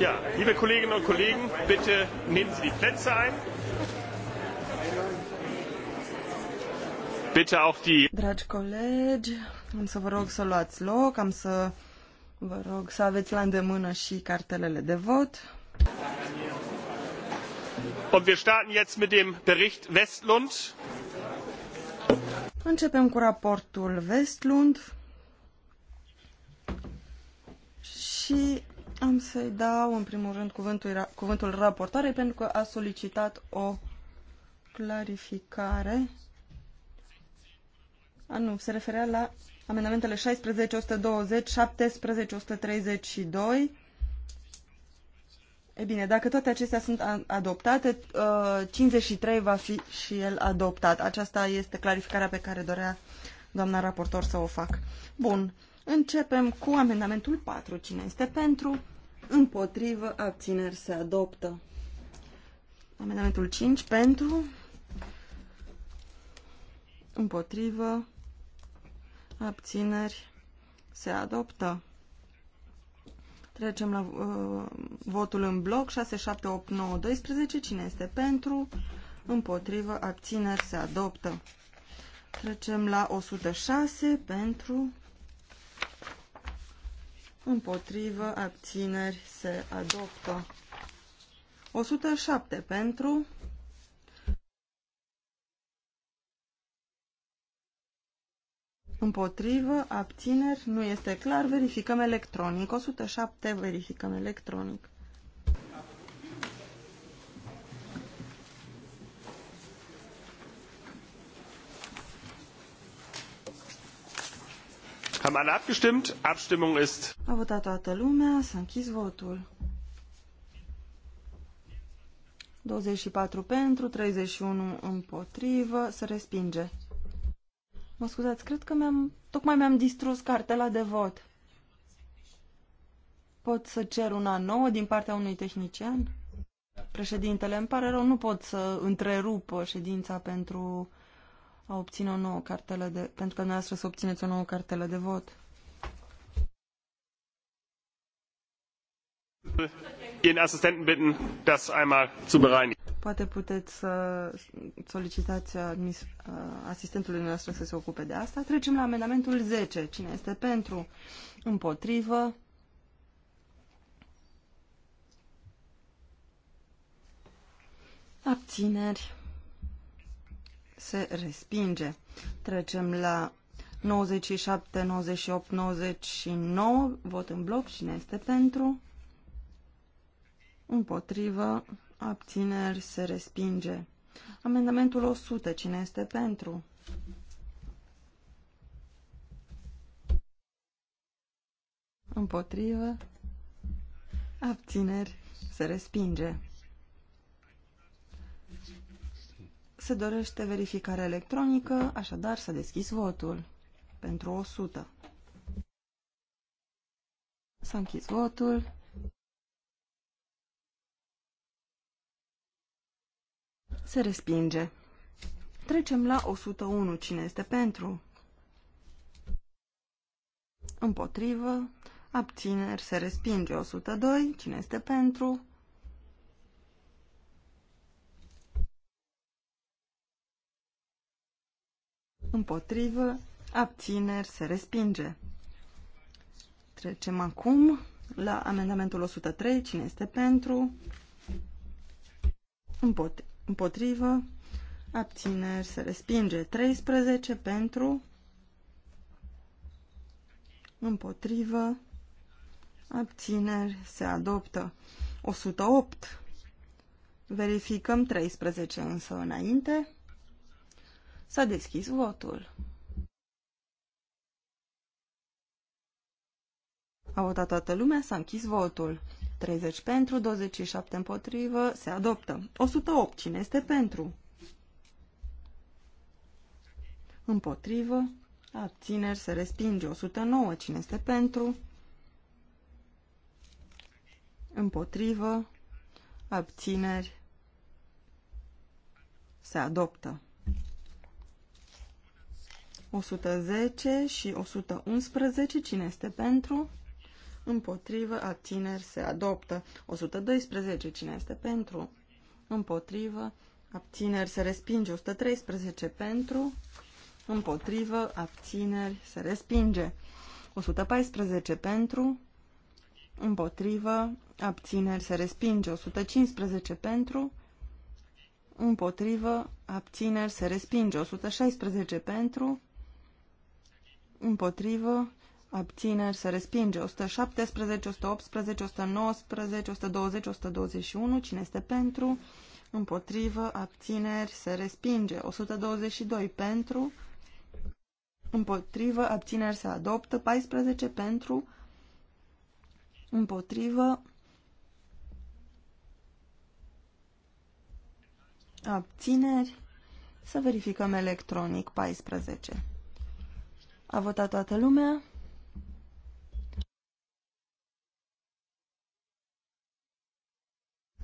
Ja, liebe Kolleginnen und Kollegen, bitte nehmen Sie die Plätze ein. Bitte auch die Dragi colegi, am să vă rog să luați loc, am să vă rog să aveți la îndemână și cartelele de vot. Und wir starten jetzt mit dem Bericht Westlund. Începem cu raportul Westlund și am să-i dau în primul rând cuvântul, cuvântul raportoarei pentru că a solicitat o clarificare. A, nu, se referea la amendamentele 16, 120, 17, 132. E bine, dacă toate acestea sunt adoptate, 53 ă, va fi și el adoptat. Aceasta este clarificarea pe care dorea doamna raportor să o fac. Bun, Începem cu amendamentul 4. Cine este pentru? Împotrivă, abțineri se adoptă. Amendamentul 5 pentru, împotrivă, abțineri se adoptă. Trecem la uh, votul în bloc 6, 7, 8, 9, 12. Cine este pentru? Împotrivă, abțineri se adoptă. Trecem la 106 pentru, împotrivă, abțineri, se adoptă. 107 pentru, împotrivă, abțineri, nu este clar, verificăm electronic. 107 verificăm electronic. Haben alle abgestimmt? Abstimmung ist. A votat toată lumea, s-a închis votul. 24 pentru, 31 împotrivă, se respinge. Mă scuzați, cred că mi-am, tocmai mi-am distrus cartela de vot. Pot să cer una nouă din partea unui tehnician? Președintele, îmi pare rău, nu pot să întrerup ședința pentru a obține o nouă cartelă de, pentru că noastră să obțineți o nouă cartelă de vot. Ihren Assistenten bitten, das einmal zu bereinigen. Poate puteți să solicitați uh, asistentului nostru să se ocupe de asta. Trecem la amendamentul 10. Cine este pentru? Împotrivă? Abțineri? se respinge. Trecem la 97, 98, 99, vot în bloc, cine este pentru? Împotrivă, abțineri, se respinge. Amendamentul 100, cine este pentru? Împotrivă, abțineri, se respinge. Se dorește verificare electronică, așadar s-a deschis votul. Pentru 100. S-a închis votul. Se respinge. Trecem la 101. Cine este pentru? Împotrivă. Abțineri se respinge 102. Cine este pentru? împotrivă, abțineri, se respinge. Trecem acum la amendamentul 103. Cine este pentru? împotrivă, abțineri, se respinge. 13 pentru, împotrivă, abțineri, se adoptă. 108. Verificăm 13 însă înainte. S-a deschis votul. A votat toată lumea, s-a închis votul. 30 pentru, 27 împotrivă, se adoptă. 108, cine este pentru? Împotrivă, abțineri, se respinge. 109, cine este pentru? Împotrivă, abțineri, se adoptă. 110 și 111. Cine este pentru? Împotrivă. Abțineri se adoptă. 112. Cine este pentru? Împotrivă. Abțineri se respinge. 113 pentru. Împotrivă. Abțineri se respinge. 114 pentru. Împotrivă. Abțineri se respinge. 115 pentru împotrivă, abțineri, se respinge 116 pentru, împotrivă, abțineri, se respinge. 117, 118, 119, 120, 121, cine este pentru, împotrivă, abțineri, se respinge. 122 pentru, împotrivă, abțineri, se adoptă. 14 pentru, împotrivă, abțineri, să verificăm electronic 14. A votat toată lumea.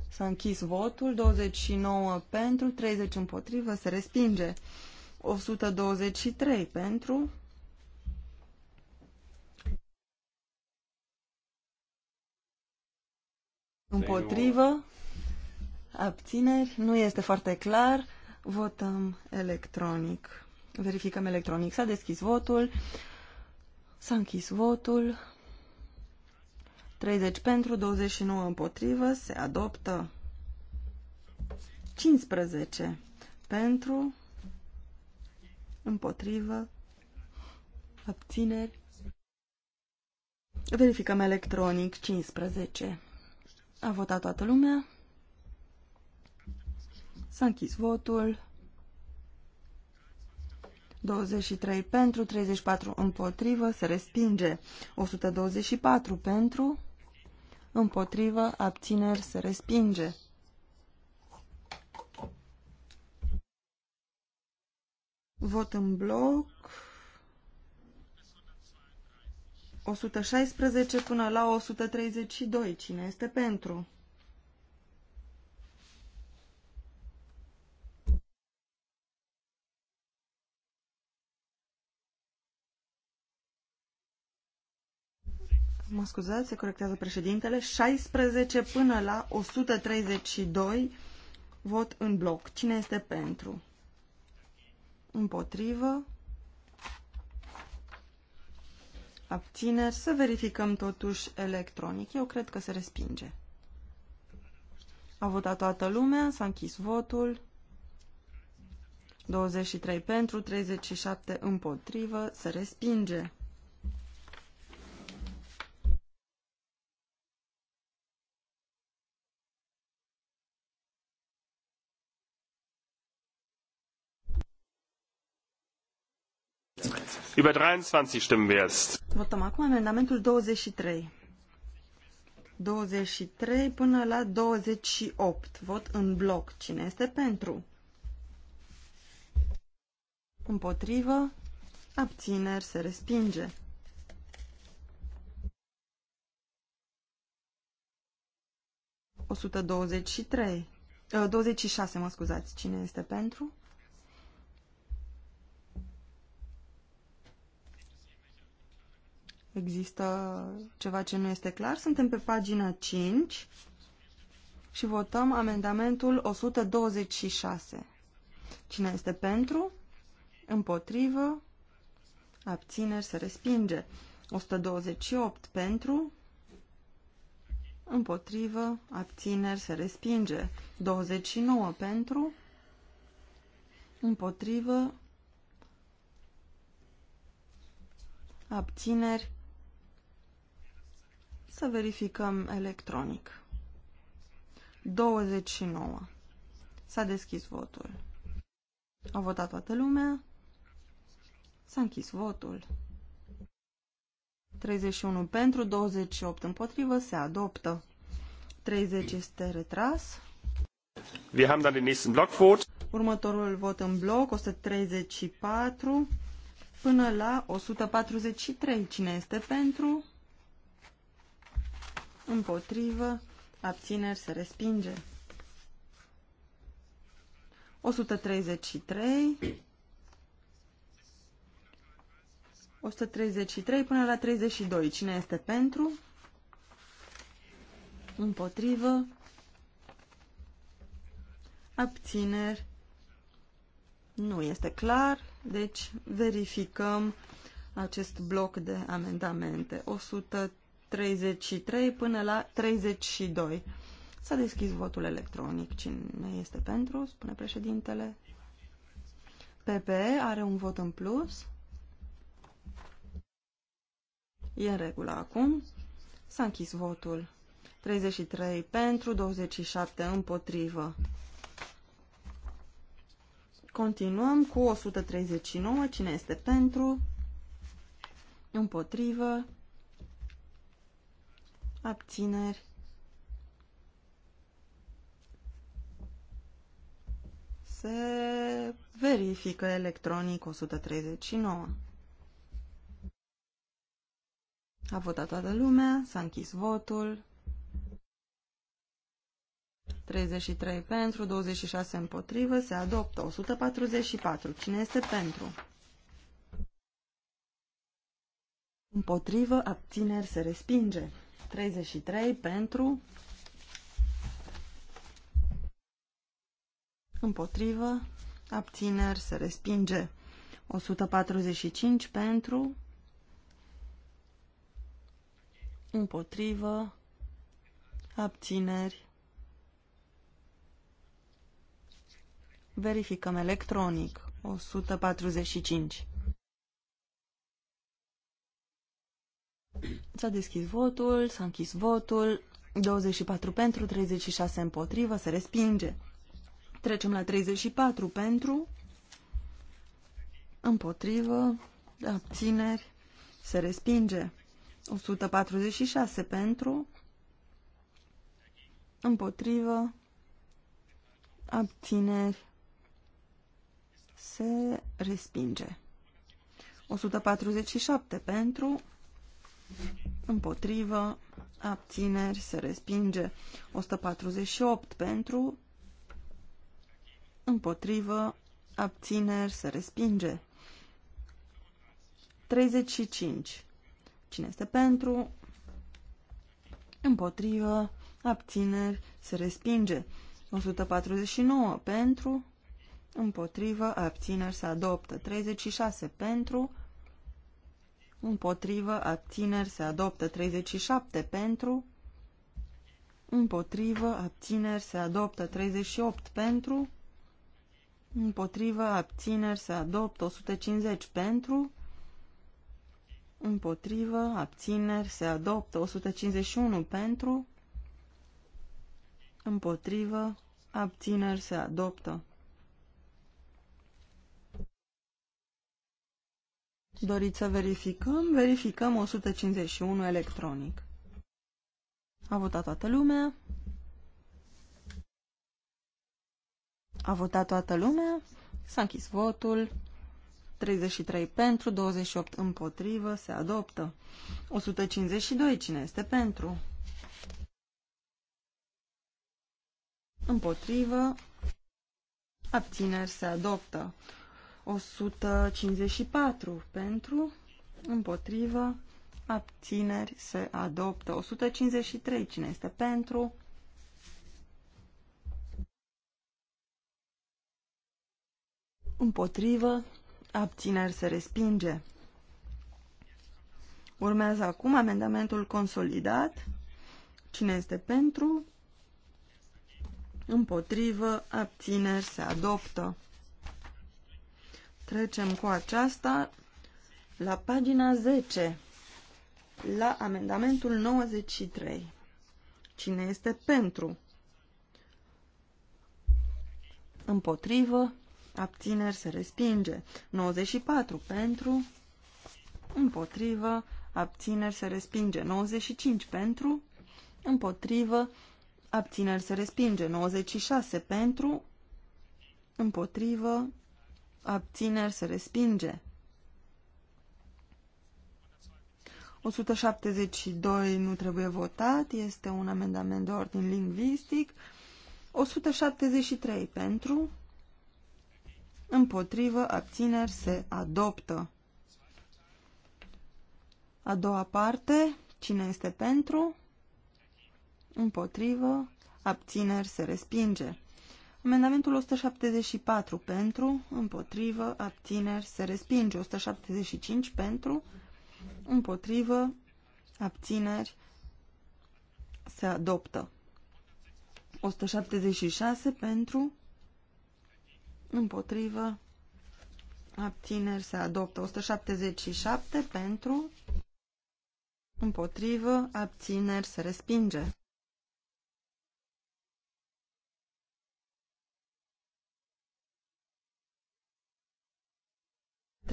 S-a închis votul, 29 pentru, 30 împotrivă, se respinge. 123 pentru. Împotrivă, abțineri, nu este foarte clar, votăm electronic. Verificăm electronic. S-a deschis votul. S-a închis votul. 30 pentru, 29 împotrivă. Se adoptă 15 pentru, împotrivă, abțineri. Verificăm electronic 15. A votat toată lumea. S-a închis votul. 23 pentru, 34 împotrivă, se respinge. 124 pentru, împotrivă, abțineri, se respinge. Vot în bloc. 116 până la 132. Cine este pentru? mă scuzați, se corectează președintele, 16 până la 132 vot în bloc. Cine este pentru? Împotrivă? Abțineri? Să verificăm totuși electronic. Eu cred că se respinge. A votat toată lumea, s-a închis votul. 23 pentru, 37 împotrivă, se respinge. Über 23 stimmen wir jetzt. Votăm acum amendamentul 23. 23 până la 28. Vot în bloc. Cine este pentru? Împotrivă. Abțineri se respinge. O 123. 26, eh, mă scuzați. Cine este pentru? există ceva ce nu este clar. Suntem pe pagina 5 și votăm amendamentul 126. Cine este pentru? Împotrivă? Abțineri se respinge. 128 pentru? Împotrivă? Abțineri se respinge. 29 pentru? Împotrivă? Abțineri să verificăm electronic. 29. S-a deschis votul. A votat toată lumea. S-a închis votul. 31 pentru, 28 împotrivă, se adoptă. 30 este retras. Wir haben dann den nächsten vot. Următorul vot în bloc, 134 până la 143. Cine este pentru? împotrivă, abțineri se respinge. 133, 133 până la 32. Cine este pentru? Împotrivă, abțineri, nu este clar, deci verificăm acest bloc de amendamente. 133. 33 până la 32. S-a deschis votul electronic. Cine este pentru? Spune președintele. PP are un vot în plus. E în regulă acum. S-a închis votul. 33 pentru, 27 împotrivă. Continuăm cu 139. Cine este pentru? Împotrivă abțineri. Se verifică electronic 139. A votat toată lumea, s-a închis votul. 33 pentru, 26 împotrivă, se adoptă 144. Cine este pentru? Împotrivă, abțineri, se respinge. 33 pentru, împotrivă, abțineri, se respinge. 145 pentru, împotrivă, abțineri. Verificăm electronic. 145. S-a deschis votul, s-a închis votul, 24 pentru, 36 împotrivă, se respinge. Trecem la 34 pentru, împotrivă, abțineri, se respinge. 146 pentru, împotrivă, abțineri, se respinge. 147 pentru, împotrivă, abțineri, se respinge. 148 pentru, împotrivă, abțineri, se respinge. 35. Cine este pentru? Împotrivă, abțineri, se respinge. 149 pentru, împotrivă, abțineri, se adoptă. 36 pentru, împotrivă, abțineri, se adoptă 37 pentru, împotrivă, abțineri, se adoptă 38 pentru, împotrivă, abțineri, se adoptă 150 pentru, împotrivă, abțineri, se adoptă 151 pentru, împotrivă, abțineri, se adoptă Doriți să verificăm? Verificăm 151 electronic. A votat toată lumea. A votat toată lumea. S-a închis votul. 33 pentru, 28 împotrivă, se adoptă. 152, cine este pentru? Împotrivă, abțineri, se adoptă. 154 pentru, împotrivă, abțineri se adoptă. 153 cine este pentru? Împotrivă, abțineri se respinge. Urmează acum amendamentul consolidat. Cine este pentru? Împotrivă, abțineri se adoptă. Trecem cu aceasta la pagina 10, la amendamentul 93. Cine este pentru? Împotrivă, abțineri se respinge. 94 pentru, împotrivă, abțineri se respinge. 95 pentru, împotrivă, abțineri se respinge. 96 pentru, împotrivă, abțineri, se respinge. 172 nu trebuie votat, este un amendament de ordin lingvistic. 173 pentru, împotrivă, abțineri, se adoptă. A doua parte, cine este pentru, împotrivă, abțineri, se respinge. Amendamentul 174 pentru, împotrivă, abțineri, se respinge. 175 pentru, împotrivă, abțineri, se adoptă. 176 pentru, împotrivă, abțineri, se adoptă. 177 pentru, împotrivă, abțineri, se respinge.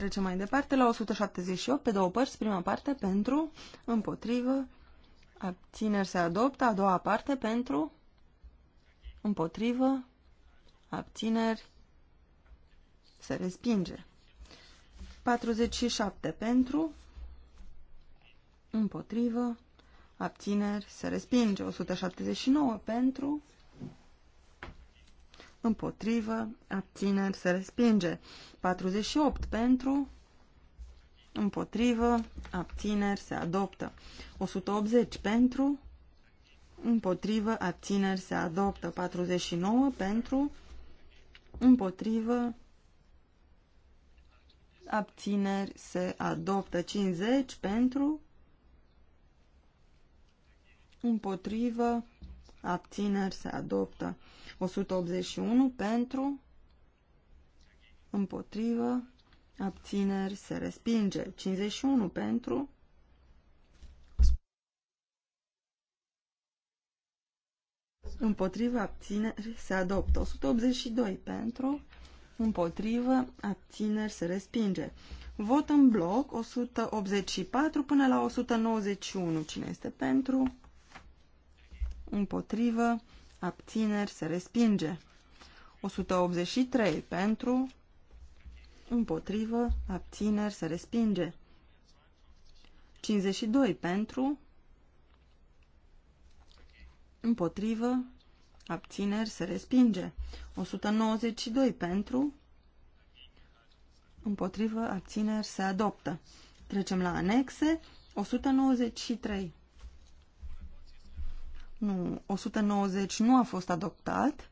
Trecem mai departe la 178, pe două părți, prima parte pentru, împotrivă, abțineri se adoptă, a doua parte pentru, împotrivă, abțineri, se respinge. 47 pentru, împotrivă, abțineri, se respinge. 179 pentru, împotrivă, abțineri, se respinge. 48 pentru, împotrivă, abțineri, se adoptă. 180 pentru, împotrivă, abțineri, se adoptă. 49 pentru, împotrivă, abțineri, se adoptă. 50 pentru, împotrivă, abțineri, se adoptă. 181 pentru, împotrivă, abțineri, se respinge. 51 pentru, împotrivă, abțineri, se adoptă. 182 pentru, împotrivă, abțineri, se respinge. Vot în bloc 184 până la 191. Cine este pentru? Împotrivă, abțineri, se respinge. 183 pentru, împotrivă, abțineri, se respinge. 52 pentru, împotrivă, abțineri, se respinge. 192 pentru, împotrivă, abțineri, se adoptă. Trecem la anexe, 193 nu, 190 nu a fost adoptat.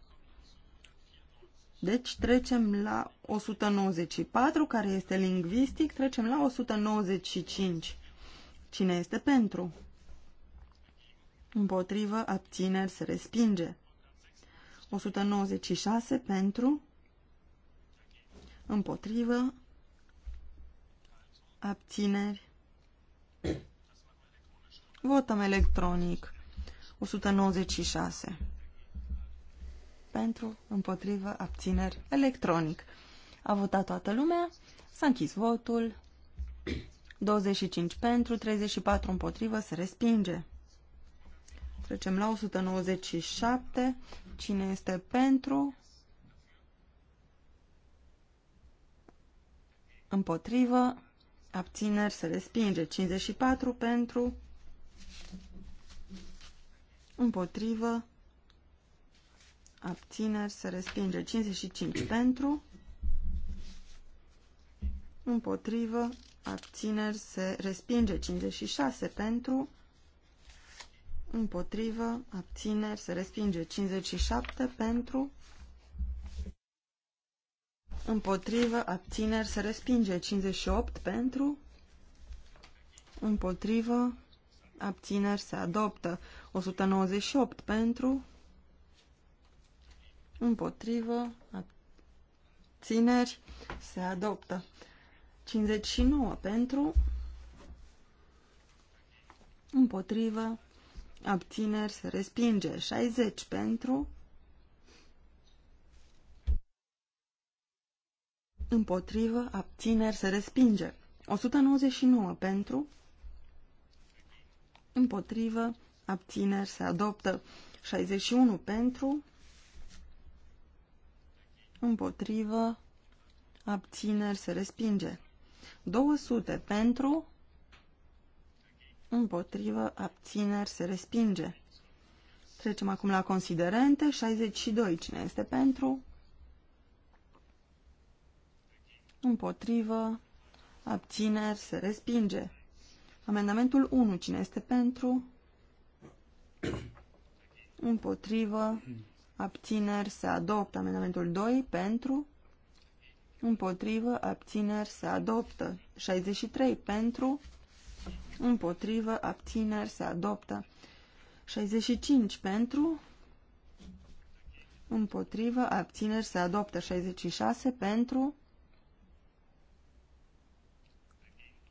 Deci trecem la 194, care este lingvistic, trecem la 195. Cine este pentru? Împotrivă, abțineri, se respinge. 196 pentru, împotrivă, abțineri. Votăm electronic. 196. Pentru, împotrivă, abțineri, electronic. A votat toată lumea, s-a închis votul, 25 pentru, 34 împotrivă, se respinge. Trecem la 197. Cine este pentru? Împotrivă. Abțineri se respinge. 54 pentru împotrivă, abțineri, se respinge 55 pentru, împotrivă, abțineri, se respinge 56 pentru, împotrivă, abțineri, se respinge 57 pentru, împotrivă, abțineri, se respinge 58 pentru, împotrivă, abțineri, se adoptă 198 pentru, împotrivă, țineri, se adoptă. 59 pentru, împotrivă, abțineri, se respinge. 60 pentru, împotrivă, abțineri, se respinge. 199 pentru, împotrivă, abțineri se adoptă 61 pentru, împotrivă, abțineri se respinge 200 pentru, împotrivă, abțineri se respinge. Trecem acum la considerente, 62 cine este pentru, împotrivă, abțineri se respinge. Amendamentul 1 cine este pentru, împotrivă, abțineri, se adoptă. Amendamentul 2, pentru, împotrivă, abțineri, se adoptă. 63, pentru, împotrivă, abțineri, se adoptă. 65, pentru, împotrivă, abțineri, se adoptă. 66, pentru,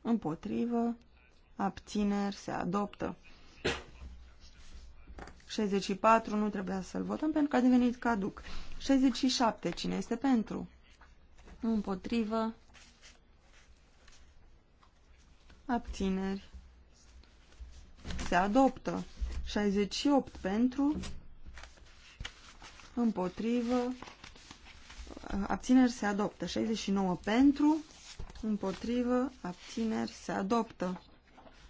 împotrivă, abțineri, se adoptă. 64 nu trebuia să-l votăm pentru că a devenit caduc. 67. Cine este pentru? Împotrivă. Abțineri. Se adoptă. 68 pentru. Împotrivă. Abțineri se adoptă. 69 pentru. Împotrivă. Abțineri se adoptă.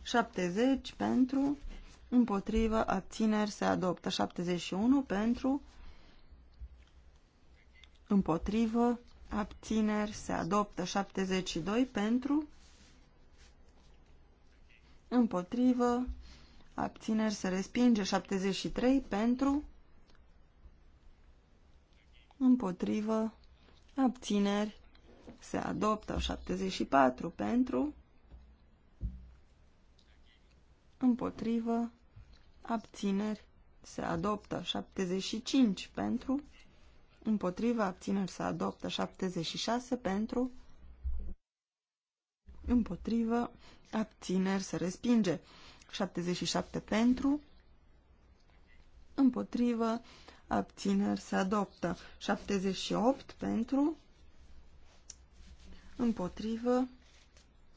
70 pentru împotrivă, abțineri, se adoptă. 71 pentru, împotrivă, abțineri, se adoptă. 72 pentru, împotrivă, abțineri, se respinge. 73 pentru, împotrivă, abțineri, se adoptă 74 pentru, împotrivă, abțineri, se adoptă 75 pentru, împotriva abțineri se adoptă 76 pentru, împotrivă abțineri se respinge 77 pentru, împotrivă abțineri se adoptă 78 pentru, împotrivă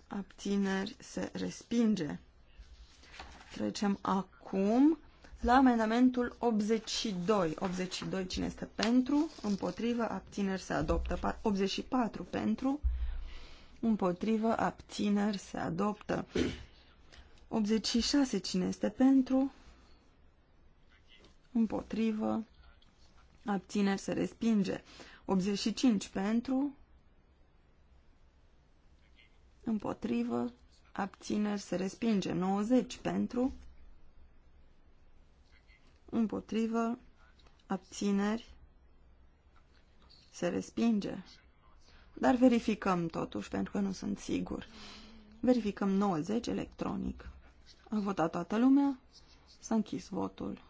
abțineri se respinge. Trecem acum acum la amendamentul 82. 82 cine este pentru, împotrivă, abțineri se adoptă. 84 pentru, împotrivă, abțineri se adoptă. 86 cine este pentru, împotrivă, abțineri se respinge. 85 pentru, împotrivă, abțineri se respinge. 90 pentru, împotrivă, abțineri, se respinge. Dar verificăm totuși, pentru că nu sunt sigur. Verificăm 90 electronic. A votat toată lumea, s-a închis votul.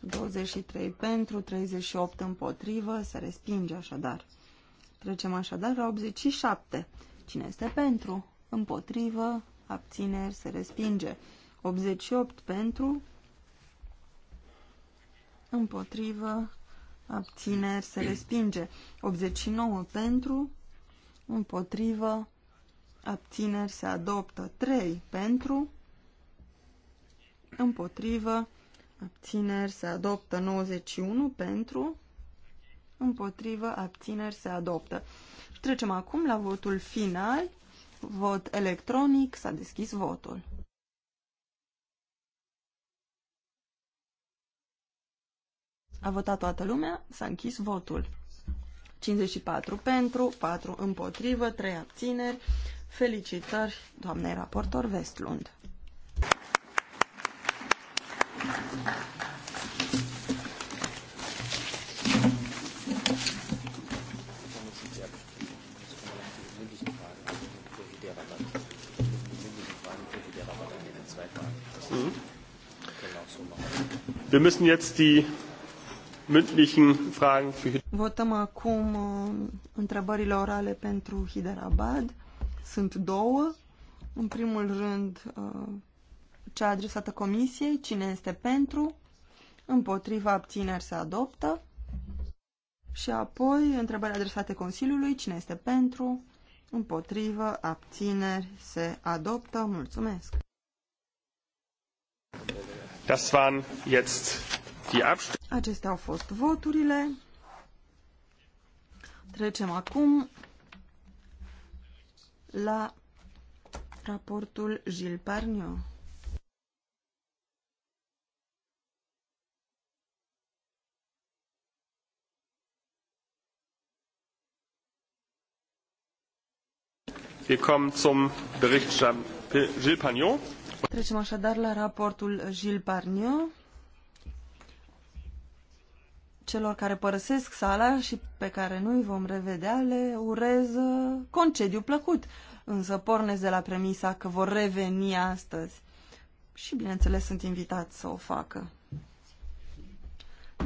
23 pentru, 38 împotrivă, se respinge așadar. Trecem așadar la 87. Cine este pentru? Împotrivă, abțineri, se respinge. 88 pentru, împotrivă, abțineri, se respinge. 89 pentru, împotrivă, abțineri, se adoptă. 3 pentru, împotrivă, abțineri, se adoptă. 91 pentru, împotrivă, abțineri, se adoptă. Și trecem acum la votul final. Vot electronic, s-a deschis votul. A votat toată lumea, s-a închis votul. 54 pentru, 4 împotrivă, 3 abțineri. Felicitări, doamnei raportor Vestlund. Mhm. Wir müssen jetzt die mündlichen Fragen für Votăm acum uh, întrebările orale pentru Hyderabad. Sunt două. În primul rând, uh, cea adresată comisiei, cine este pentru, împotriva abțineri se adoptă. Și apoi, întrebări adresate Consiliului, cine este pentru, împotrivă, abțineri se adoptă. Mulțumesc! Das waren jetzt die Acestea au fost voturile. Trecem acum la raportul Gilles Parniu. Wir kommen zum Bericht Gilles Parniu. Trecem așadar la raportul Gilles Parniu celor care părăsesc sala și pe care nu i vom revedea le urez uh, concediu plăcut, însă pornesc de la premisa că vor reveni astăzi. Și bineînțeles sunt invitați să o facă.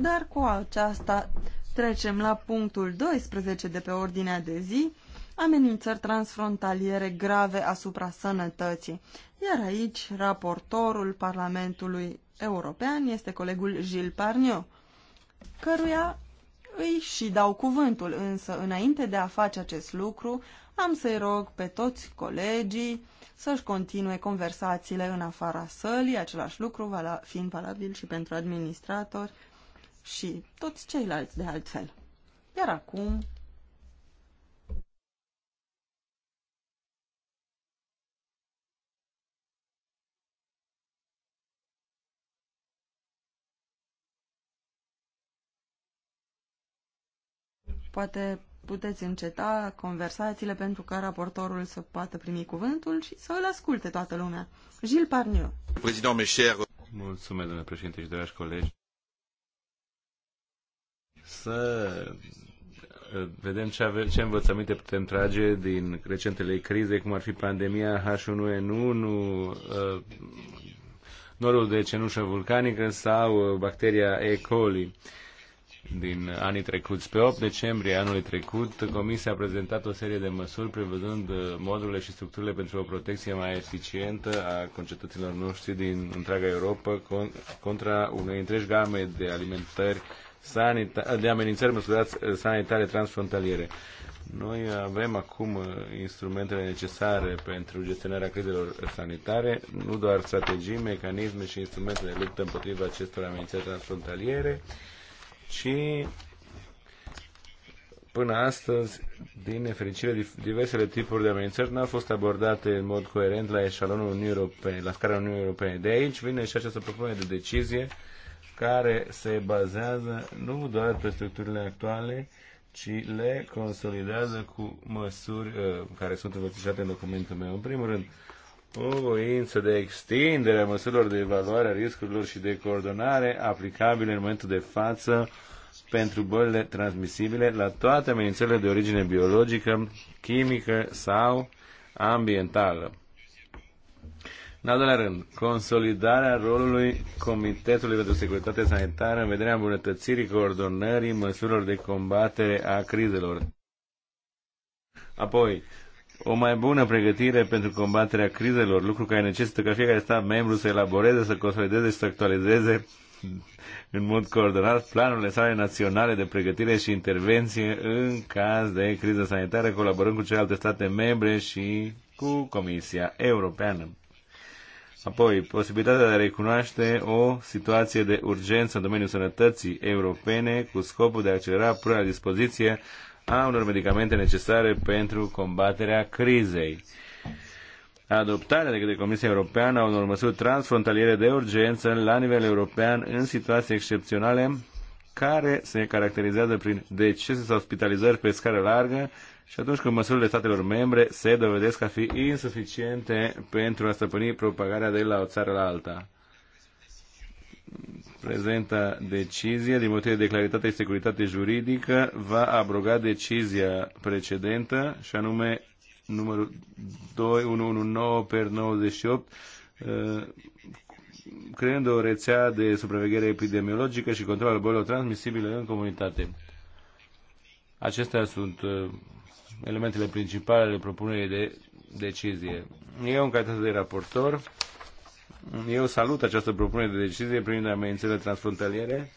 Dar cu aceasta trecem la punctul 12 de pe ordinea de zi, amenințări transfrontaliere grave asupra sănătății. Iar aici raportorul Parlamentului European este colegul Gilles Parniot căruia îi și dau cuvântul, însă înainte de a face acest lucru, am să-i rog pe toți colegii să-și continue conversațiile în afara sălii, același lucru fiind valabil și pentru administratori și toți ceilalți de altfel. Iar acum Poate puteți înceta conversațiile pentru ca raportorul să poată primi cuvântul și să îl asculte toată lumea. Gilles Parniu. Mulțumesc, domnule președinte și dragi colegi. Să eh, vedem ce, ave- ce învățăminte putem trage din recentele crize, cum ar fi pandemia H1N1, eh, norul de cenușă vulcanică sau eh, bacteria E. coli din anii trecuți. Pe 8 decembrie anului trecut, Comisia a prezentat o serie de măsuri prevăzând uh, modurile și structurile pentru o protecție mai eficientă a concetățenilor noștri din întreaga Europa contra unei întregi game de alimentări sanita- de amenințări măsurați uh, sanitare transfrontaliere. Noi avem acum uh, instrumentele necesare pentru gestionarea crizelor sanitare, nu doar strategii, mecanisme și instrumente de luptă împotriva acestor amenințări transfrontaliere, și până astăzi, din nefericire, diversele tipuri de amenințări n-au fost abordate în mod coerent la eșalonul Uniunii Europene, la scara Uniunii Europene. De aici vine și această propunere de decizie care se bazează nu doar pe structurile actuale, ci le consolidează cu măsuri uh, care sunt învățișate în documentul meu. În primul rând, uh, o voință de extindere a măsurilor de evaluare a riscurilor și de coordonare aplicabile în momentul de față pentru bolile transmisibile la toate amenințările de origine biologică, chimică sau ambientală. În al doilea rând, consolidarea rolului Comitetului pentru Securitate Sanitară în vederea îmbunătățirii coordonării măsurilor de combatere a crizelor. Apoi, o mai bună pregătire pentru combaterea crizelor, lucru care necesită ca fiecare stat membru să elaboreze, să consolideze și să actualizeze în mod coordonat planurile sale naționale de pregătire și intervenție în caz de criză sanitară, colaborând cu celelalte state membre și cu Comisia Europeană. Apoi, posibilitatea de a recunoaște o situație de urgență în domeniul sănătății europene cu scopul de a accelera punerea la dispoziție a unor medicamente necesare pentru combaterea crizei. Adoptarea de către Comisia Europeană a unor măsuri transfrontaliere de urgență la nivel european în situații excepționale care se caracterizează prin decese sau spitalizări pe scară largă și atunci când măsurile statelor membre se dovedesc a fi insuficiente pentru a stăpâni propagarea de la o țară la alta Prezenta decizie, din motive de claritate și securitate juridică, va abroga decizia precedentă, și anume numărul 2119 per 98, uh, creând o rețea de supraveghere epidemiologică și control al bolilor transmisibile în comunitate. Acestea sunt uh, elementele principale ale propunerii de decizie. Eu, în calitate de raportor, eu salut această propunere de decizie privind amenințările transfrontaliere,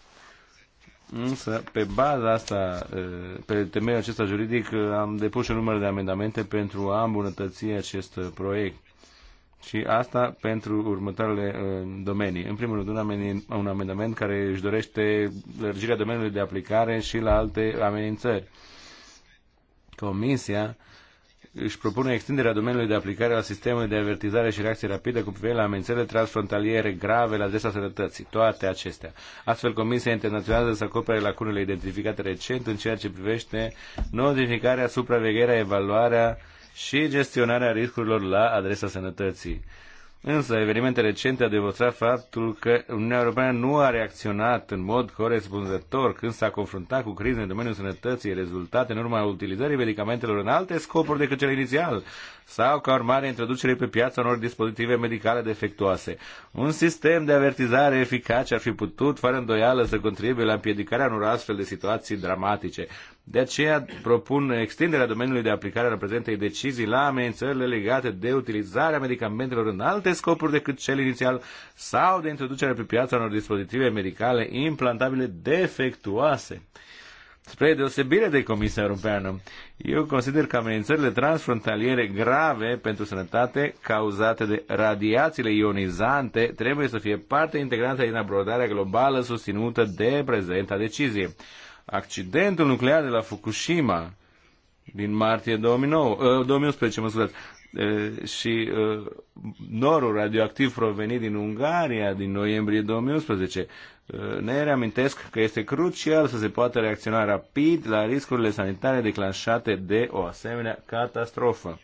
însă pe baza asta, pe temeiul acesta juridic, am depus un număr de amendamente pentru a îmbunătăți acest proiect. Și asta pentru următoarele domenii. În primul rând, un amendament care își dorește lărgirea domeniului de aplicare și la alte amenințări. Comisia își propune extinderea domeniului de aplicare al sistemului de avertizare și reacție rapidă cu privire la amenințările transfrontaliere grave la adresa sănătății, toate acestea. Astfel, Comisia Internațională să acopere lacunele identificate recent în ceea ce privește notificarea, supravegherea, evaluarea și gestionarea riscurilor la adresa sănătății. Însă, evenimente recente au demonstrat faptul că Uniunea Europeană nu a reacționat în mod corespunzător când s-a confruntat cu crize în domeniul sănătății rezultate în urma utilizării medicamentelor în alte scopuri decât cele inițial sau ca urmare introducerii pe piață unor dispozitive medicale defectuoase. Un sistem de avertizare eficace ar fi putut, fără îndoială, să contribuie la împiedicarea unor astfel de situații dramatice. De aceea propun extinderea domeniului de aplicare a prezentei decizii la amenințările legate de utilizarea medicamentelor în alte scopuri decât cel inițial sau de introducerea pe piață unor dispozitive medicale implantabile defectuoase. Spre deosebire de Comisia Europeană, eu consider că amenințările transfrontaliere grave pentru sănătate cauzate de radiațiile ionizante trebuie să fie parte integrantă din abordarea globală susținută de prezenta decizie accidentul nuclear de la Fukushima din martie 2009, 2011, uh, mă scuzați, uh, și uh, norul radioactiv provenit din Ungaria din noiembrie 2011. Ne reamintesc că este crucial să se poată reacționa rapid la riscurile sanitare declanșate de o asemenea catastrofă.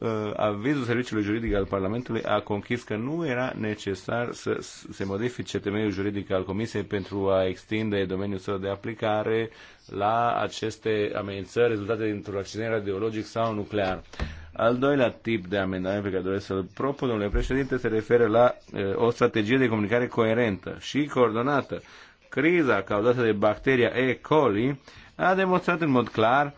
Uh, avizul Serviciului Juridic al Parlamentului a conchis că nu era necesar să se modifice temeiul juridic al Comisiei pentru a extinde domeniul său de aplicare la aceste amenințări rezultate dintr-un accident radiologic sau nuclear. Al doilea tip de amendament pe care doresc să-l propun, domnule președinte, se referă la uh, o strategie de comunicare coerentă și coordonată. Criza cauzată de bacteria E. coli a demonstrat în mod clar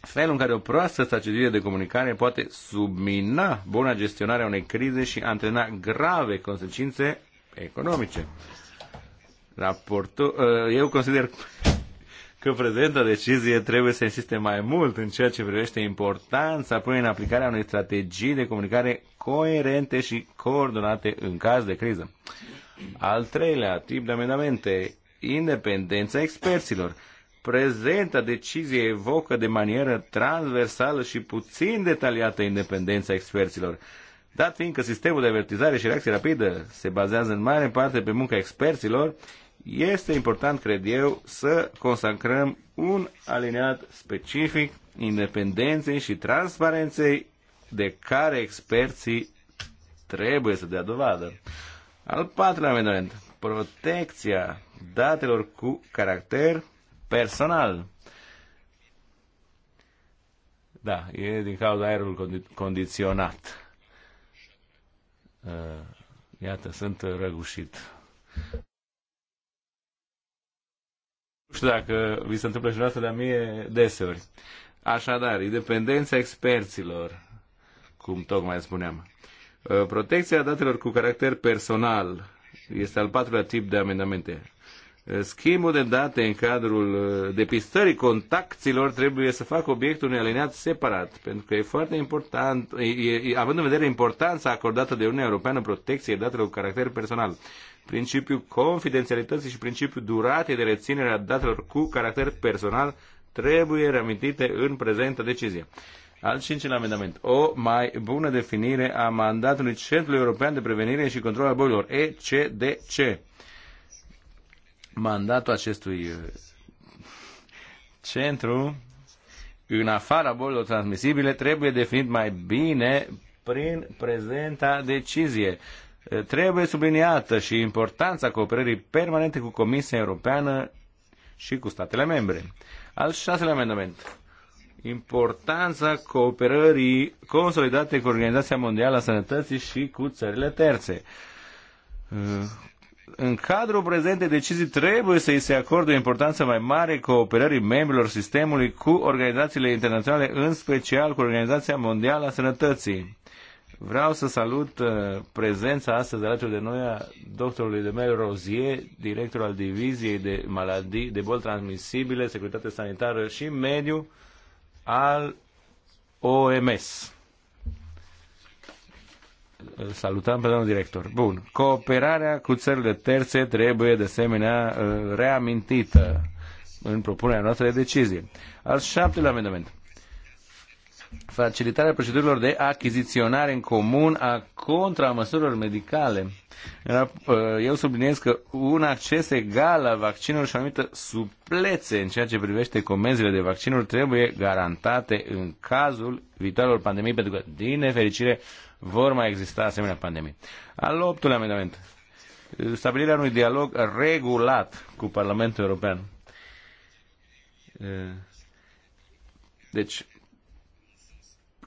felul în care o proastă strategie de comunicare poate submina buna gestionare a unei crize și antrena grave consecințe economice. Raportul, uh, eu consider că prezenta decizie trebuie să insiste mai mult în ceea ce privește importanța punerii în aplicare a unei strategii de comunicare coerente și coordonate în caz de criză. Al treilea tip de amendamente, independența experților prezenta decizie evocă de manieră transversală și puțin detaliată independența experților. Dat fiindcă sistemul de avertizare și reacție rapidă se bazează în mare parte pe munca experților, este important, cred eu, să consacrăm un alineat specific independenței și transparenței de care experții trebuie să dea dovadă. Al patrulea amendament, protecția datelor cu caracter personal. Da, e din cauza aerul condi- condiționat. Uh, iată, sunt răgușit. Nu știu dacă vi se întâmplă și noastră, dar mie deseori. Așadar, independența experților, cum tocmai spuneam. Uh, protecția datelor cu caracter personal este al patrulea tip de amendamente. Schimbul de date în cadrul uh, depistării contactilor trebuie să facă obiectul unui alineat separat, pentru că e foarte important, e, având în vedere importanța acordată de Uniunea Europeană protecției datelor cu caracter personal, principiul confidențialității și principiul duratei de reținere a datelor cu caracter personal trebuie reamintite în prezentă decizie. Al cincilea amendament. O mai bună definire a mandatului Centrului European de Prevenire și Control al Bolilor, ECDC mandatul acestui uh, centru, în afara bolilor transmisibile, trebuie definit mai bine prin prezenta decizie. Uh, trebuie subliniată și importanța cooperării permanente cu Comisia Europeană și cu statele membre. Al șaselea amendament. Importanța cooperării consolidate cu Organizația Mondială a Sănătății și cu țările terțe. Uh, în cadrul prezentei decizii trebuie să îi se acorde o importanță mai mare cooperării membrilor sistemului cu organizațiile internaționale, în special cu Organizația Mondială a Sănătății. Vreau să salut uh, prezența astăzi alături de noi a doctorului Demel Rozier, director al Diviziei de Maladii de Boli Transmisibile, Securitate Sanitară și Mediu al OMS salutăm pe domnul director. Bun. Cooperarea cu țările terțe trebuie de asemenea uh, reamintită în propunerea noastră de decizie. Al șaptelea amendament. Facilitarea procedurilor de achiziționare în comun a contramăsurilor medicale. Uh, eu subliniez că un acces egal la vaccinuri și o anumită suplețe în ceea ce privește comenzile de vaccinuri trebuie garantate în cazul viitoarelor pandemii, pentru că, din nefericire, vor mai exista asemenea pandemii. Al optulea amendament. Stabilirea unui dialog regulat cu Parlamentul European. Deci,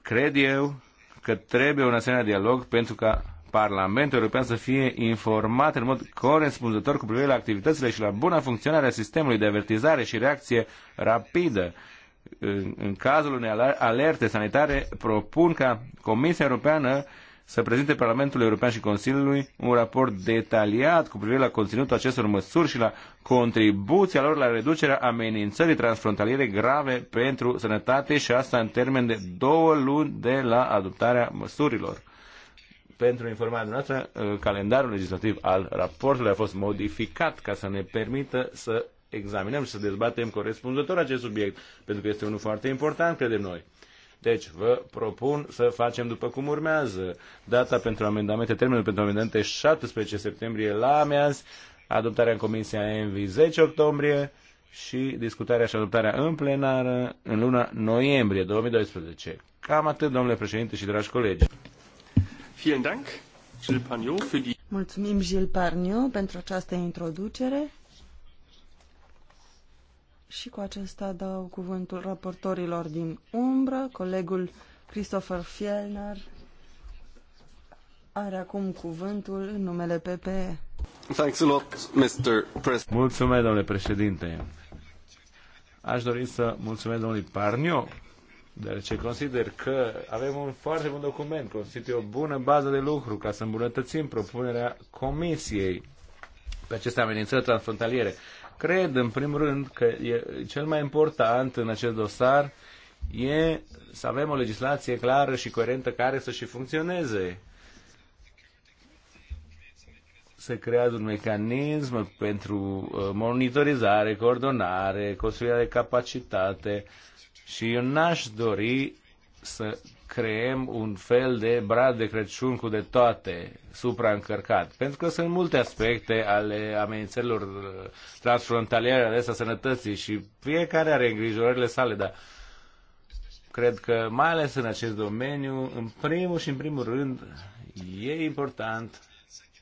cred eu că trebuie un asemenea dialog pentru ca Parlamentul European să fie informat în mod corespunzător cu privire la activitățile și la buna funcționare a sistemului de avertizare și reacție rapidă în, în cazul unei alerte sanitare, propun ca Comisia Europeană să prezinte Parlamentului European și Consiliului un raport detaliat cu privire la conținutul acestor măsuri și la contribuția lor la reducerea amenințării transfrontaliere grave pentru sănătate și asta în termen de două luni de la adoptarea măsurilor. Pentru informarea noastră, uh, calendarul legislativ al raportului a fost modificat ca să ne permită să examinăm și să dezbatem corespunzător acest subiect, pentru că este unul foarte important, credem noi. Deci, vă propun să facem după cum urmează. Data pentru amendamente, termenul pentru amendamente 17 septembrie la amiaz, adoptarea în Comisia ENVI 10 octombrie și discutarea și adoptarea în plenară în luna noiembrie 2012. Cam atât, domnule președinte și dragi colegi. Vielen Dank, Gilles Pagnot, für die... Mulțumim, Gilles Parniu, pentru această introducere. Și cu acesta dau cuvântul raportorilor din umbră. Colegul Christopher Fielner are acum cuvântul în numele PPE. Thanks a lot, Mr. President. Mulțumesc, domnule președinte. Aș dori să mulțumesc domnului Parnio, deoarece consider că avem un foarte bun document, constituie o bună bază de lucru ca să îmbunătățim propunerea Comisiei pe aceste amenințări transfrontaliere. Cred, în primul rând, că e cel mai important în acest dosar e să avem o legislație clară și coerentă care să și funcționeze. Se creează un mecanism pentru uh, monitorizare, coordonare, construirea de capacitate și eu n-aș dori să creăm un fel de brad de Crăciun cu de toate supraîncărcat. Pentru că sunt multe aspecte ale amenințărilor transfrontaliere ale sănătății și fiecare are îngrijorările sale, dar cred că, mai ales în acest domeniu, în primul și în primul rând, e important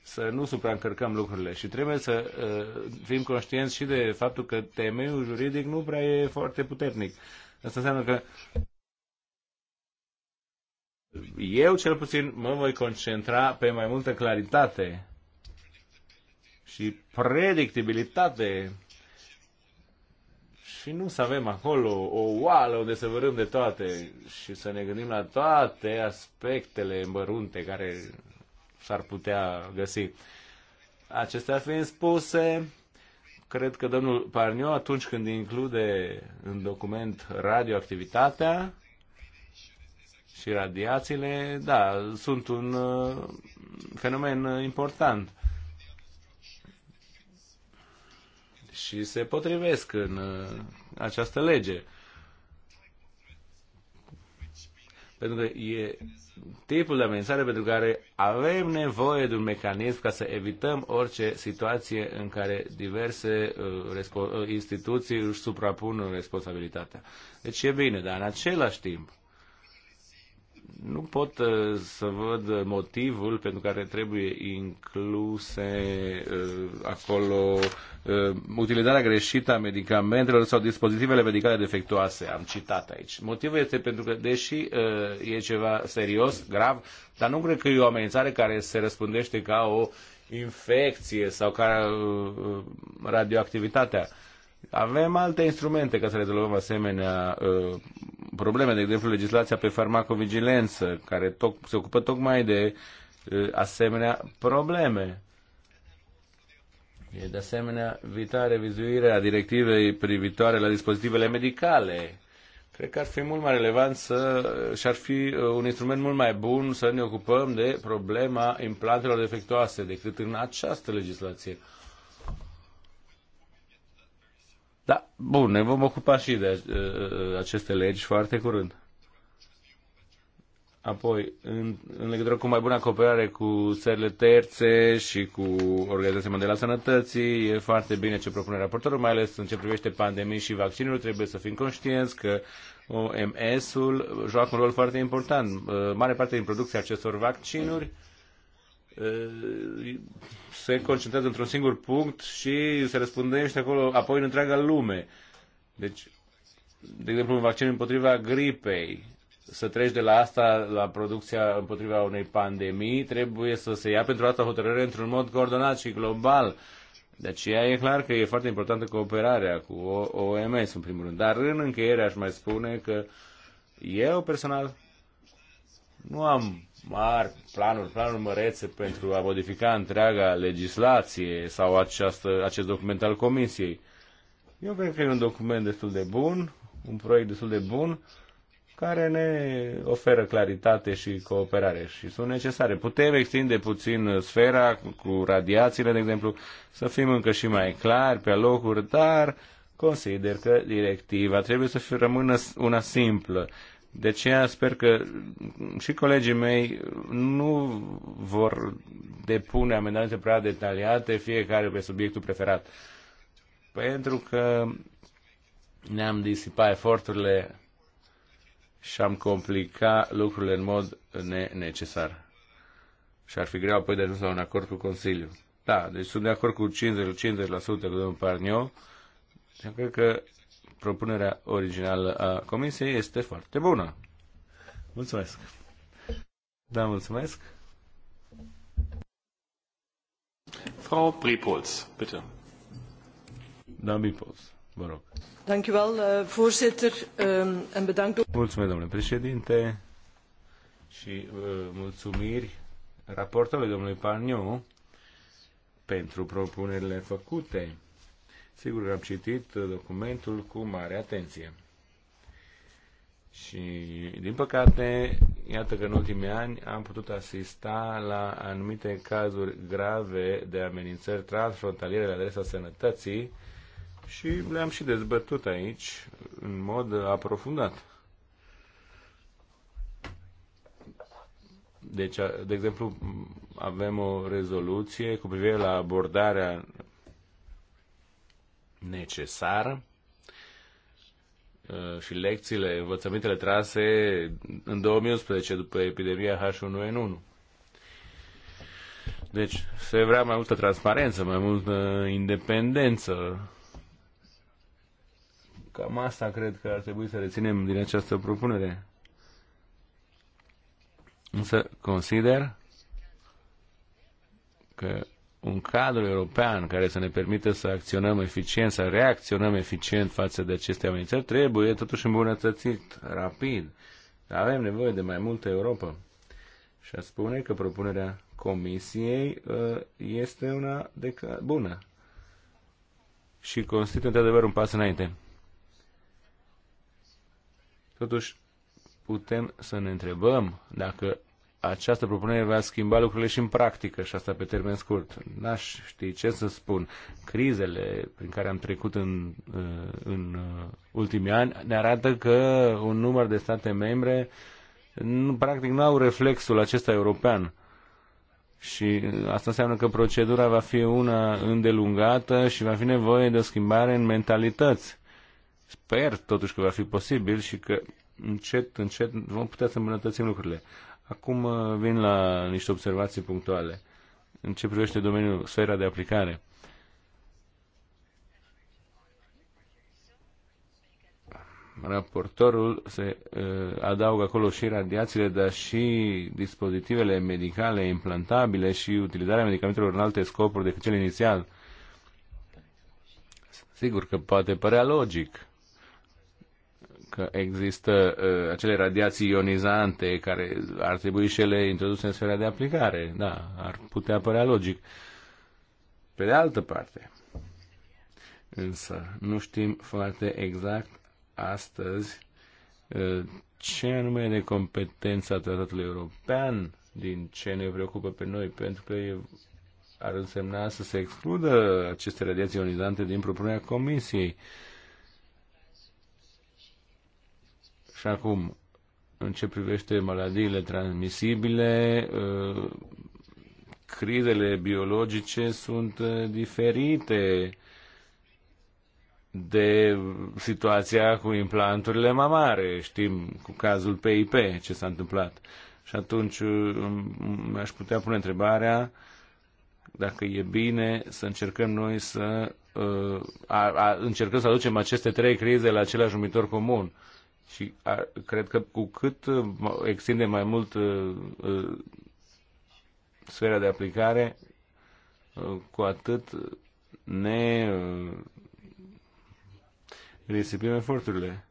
să nu supraîncărcăm lucrurile și trebuie să uh, fim conștienți și de faptul că temeiul juridic nu prea e foarte puternic. Asta înseamnă că eu, cel puțin, mă voi concentra pe mai multă claritate și predictibilitate și nu să avem acolo o oală unde să vărâm de toate și să ne gândim la toate aspectele mărunte care s-ar putea găsi. Acestea fiind spuse, cred că domnul Parniu, atunci când include în document radioactivitatea, și radiațiile, da, sunt un uh, fenomen uh, important. Și se potrivesc în uh, această lege. pentru că e tipul de amenințare pentru care avem nevoie de un mecanism ca să evităm orice situație în care diverse instituții își suprapun responsabilitatea. Deci e bine, dar în același timp nu pot uh, să văd motivul pentru care trebuie incluse uh, acolo uh, utilizarea greșită a medicamentelor sau dispozitivele medicale defectuoase, am citat aici. Motivul este pentru că, deși e ceva serios, grav, dar nu cred că e o amenințare care se răspundește ca o infecție sau ca radioactivitatea. Avem alte instrumente ca să rezolvăm asemenea uh, probleme, de exemplu legislația pe farmacovigilență, care toc, se ocupă tocmai de uh, asemenea probleme. E de asemenea viitoare revizuirea directivei privitoare la dispozitivele medicale. Cred că ar fi mult mai relevant să, și ar fi ă, un instrument mult mai bun să ne ocupăm de problema implantelor defectuoase decât în această legislație. Da, bun, ne vom ocupa și de uh, uh, aceste legi foarte curând. Apoi, în, în legătură cu mai bună cooperare cu țările terțe și cu Organizația Mondială a Sănătății, e foarte bine ce propune raportorul, mai ales în ce privește pandemii și vaccinul, trebuie să fim conștienți că OMS-ul joacă un rol foarte important. Uh, mare parte din producția acestor vaccinuri se concentrează într-un singur punct și se răspundește acolo apoi în întreaga lume. Deci, de exemplu, un vaccin împotriva gripei, să treci de la asta la producția împotriva unei pandemii, trebuie să se ia pentru asta hotărâre într-un mod coordonat și global. De aceea e clar că e foarte importantă cooperarea cu OMS, în primul rând. Dar în încheiere aș mai spune că eu personal nu am mari, planuri, planuri mărețe pentru a modifica întreaga legislație sau această, acest document al Comisiei. Eu cred că e un document destul de bun, un proiect destul de bun, care ne oferă claritate și cooperare și sunt necesare. Putem extinde puțin sfera cu radiațiile, de exemplu, să fim încă și mai clari pe locuri, dar consider că directiva trebuie să fie, rămână una simplă de aceea sper că și colegii mei nu vor depune amendamente prea detaliate, fiecare pe subiectul preferat. Pentru că ne-am disipat eforturile și am complicat lucrurile în mod necesar. Și ar fi greu apoi de ajuns la un acord cu Consiliul. Da, deci sunt de acord cu 50-50% cu domnul Parniu. Și cred că propunerea originală a Comisiei este foarte bună. Mulțumesc! Da, mulțumesc! Frau Bripols, bitte. Da, Bripols, vă rog. Eh, voorzitter, ehm, bedankt... Mulțumesc, domnule președinte, și uh, mulțumiri raportului domnului Parniu pentru propunerile făcute Sigur că am citit documentul cu mare atenție. Și, din păcate, iată că în ultimii ani am putut asista la anumite cazuri grave de amenințări transfrontaliere la adresa sănătății și le-am și dezbătut aici în mod aprofundat. Deci, de exemplu, avem o rezoluție cu privire la abordarea necesară uh, și lecțiile, învățămintele trase în 2011 după epidemia H1N1. Deci se vrea mai multă transparență, mai multă independență. Cam asta cred că ar trebui să reținem din această propunere. Însă consider că un cadru european care să ne permită să acționăm eficient, să reacționăm eficient față de aceste amenințări, trebuie totuși îmbunătățit rapid. Avem nevoie de mai multă Europa. Și a spune că propunerea Comisiei uh, este una de bună și constituie într-adevăr un pas înainte. Totuși, putem să ne întrebăm dacă această propunere va schimba lucrurile și în practică și asta pe termen scurt. N-aș ști ce să spun. Crizele prin care am trecut în, uh, în uh, ultimii ani ne arată că un număr de state membre nu, practic nu au reflexul acesta european. Și uh, asta înseamnă că procedura va fi una îndelungată și va fi nevoie de o schimbare în mentalități. Sper totuși că va fi posibil și că încet, încet vom putea să îmbunătățim lucrurile. Acum uh, vin la niște observații punctuale. În ce privește domeniul, sfera de aplicare. Raportorul se uh, adaugă acolo și radiațiile, dar și dispozitivele medicale implantabile și utilizarea medicamentelor în alte scopuri decât cel inițial. Sigur că poate părea logic că există uh, acele radiații ionizante care ar trebui și ele introduse în sfera de aplicare. Da, ar putea părea logic. Pe de altă parte, însă, nu știm foarte exact astăzi uh, ce anume de competența tratatului european din ce ne preocupă pe noi, pentru că e, ar însemna să se excludă aceste radiații ionizante din propunerea Comisiei. Uh, Și acum, în ce privește maladiile transmisibile, uh, crizele biologice sunt uh, diferite de situația cu implanturile mamare. Știm cu cazul PIP ce s-a întâmplat. Și atunci uh, mi-aș putea pune întrebarea dacă e bine să încercăm noi să a, a, încercăm să aducem aceste trei crize la același numitor comun. Și a, cred că cu cât uh, extinde mai mult uh, uh, sfera de aplicare, uh, cu atât ne uh, risipim eforturile.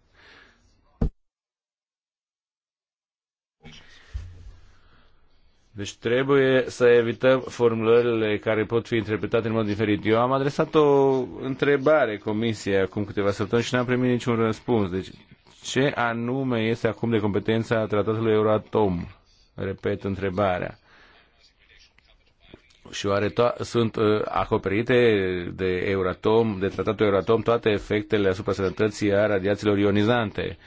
Deci trebuie să evităm formulările care pot fi interpretate în mod diferit. Eu am adresat o întrebare comisiei acum câteva săptămâni și n-am primit niciun răspuns. Deci ce anume este acum de competența tratatului Euratom? Repet întrebarea. Și oare to- sunt uh, acoperite de Euratom, de tratatul Euratom, toate efectele asupra sănătății a radiațiilor ionizante?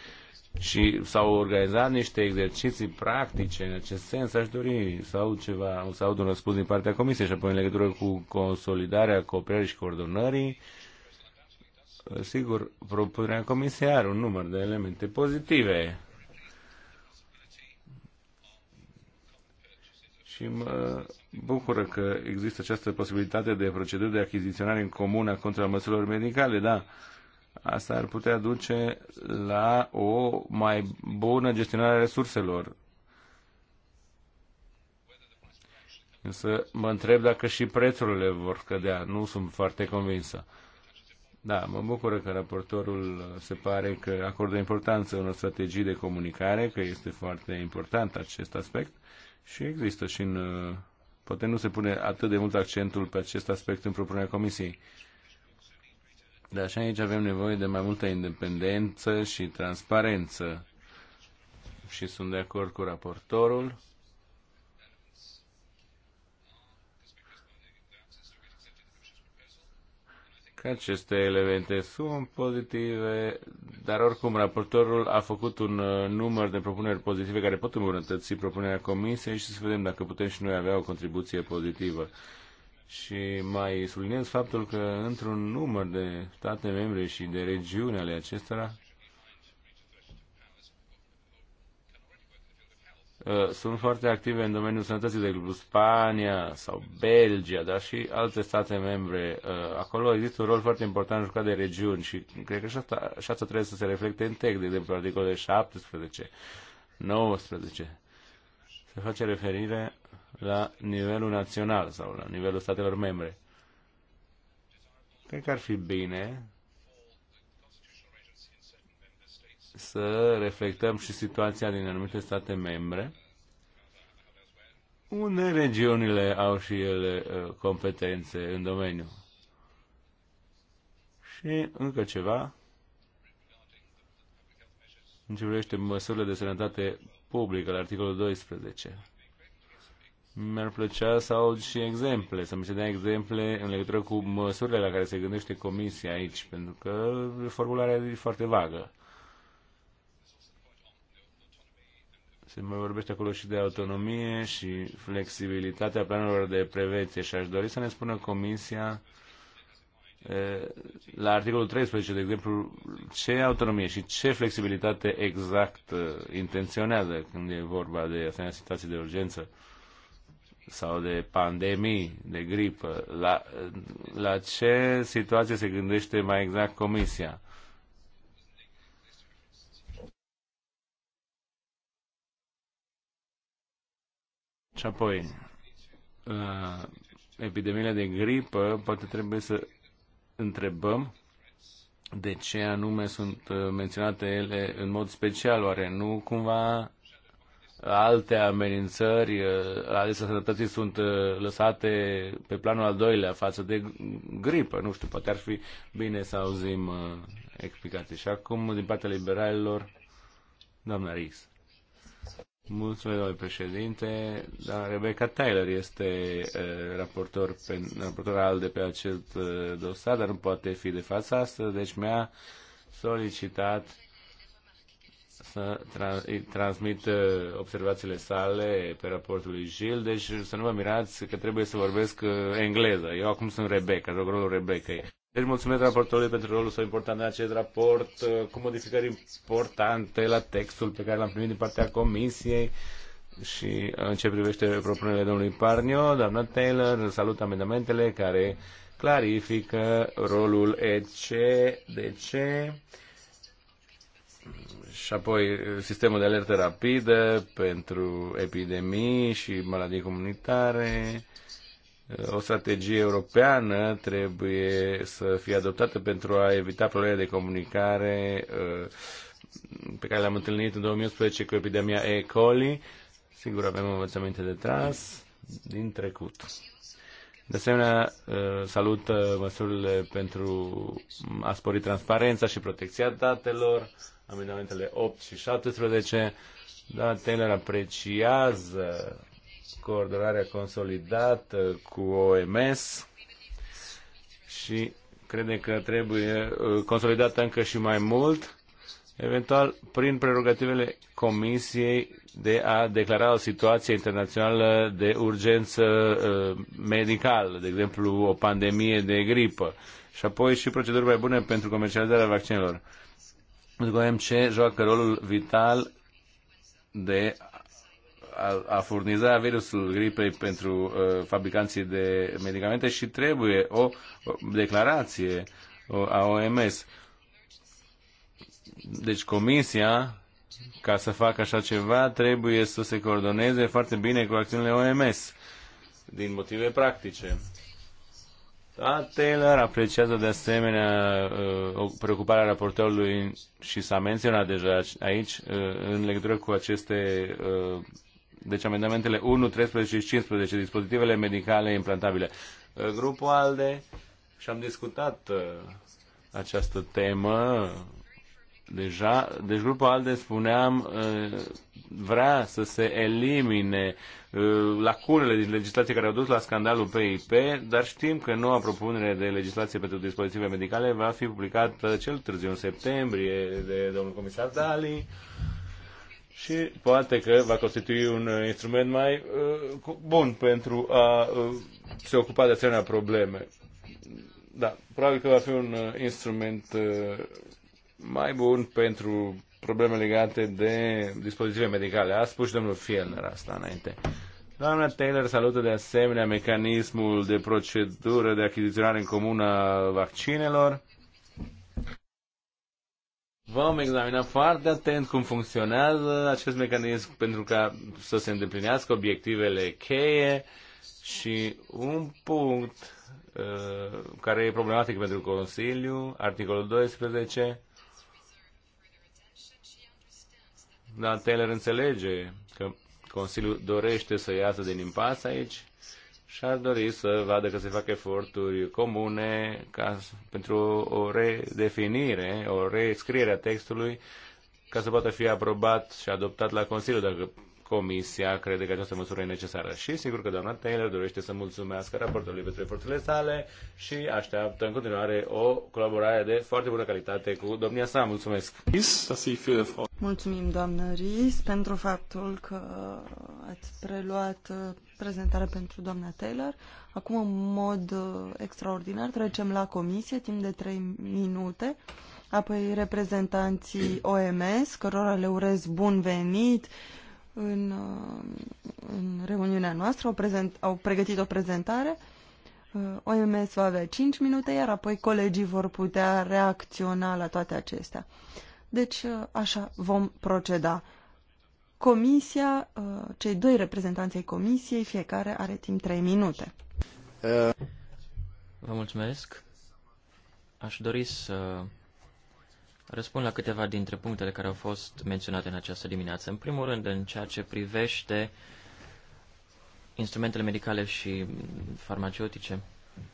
Și s-au organizat niște exerciții practice în acest sens, aș dori, sau ceva, sau un răspuns din partea Comisiei și apoi în legătură cu consolidarea cooperării și coordonării. Uh, Sigur, propunerea Comisiei are un număr de elemente pozitive. Și mă bucură că există această posibilitate de proceduri de achiziționare în comun a contramăsurilor medicale, da. Asta ar putea duce la o mai bună gestionare a resurselor. Însă mă întreb dacă și prețurile vor cădea. Nu sunt foarte convinsă. Da, mă bucură că raportorul se pare că acordă importanță unor strategii de comunicare, că este foarte important acest aspect și există și în... Poate nu se pune atât de mult accentul pe acest aspect în propunerea comisiei. Dar și aici avem nevoie de mai multă independență și transparență. Și sunt de acord cu raportorul că aceste elemente sunt pozitive, dar oricum raportorul a făcut un uh, număr de propuneri pozitive care pot îmbunătăți propunerea comisiei și să vedem dacă putem și noi avea o contribuție pozitivă. Și mai subliniez faptul că într-un număr de state membre și de regiuni ale acestora Uh, sunt foarte active în domeniul sănătății, de exemplu Spania sau Belgia, dar și alte state membre. Uh, acolo există un rol foarte important jucat de regiuni și cred că și asta, și asta trebuie să se reflecte în text, de exemplu articolele 17, 19. Se face referire la nivelul național sau la nivelul statelor membre. Cred că ar fi bine să reflectăm și situația din anumite state membre, unde regiunile au și ele ă, competențe în domeniu. Și încă ceva, în ce privește măsurile de sănătate publică, la articolul 12. Mi-ar plăcea să aud și exemple, să mi se dea exemple în legătură cu măsurile la care se gândește Comisia aici, pentru că formularea e foarte vagă. Se mai vorbește acolo și de autonomie și flexibilitatea planurilor de prevenție și aș dori să ne spună Comisia la articolul 13, de exemplu, ce autonomie și ce flexibilitate exact intenționează când e vorba de asemenea situații de urgență sau de pandemii, de gripă, la, la ce situație se gândește mai exact Comisia? Și apoi, uh, epidemiile de gripă, poate trebuie să întrebăm de ce anume sunt uh, menționate ele în mod special, oare nu cumva alte amenințări uh, ale sănătății sunt lăsate pe planul al doilea față de gripă. Nu știu, poate ar fi bine să auzim explicații. Și acum, din partea liberalilor, doamna Ries. Mulțumesc, domnule președinte. Da, Rebecca Tyler este uh, raportor, pe, raportor al de pe acest uh, dosar, dar nu poate fi de față astăzi, deci mi-a solicitat să tra- transmit uh, observațiile sale pe raportul lui Gil, deci să nu vă mirați că trebuie să vorbesc uh, engleză. Eu acum sunt Rebecca, joc rolul Rebecca. Deci mulțumesc raportorului pentru rolul său important în acest raport, uh, cu modificări importante la textul pe care l-am primit din partea Comisiei și uh, în ce privește propunerile domnului Parnio, doamna Taylor, salut amendamentele care clarifică rolul EC, ce? și apoi sistemul de alertă rapidă pentru epidemii și maladii comunitare o strategie europeană trebuie să fie adoptată pentru a evita problemele de comunicare uh, pe care le-am întâlnit în 2011 cu epidemia E. coli. Sigur, avem învățăminte de tras din trecut. De asemenea, uh, salut măsurile pentru a spori transparența și protecția datelor, amendamentele 8 și 17. Da, Taylor apreciază coordonarea consolidată cu OMS și crede că trebuie uh, consolidată încă și mai mult, eventual prin prerogativele Comisiei de a declara o situație internațională de urgență uh, medicală, de exemplu o pandemie de gripă, și apoi și proceduri mai bune pentru comercializarea vaccinelor. OMC joacă rolul vital de a, furniza virusul gripei pentru uh, fabricanții de medicamente și trebuie o, declarație a OMS. Deci comisia, ca să facă așa ceva, trebuie să se coordoneze foarte bine cu acțiunile OMS, din motive practice. Da, Taylor apreciază de asemenea uh, preocuparea raportorului și s-a menționat deja aici uh, în legătură cu aceste uh, deci amendamentele 1, 13 și 15, dispozitivele medicale implantabile. Uh, grupul ALDE și am discutat uh, această temă deja. Deci grupul ALDE, spuneam, uh, vrea să se elimine lacunele din legislație care au dus la scandalul PIP, dar știm că noua propunere de legislație pentru dispozitive medicale va fi publicată cel târziu în septembrie de domnul comisar Dali și poate că va constitui un uh, instrument mai uh, bun pentru a uh, se ocupa de asemenea probleme. Da, probabil că va fi un uh, instrument uh, mai bun pentru probleme legate de dispozitive medicale. A spus și domnul Fielner asta înainte. Doamna Taylor salută de asemenea mecanismul de procedură de achiziționare în comună a vaccinelor Vom examina foarte atent cum funcționează acest mecanism pentru ca să se îndeplinească obiectivele cheie și un punct uh, care e problematic pentru Consiliu, articolul 12. Dar Taylor înțelege că Consiliul dorește să iasă din impas aici și ar dori să vadă că se fac eforturi comune ca, pentru o redefinire, o rescriere a textului ca să poată fi aprobat și adoptat la Consiliu, dacă Comisia crede că această măsură e necesară. Și sigur că doamna Taylor dorește să mulțumească raportului pentru eforturile sale și așteaptă în continuare o colaborare de foarte bună calitate cu domnia sa. Mulțumesc! Mulțumim, doamnă Ris, pentru faptul că ați preluat uh, prezentarea pentru doamna Taylor. Acum, în mod uh, extraordinar, trecem la comisie timp de 3 minute apoi reprezentanții OMS, cărora le urez bun venit, în, în reuniunea noastră, au, prezent, au pregătit o prezentare. Uh, OMS va avea 5 minute, iar apoi colegii vor putea reacționa la toate acestea. Deci uh, așa vom proceda. Comisia, uh, cei doi reprezentanți ai comisiei, fiecare are timp 3 minute. Vă mulțumesc. Aș dori să Răspund la câteva dintre punctele care au fost menționate în această dimineață. În primul rând, în ceea ce privește instrumentele medicale și farmaceutice,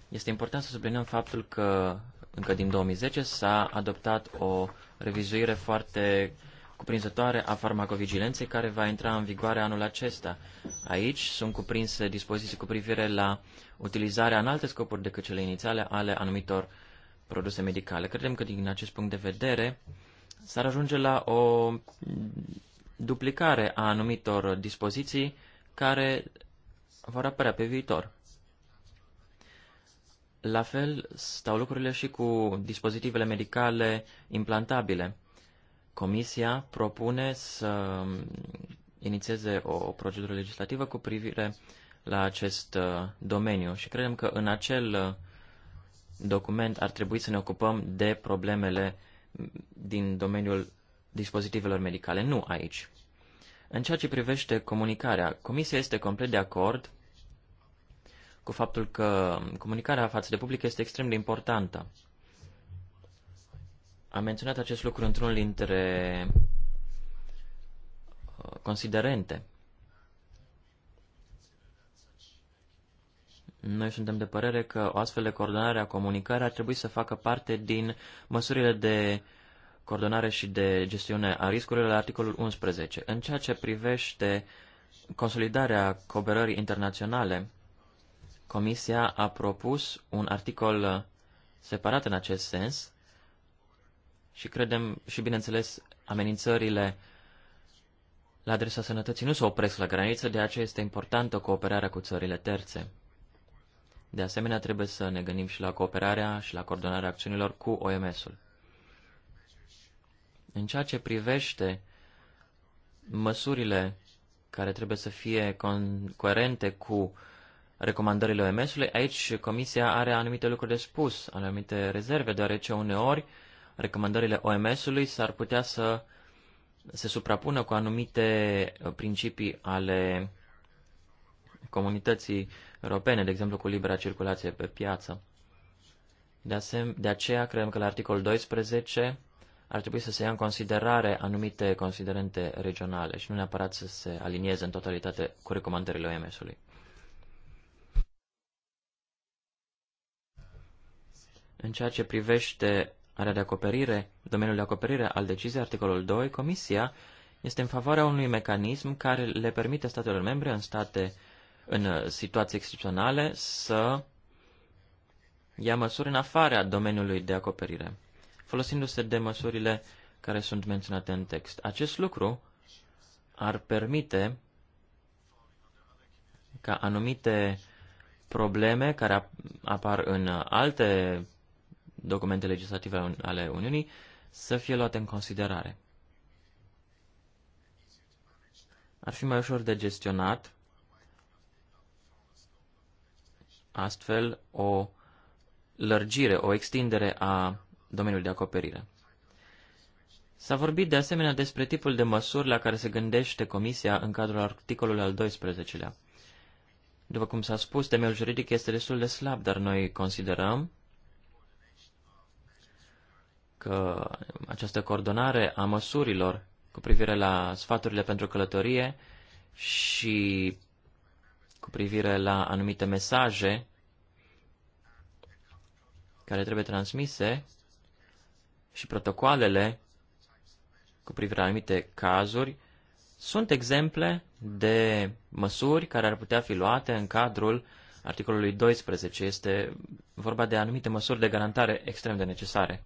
este important să subliniem faptul că încă din 2010 s-a adoptat o revizuire foarte cuprinzătoare a farmacovigilenței care va intra în vigoare anul acesta. Aici sunt cuprinse dispoziții cu privire la utilizarea în alte scopuri decât cele inițiale ale anumitor uh, produse medicale. Credem că din acest punct de vedere s-ar ajunge la o duplicare a anumitor dispoziții care vor apărea pe viitor. La fel stau lucrurile și cu dispozitivele medicale implantabile. Comisia propune să inițieze o procedură legislativă cu privire la acest uh, domeniu și credem că în acel uh, document ar trebui să ne ocupăm de problemele din domeniul dispozitivelor medicale, nu aici. În ceea ce privește comunicarea, Comisia este complet de acord cu faptul că comunicarea față de public este extrem de importantă. Am menționat acest lucru într-unul dintre uh, considerente. Noi suntem de părere că o astfel de coordonare a comunicării ar trebui să facă parte din măsurile de coordonare și de gestiune a riscurilor la articolul 11. În ceea ce privește consolidarea cooperării internaționale, Comisia a propus un articol separat în acest sens și credem și, bineînțeles, amenințările la adresa sănătății nu se opresc la graniță, de aceea este importantă cooperarea cu țările terțe. De asemenea, trebuie să ne gândim și la cooperarea și la coordonarea acțiunilor cu OMS-ul. În ceea ce privește măsurile care trebuie să fie coerente cu recomandările OMS-ului, aici Comisia are anumite lucruri de spus, anumite rezerve, deoarece uneori recomandările OMS-ului s-ar putea să se suprapună cu anumite principii ale comunității europene, de exemplu cu libera circulație pe piață. De, asem- de aceea credem că la articolul 12 ar trebui să se ia în considerare anumite considerente regionale și nu neapărat să se alinieze în totalitate cu recomandările OMS-ului. În ceea ce privește area de acoperire, domeniul de acoperire al deciziei, articolul 2, Comisia este în favoarea unui mecanism care le permite statelor membre în state în uh, situații excepționale să ia măsuri în afara domeniului de acoperire, folosindu-se de măsurile care sunt menționate în text. Acest lucru ar permite ca anumite probleme care apar în uh, alte documente legislative ale Uniunii să fie luate în considerare. Ar fi mai ușor de gestionat astfel o lărgire, o extindere a domeniului de acoperire. S-a vorbit de asemenea despre tipul de măsuri la care se gândește Comisia în cadrul articolului al 12-lea. După cum s-a spus, temeiul juridic este destul de slab, dar noi considerăm că această coordonare a măsurilor cu privire la sfaturile pentru călătorie și cu privire la anumite mesaje care trebuie transmise și protocoalele cu privire la anumite cazuri sunt exemple de măsuri care ar putea fi luate în cadrul articolului 12. Este vorba de anumite măsuri de garantare extrem de necesare.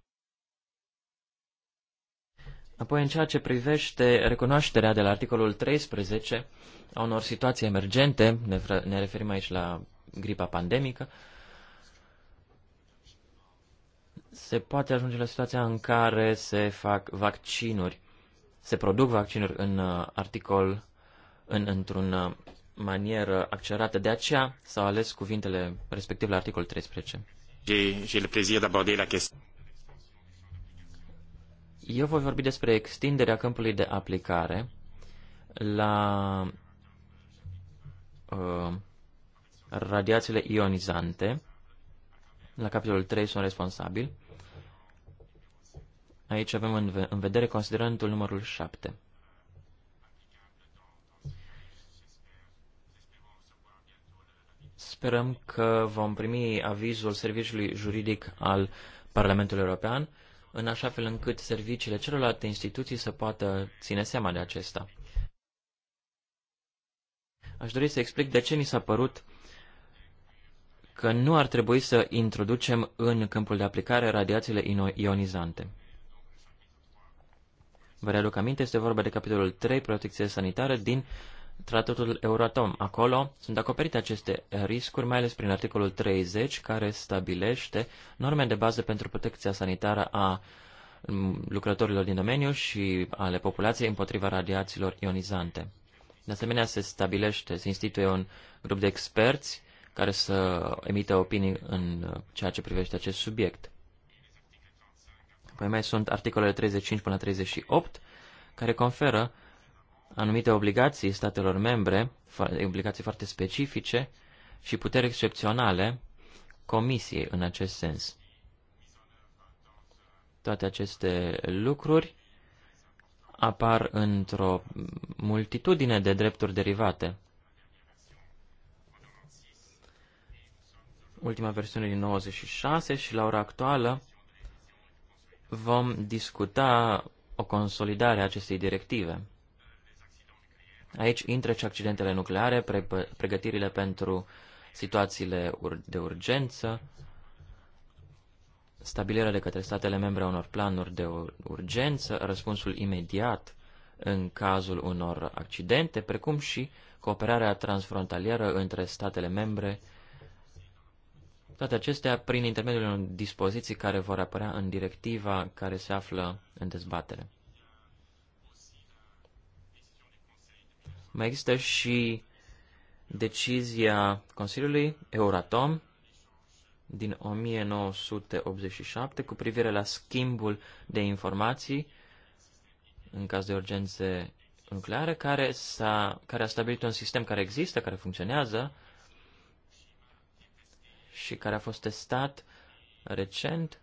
Apoi, în ceea ce privește recunoașterea de la articolul 13 a unor situații emergente, ne, referim aici la gripa pandemică, uh, se poate ajunge la situația în care se fac vaccinuri, se produc vaccinuri în uh, articol, în, într-un uh, manieră accelerată. De aceea s-au ales cuvintele respectiv la articol 13. J'ai le plaisir d'aborder la question. Eu voi vorbi despre extinderea câmpului de aplicare la uh, radiațiile ionizante. La capitolul 3 sunt responsabil. Aici avem în, în vedere considerantul numărul 7. Sperăm că vom primi avizul serviciului juridic al Parlamentului European, în așa fel încât serviciile celorlalte instituții să poată ține seama de acesta. Aș dori să explic de ce ni s-a părut că nu ar trebui să introducem în câmpul de aplicare radiațiile ionizante. Vă readuc aminte, este vorba de capitolul 3, protecție sanitară, din Tratatul Euratom. Acolo sunt acoperite aceste riscuri, mai ales prin articolul 30, care stabilește norme de bază pentru protecția sanitară a mm, lucrătorilor din domeniu și ale populației împotriva radiațiilor ionizante. De asemenea, se stabilește, se instituie un grup de experți care să emită opinii în ceea ce privește acest subiect. Mai mai sunt articolele 35 până la 38, care conferă anumite obligații statelor membre, obligații foarte specifice și puteri excepționale comisiei în acest sens. Toate aceste lucruri apar într-o multitudine de drepturi derivate. Ultima versiune din 96 și la ora actuală vom discuta o consolidare a acestei directive. Aici intră și accidentele nucleare, pregătirile pentru situațiile de urgență, stabilirea de către statele membre a unor planuri de urgență, răspunsul imediat în cazul unor accidente, precum și cooperarea transfrontalieră între statele membre toate acestea prin intermediul unor dispoziții care vor apărea în directiva care se află în dezbatere. Mai există și decizia Consiliului Euratom din 1987 cu privire la schimbul de informații în caz de urgențe nucleare, care, s-a, care a stabilit un sistem care există, care funcționează, și care a fost testat recent.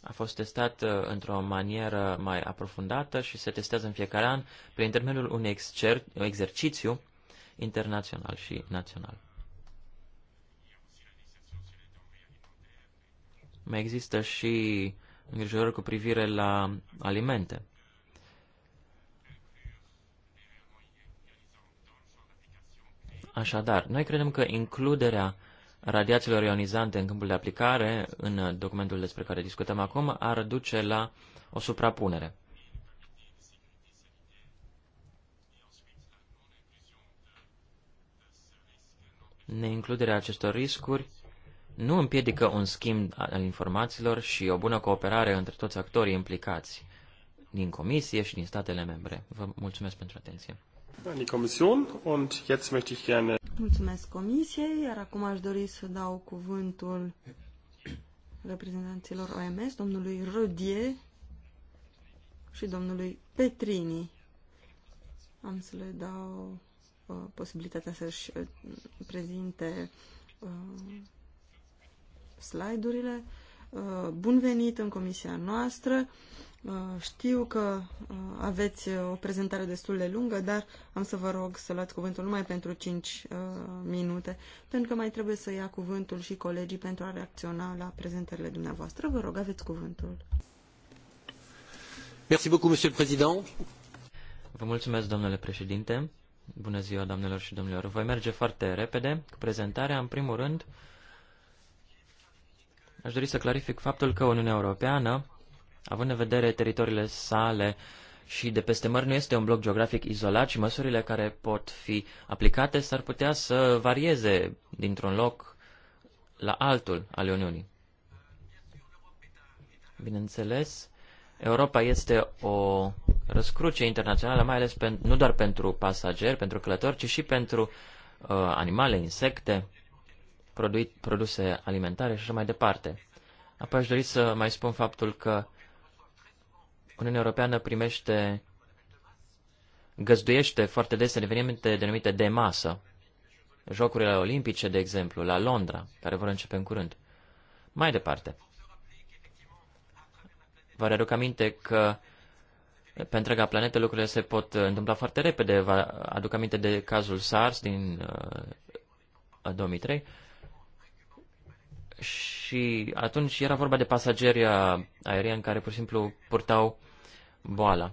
A fost testat uh, într-o manieră mai aprofundată și se testează în fiecare an prin intermediul unui exercițiu internațional și național. Mai există și îngrijorări cu privire la alimente. Așadar, noi credem că includerea radiațiilor ionizante în câmpul de aplicare, în documentul despre care discutăm acum, ar duce la o suprapunere. Neincluderea acestor riscuri nu împiedică un schimb al informațiilor și o bună cooperare între toți actorii implicați din Comisie și din statele membre. Vă mulțumesc pentru atenție an die Kommission und jetzt möchte ich gerne Mulțumesc Comisiei, iar acum aș dori să dau cuvântul reprezentanților OMS, domnului Rodie și domnului Petrini. Am să le dau uh, posibilitatea să-și uh, prezinte uh, slide-urile. Uh, Uh, bun venit în comisia noastră. Uh, știu că uh, aveți o prezentare destul de lungă, dar am să vă rog să luați cuvântul numai pentru 5 minute, pentru că mai trebuie să ia cuvântul și colegii pentru a reacționa la prezentările dumneavoastră. Vă rog, aveți cuvântul. Merci beaucoup, monsieur le président. Vă mulțumesc, domnule președinte. Bună ziua, doamnelor și domnilor. Voi merge foarte repede cu prezentarea. În primul rând, Aș dori să clarific faptul că Uniunea Europeană, având în vedere teritoriile sale și de peste mări, nu este un bloc geografic izolat și măsurile care pot fi aplicate s-ar putea să varieze dintr-un loc la altul al Uniunii. Bineînțeles, Europa este o răscruce internațională, mai ales pen, nu doar pentru pasageri, pentru călători, ci și pentru uh, animale, insecte produse alimentare și așa mai departe. Apoi aș dori să mai spun faptul că Uniunea Europeană primește, găzduiește foarte des evenimente denumite de masă. Jocurile olimpice, de exemplu, la Londra, care vor începe în curând. Mai departe, vă readuc aminte că pe întreaga planetă lucrurile se pot întâmpla foarte repede. Vă aduc aminte de cazul SARS din uh, 2003 și atunci era vorba de pasageri uh, aerieni care pur și simplu purtau boala.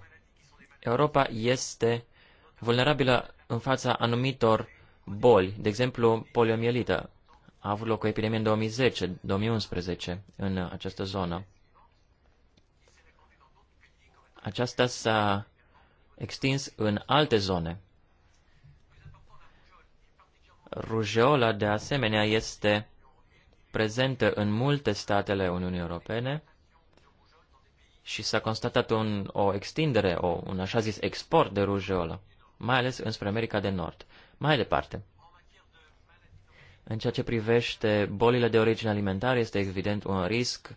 Europa este vulnerabilă în fața anumitor boli, de exemplu poliomielită. A avut loc o epidemie în 2010-2011 în această zonă. Aceasta s-a extins în alte zone. Rujeola, de asemenea, este prezentă în multe statele Uniunii Europene și s-a constatat un, o extindere, o, un așa zis export de rujeolă, mai ales înspre America de Nord. Mai departe, în ceea ce privește bolile de origine alimentară, este evident un risc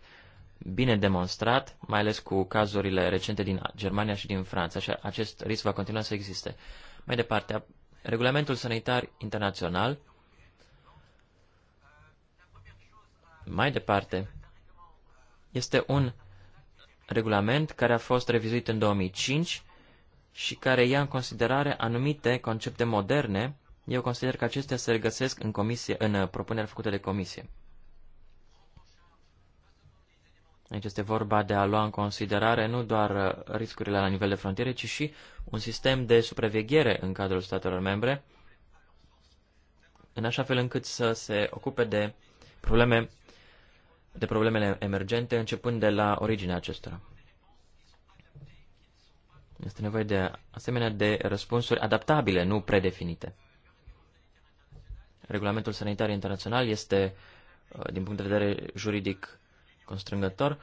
bine demonstrat, mai ales cu cazurile recente din Germania și din Franța, și acest risc va continua să existe. Mai departe, regulamentul sanitar internațional Mai departe, este un regulament care a fost revizuit în 2005 și care ia în considerare anumite concepte moderne. Eu consider că acestea se regăsesc în, comisie, în uh, propunerea făcută de comisie. Aici este vorba de a lua în considerare nu doar uh, riscurile la nivel de frontiere, ci și un sistem de supraveghere în cadrul statelor membre, în așa fel încât să se ocupe de probleme de problemele emergente, începând de la originea acestora. Este nevoie de asemenea de răspunsuri adaptabile, nu predefinite. Regulamentul sanitar internațional este, uh, din punct de vedere juridic, constrângător.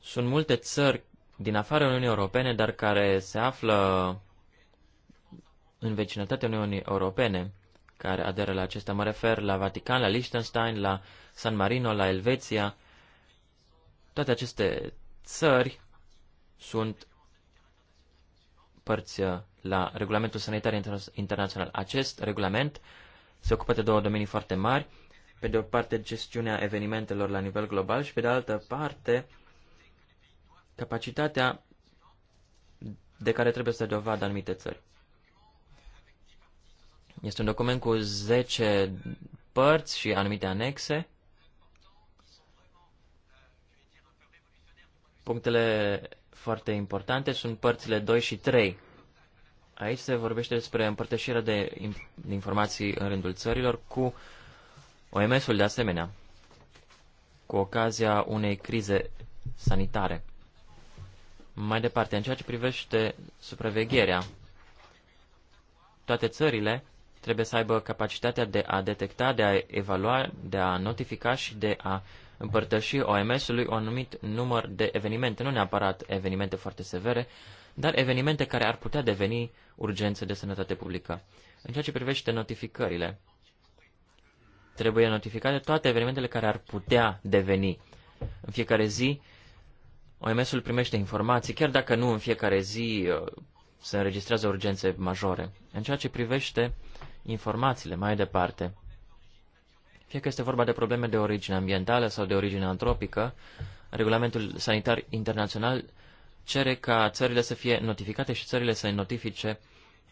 Sunt multe țări din afara Uniunii Europene, dar care se află în vecinătatea Uniunii Europene, care aderă la acesta. Mă refer la Vatican, la Liechtenstein, la San Marino, la Elveția. Toate aceste țări sunt părți uh, la regulamentul sanitar internațional. Acest regulament se ocupă de două domenii foarte mari. Pe de o parte, gestiunea evenimentelor la nivel global și pe de altă parte, capacitatea de care trebuie să dovadă anumite țări. Este un document cu 10 părți și anumite anexe. Punctele foarte importante sunt părțile 2 și 3. Aici se vorbește despre împărtășirea de informații în rândul țărilor cu OMS-ul de asemenea, cu ocazia unei crize sanitare. Mai departe, în ceea ce privește supravegherea, toate țările trebuie să aibă capacitatea de a detecta, de a evalua, de a notifica și de a împărtăși OMS-ului un anumit număr de evenimente, nu neapărat evenimente foarte severe, dar evenimente care ar putea deveni urgențe de sănătate publică. În ceea ce privește notificările, trebuie notificate toate evenimentele care ar putea deveni. În fiecare zi, OMS-ul primește informații, chiar dacă nu în fiecare zi uh, se înregistrează urgențe majore. În ceea ce privește uh, informațiile mai departe. Fie că este vorba de probleme de origine ambientală sau de origine antropică, regulamentul sanitar internațional cere ca țările să fie notificate și țările să notifice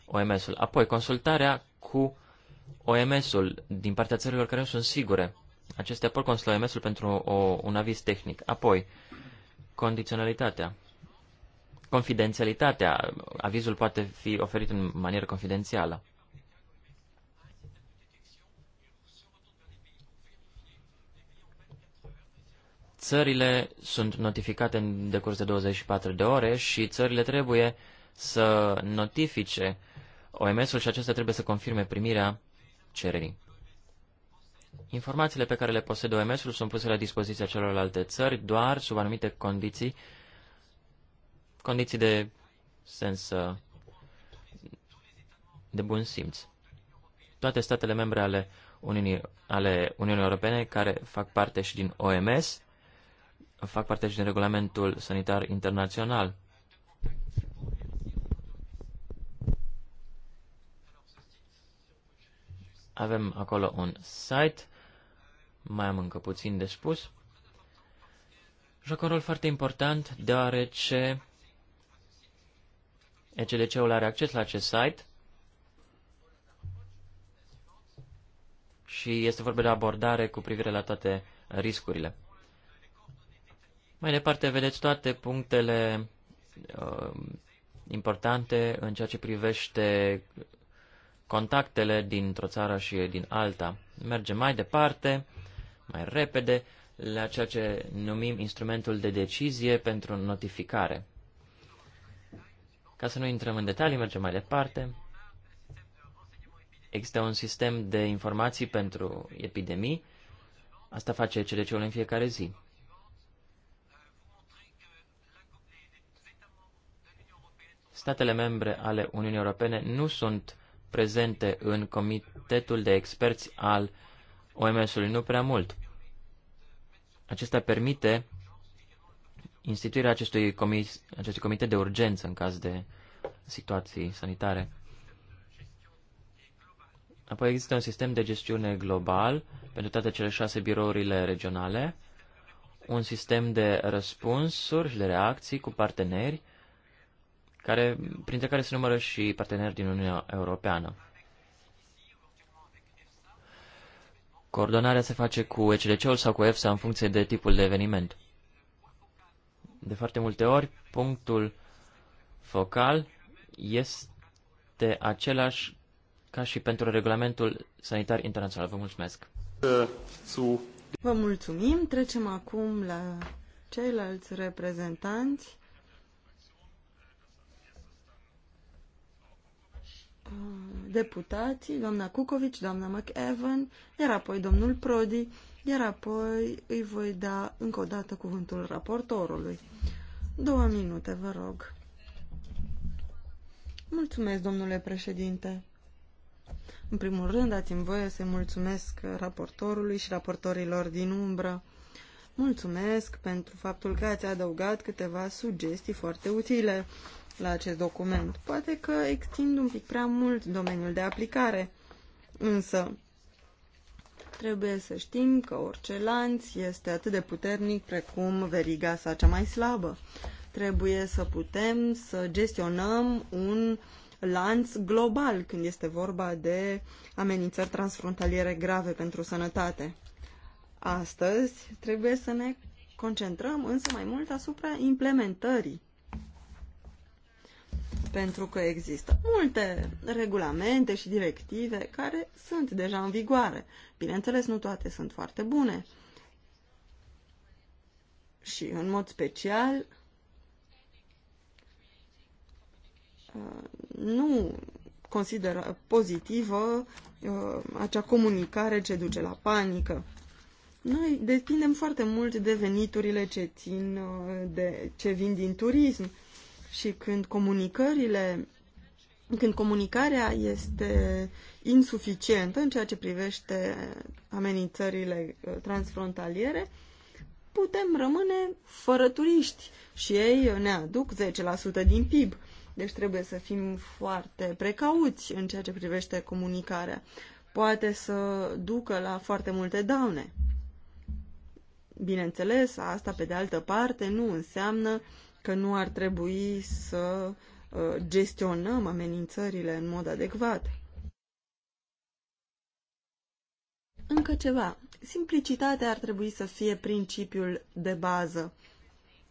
OMS-ul. Apoi, consultarea cu OMS-ul din partea țărilor care nu sunt sigure. acestea pot consulta OMS-ul pentru o, un aviz tehnic. Apoi, condiționalitatea. Confidențialitatea. Avizul poate fi oferit în manieră confidențială. Țările sunt notificate în decurs de 24 de ore și țările trebuie să notifice OMS-ul și acesta trebuie să confirme primirea cererii. Informațiile pe care le posedă OMS-ul sunt puse la dispoziția celorlalte țări doar sub anumite condiții, condiții de sens uh, de bun simț. Toate statele membre ale Uniunii, ale Uniunii Europene care fac parte și din OMS fac parte și din regulamentul sanitar internațional. Avem acolo un site, mai am încă puțin de spus. Joc un rol foarte important, deoarece ECDC-ul are acces la acest site și este vorba de abordare cu privire la toate riscurile. Mai departe, vedeți toate punctele uh, importante în ceea ce privește contactele dintr-o țară și din alta. Mergem mai departe, mai repede, la ceea ce numim instrumentul de decizie pentru notificare. Ca să nu intrăm în detalii, mergem mai departe. Există un sistem de informații pentru epidemii. Asta face CDC-ul în fiecare zi. statele membre ale Uniunii Europene nu sunt prezente în comitetul de experți al OMS-ului, nu prea mult. Acesta permite instituirea acestui, comis, acestui comitet de urgență în caz de situații sanitare. Apoi există un sistem de gestiune global pentru toate cele șase birourile regionale, un sistem de răspunsuri și de reacții cu parteneri, care, printre care se numără și parteneri din Uniunea Europeană. Coordonarea se face cu ECDC-ul sau cu EFSA în funcție de tipul de eveniment. De foarte multe ori, punctul focal este același ca și pentru regulamentul sanitar internațional. Vă mulțumesc! Vă mulțumim! Trecem acum la ceilalți reprezentanți deputații, doamna Cucovici, doamna McEvan, iar apoi domnul Prodi, iar apoi îi voi da încă o dată cuvântul raportorului. Două minute, vă rog. Mulțumesc, domnule președinte. În primul rând, dați-mi voie să-i mulțumesc raportorului și raportorilor din umbră. Mulțumesc pentru faptul că ați adăugat câteva sugestii foarte utile la acest document. Poate că extind un pic prea mult domeniul de aplicare, însă trebuie să știm că orice lanț este atât de puternic precum veriga sa cea mai slabă. Trebuie să putem să gestionăm un lanț global când este vorba de amenințări transfrontaliere grave pentru sănătate. Astăzi trebuie să ne concentrăm însă mai mult asupra implementării pentru că există multe regulamente și directive care sunt deja în vigoare. Bineînțeles, nu toate sunt foarte bune. Și, în mod special, uh, nu consideră pozitivă uh, acea comunicare ce duce la panică. Noi depindem foarte mult de veniturile ce, țin, uh, de, ce vin din turism și când comunicările când comunicarea este insuficientă în ceea ce privește amenințările uh, transfrontaliere, putem rămâne fără turiști și ei ne aduc 10% din PIB. Deci trebuie să fim foarte precauți în ceea ce privește comunicarea. Poate să ducă la foarte multe daune. Bineînțeles, asta pe de altă parte nu înseamnă că nu ar trebui să uh, gestionăm amenințările în mod adecvat. Încă ceva. Simplicitatea ar trebui să fie principiul de bază.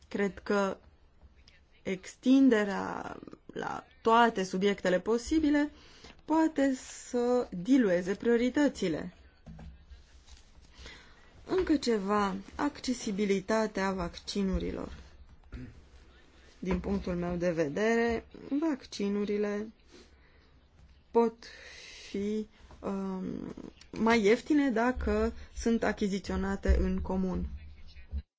Cred că extinderea la toate subiectele posibile poate să dilueze prioritățile. Încă ceva, accesibilitatea vaccinurilor. Din punctul meu de vedere, vaccinurile pot fi um, mai ieftine dacă sunt achiziționate în comun.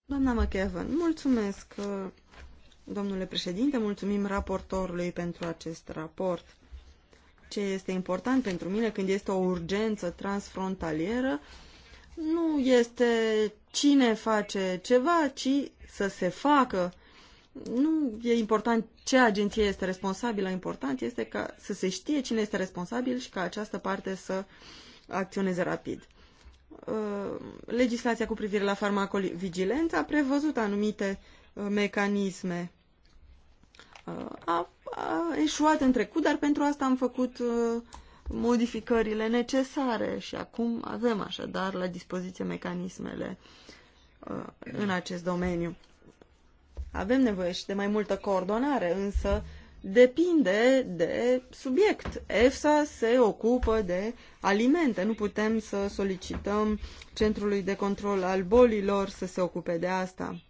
Doamna McEvan, mulțumesc, uh, domnule președinte, mulțumim raportorului pentru acest raport. Ce este important pentru mine când este o urgență transfrontalieră, nu este cine face ceva, ci să se facă nu e important ce agenție este responsabilă, important este ca să se știe cine este responsabil și ca această parte să acționeze rapid. Uh, legislația cu privire la farmacovigilență a prevăzut anumite uh, mecanisme. Uh, a, a eșuat în trecut, dar pentru asta am făcut modificările necesare și acum avem așadar la dispoziție mecanismele în acest domeniu. Avem nevoie și de mai multă coordonare, însă depinde de subiect. EFSA se ocupă de alimente. Nu putem să solicităm Centrului de Control al Bolilor să se ocupe de asta.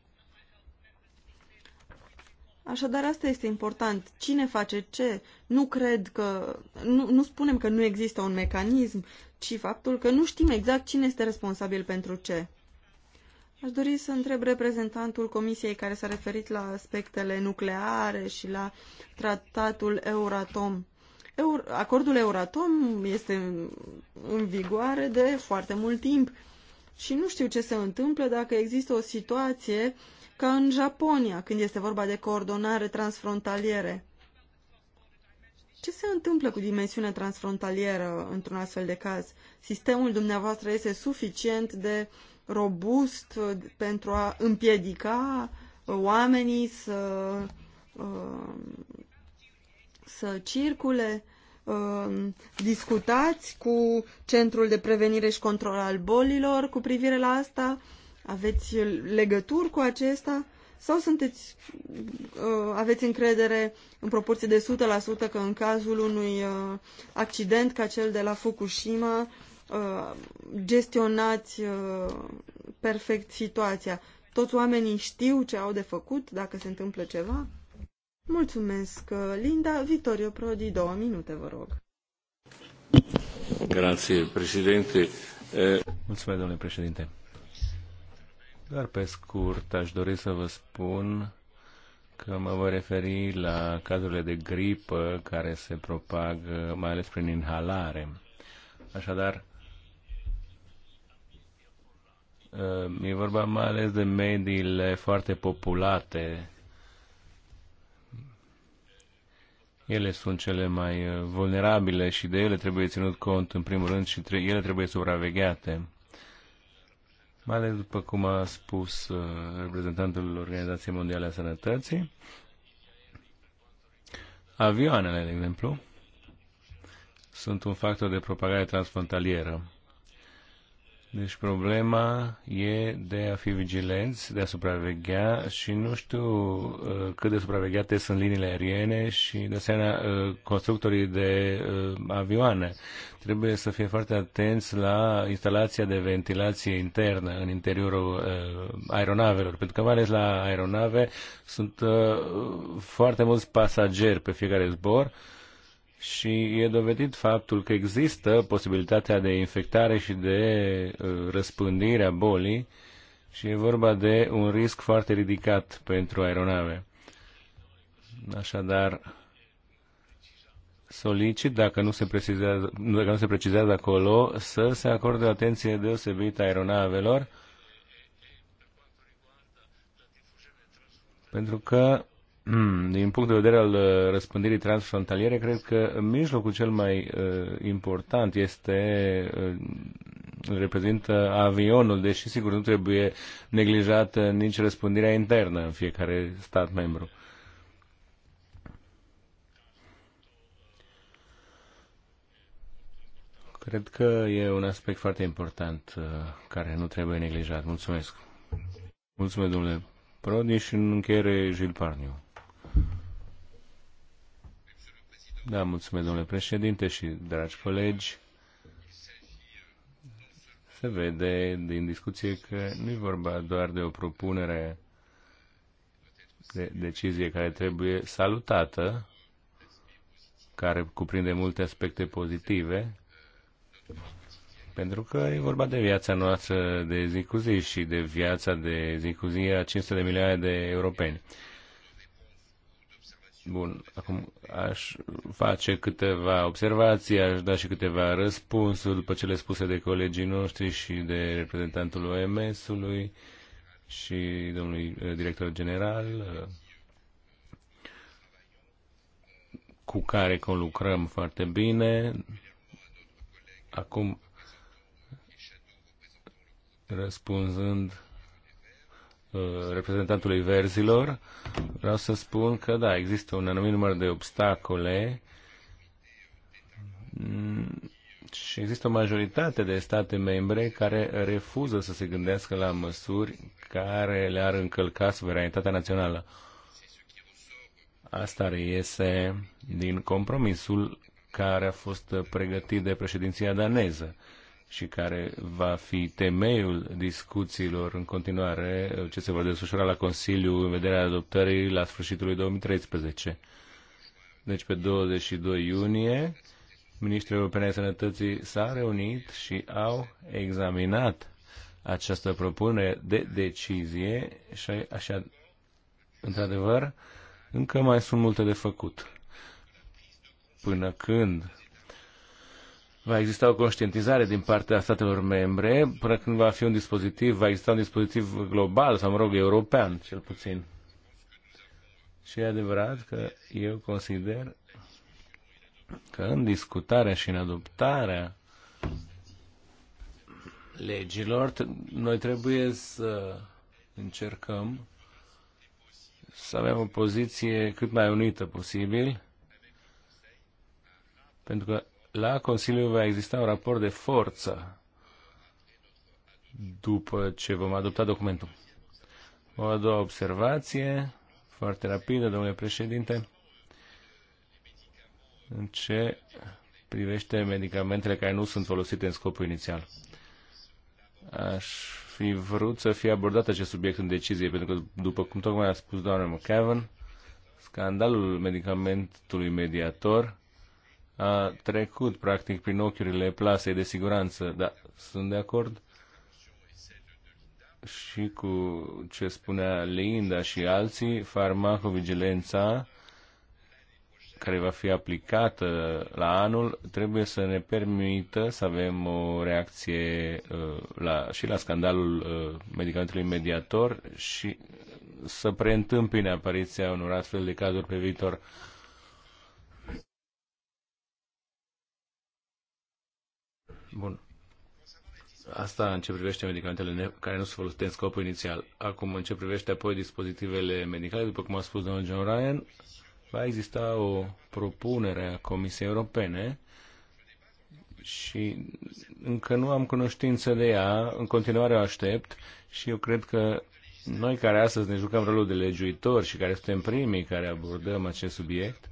Așadar, asta este important. Cine face ce? Nu cred că... Nu, nu spunem că nu există un mecanism, ci faptul că nu știm exact cine este responsabil pentru ce. Aș dori să întreb reprezentantul comisiei care s-a referit la aspectele nucleare și la tratatul Euratom. Eur, acordul Euratom este în vigoare de foarte mult timp și nu știu ce se întâmplă dacă există o situație ca în Japonia, când este vorba de coordonare transfrontaliere. Ce se întâmplă cu dimensiunea transfrontalieră într-un astfel de caz? Sistemul dumneavoastră este suficient de uh, robust uh, pentru a împiedica uh, oamenii să, uh, să circule. Discutați cu Centrul de Prevenire și Control al Bolilor cu privire la asta? Aveți legături cu acesta? Sau sunteți, aveți încredere în proporție de 100% că în cazul unui accident ca cel de la Fukushima Uh, gestionați uh, perfect situația. Toți oamenii știu ce au de făcut dacă se întâmplă ceva? Mulțumesc, uh, Linda. Vittorio Prodi, două minute, vă rog. Grazie, președinte. Mulțumesc, domnule președinte. Doar pe scurt aș dori să vă spun că mă voi referi la cazurile de gripă care se propagă mai ales prin inhalare. Așadar, Ehm, e vorba mai ales de mediile foarte populate. Ele sunt cele mai eh, vulnerabile și de ele trebuie ținut cont în primul rând și ele trebuie supravegheate. Mai ales după cum a spus eh, reprezentantul Organizației Mondiale a Sănătății, avioanele, de exemplu, sunt un factor de propagare transfrontalieră deci problema e de a fi vigilenți, de a supraveghea și nu știu uh, cât de supravegheate sunt liniile aeriene și de asemenea uh, constructorii de uh, avioane. Trebuie să fie foarte atenți la instalația de ventilație internă în interiorul uh, aeronavelor, pentru că mai ales la aeronave sunt uh, foarte mulți pasageri pe fiecare zbor uh, și e dovedit faptul că există posibilitatea de infectare și de uh, răspândire a bolii și e vorba de un risc foarte ridicat pentru aeronave. Așadar, solicit, dacă nu se precizează, dacă nu se precizează acolo, să se acorde o atenție deosebită aeronavelor, pentru că Mm, din punct de vedere al uh, răspândirii transfrontaliere, cred că mijlocul cel mai uh, important este uh, reprezintă avionul, deși sigur nu trebuie neglijat uh, nici răspândirea internă în fiecare stat membru. Cred că e un aspect foarte important uh, care nu trebuie neglijat. Mulțumesc. Mulțumesc, domnule Prodi, și în încheiere, Gil Parniu. Da, mulțumesc, domnule președinte și dragi colegi. Se vede din discuție că nu e vorba doar de o propunere de decizie care trebuie salutată, care cuprinde multe aspecte pozitive, pentru că e vorba de viața noastră de zi cu zi și de viața de zi cu zi a 500 de milioane de europeni. Bun, acum aș face câteva observații, aș da și câteva răspunsuri după cele spuse de colegii noștri și de reprezentantul OMS-ului și domnului uh, director general uh, cu care conlucrăm foarte bine. Acum, răspunzând Uh, reprezentantului verzilor, vreau să spun că da, există un anumit număr de obstacole mm, și există o majoritate de state membre care refuză să se gândească la măsuri care le-ar încălca suveranitatea națională. Asta reiese din compromisul care a fost pregătit de președinția daneză și care va fi temeiul discuțiilor în continuare uh, ce se vor desfășura la Consiliu în vederea adoptării la sfârșitul lui 2013. Deci pe 22 iunie, ministrul Europene ai Sănătății s-a reunit și au examinat această propunere de decizie și așa, într-adevăr, încă mai sunt multe de făcut. Până când va exista o conștientizare din partea statelor membre până când va fi un dispozitiv, va exista un dispozitiv global sau, mă rog, european, cel puțin. Și e adevărat că eu consider că în discutarea și în adoptarea legilor, noi trebuie să încercăm să avem o poziție cât mai unită posibil, pentru că la Consiliu va exista un raport de forță după ce vom adopta documentul. O a doua observație, foarte rapidă, domnule președinte, în ce privește medicamentele care nu sunt folosite în scopul inițial. Aș fi vrut să fie abordat acest subiect în decizie, pentru că, după cum tocmai a spus doamna McCavan, scandalul medicamentului mediator a trecut practic prin ochiurile plasei de siguranță, dar sunt de acord și cu ce spunea Linda și alții, farmacovigilența care va fi aplicată la anul trebuie să ne permită să avem o reacție uh, la, și la scandalul uh, medicamentului mediator și să preîntâmpine apariția unor astfel de cazuri pe viitor. Uh, Bun. Asta în ce privește medicamentele care nu se folosesc în scopul inițial. Acum, în ce privește apoi dispozitivele medicale, după cum a spus domnul John Ryan, va exista o propunere a Comisiei Europene și încă nu am cunoștință de ea, în continuare o aștept și eu cred că noi care astăzi ne jucăm rolul de legiuitori și care suntem primii care abordăm acest subiect,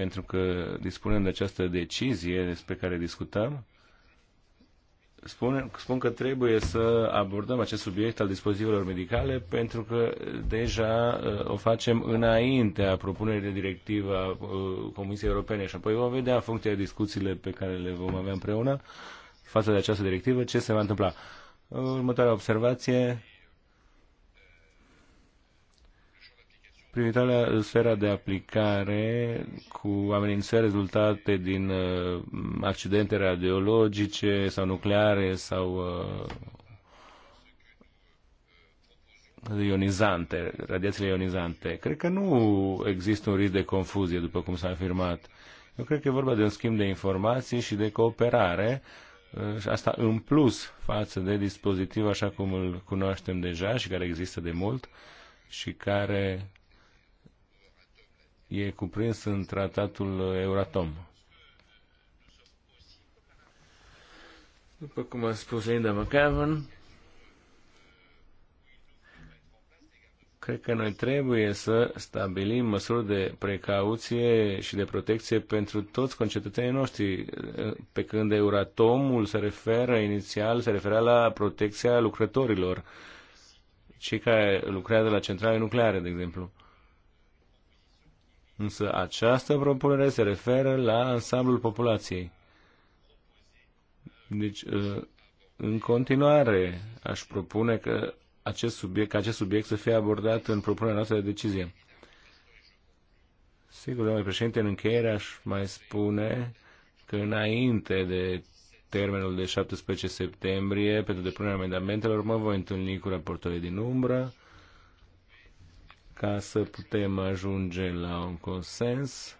pentru că dispunând de această decizie despre care discutăm, spun, spun că trebuie să abordăm acest subiect al dispozitivelor medicale pentru că deja uh, o facem înainte a propunerii de directivă a uh, Comisiei Europene și apoi vom vedea în funcție de discuțiile pe care le vom avea împreună față de această directivă ce se va întâmpla. Următoarea observație privitoare la sfera de aplicare cu amenințări rezultate din uh, accidente radiologice sau nucleare sau uh, ionizante, radiațiile ionizante. Cred că nu există un risc de confuzie, după cum s-a afirmat. Eu cred că e vorba de un schimb de informații și de cooperare uh, și asta în plus față de dispozitiv așa cum îl cunoaștem deja și care există de mult și care e cuprins în tratatul Euratom. După cum a spus Linda McCavan, cred că noi trebuie să stabilim măsuri de precauție și de protecție pentru toți concetățenii noștri, pe când Euratomul se referă inițial, se referea la protecția lucrătorilor, cei care lucrează la centrale nucleare, de exemplu. Însă această propunere se referă la ansamblul populației. Deci, uh, în continuare, aș propune că acest subiect, ca acest subiect să fie abordat în propunerea noastră de decizie. Sigur, domnule președinte, în încheiere aș mai spune că înainte de termenul de 17 septembrie pentru depunerea amendamentelor, mă voi întâlni cu raportorii din umbră ca să putem ajunge la un consens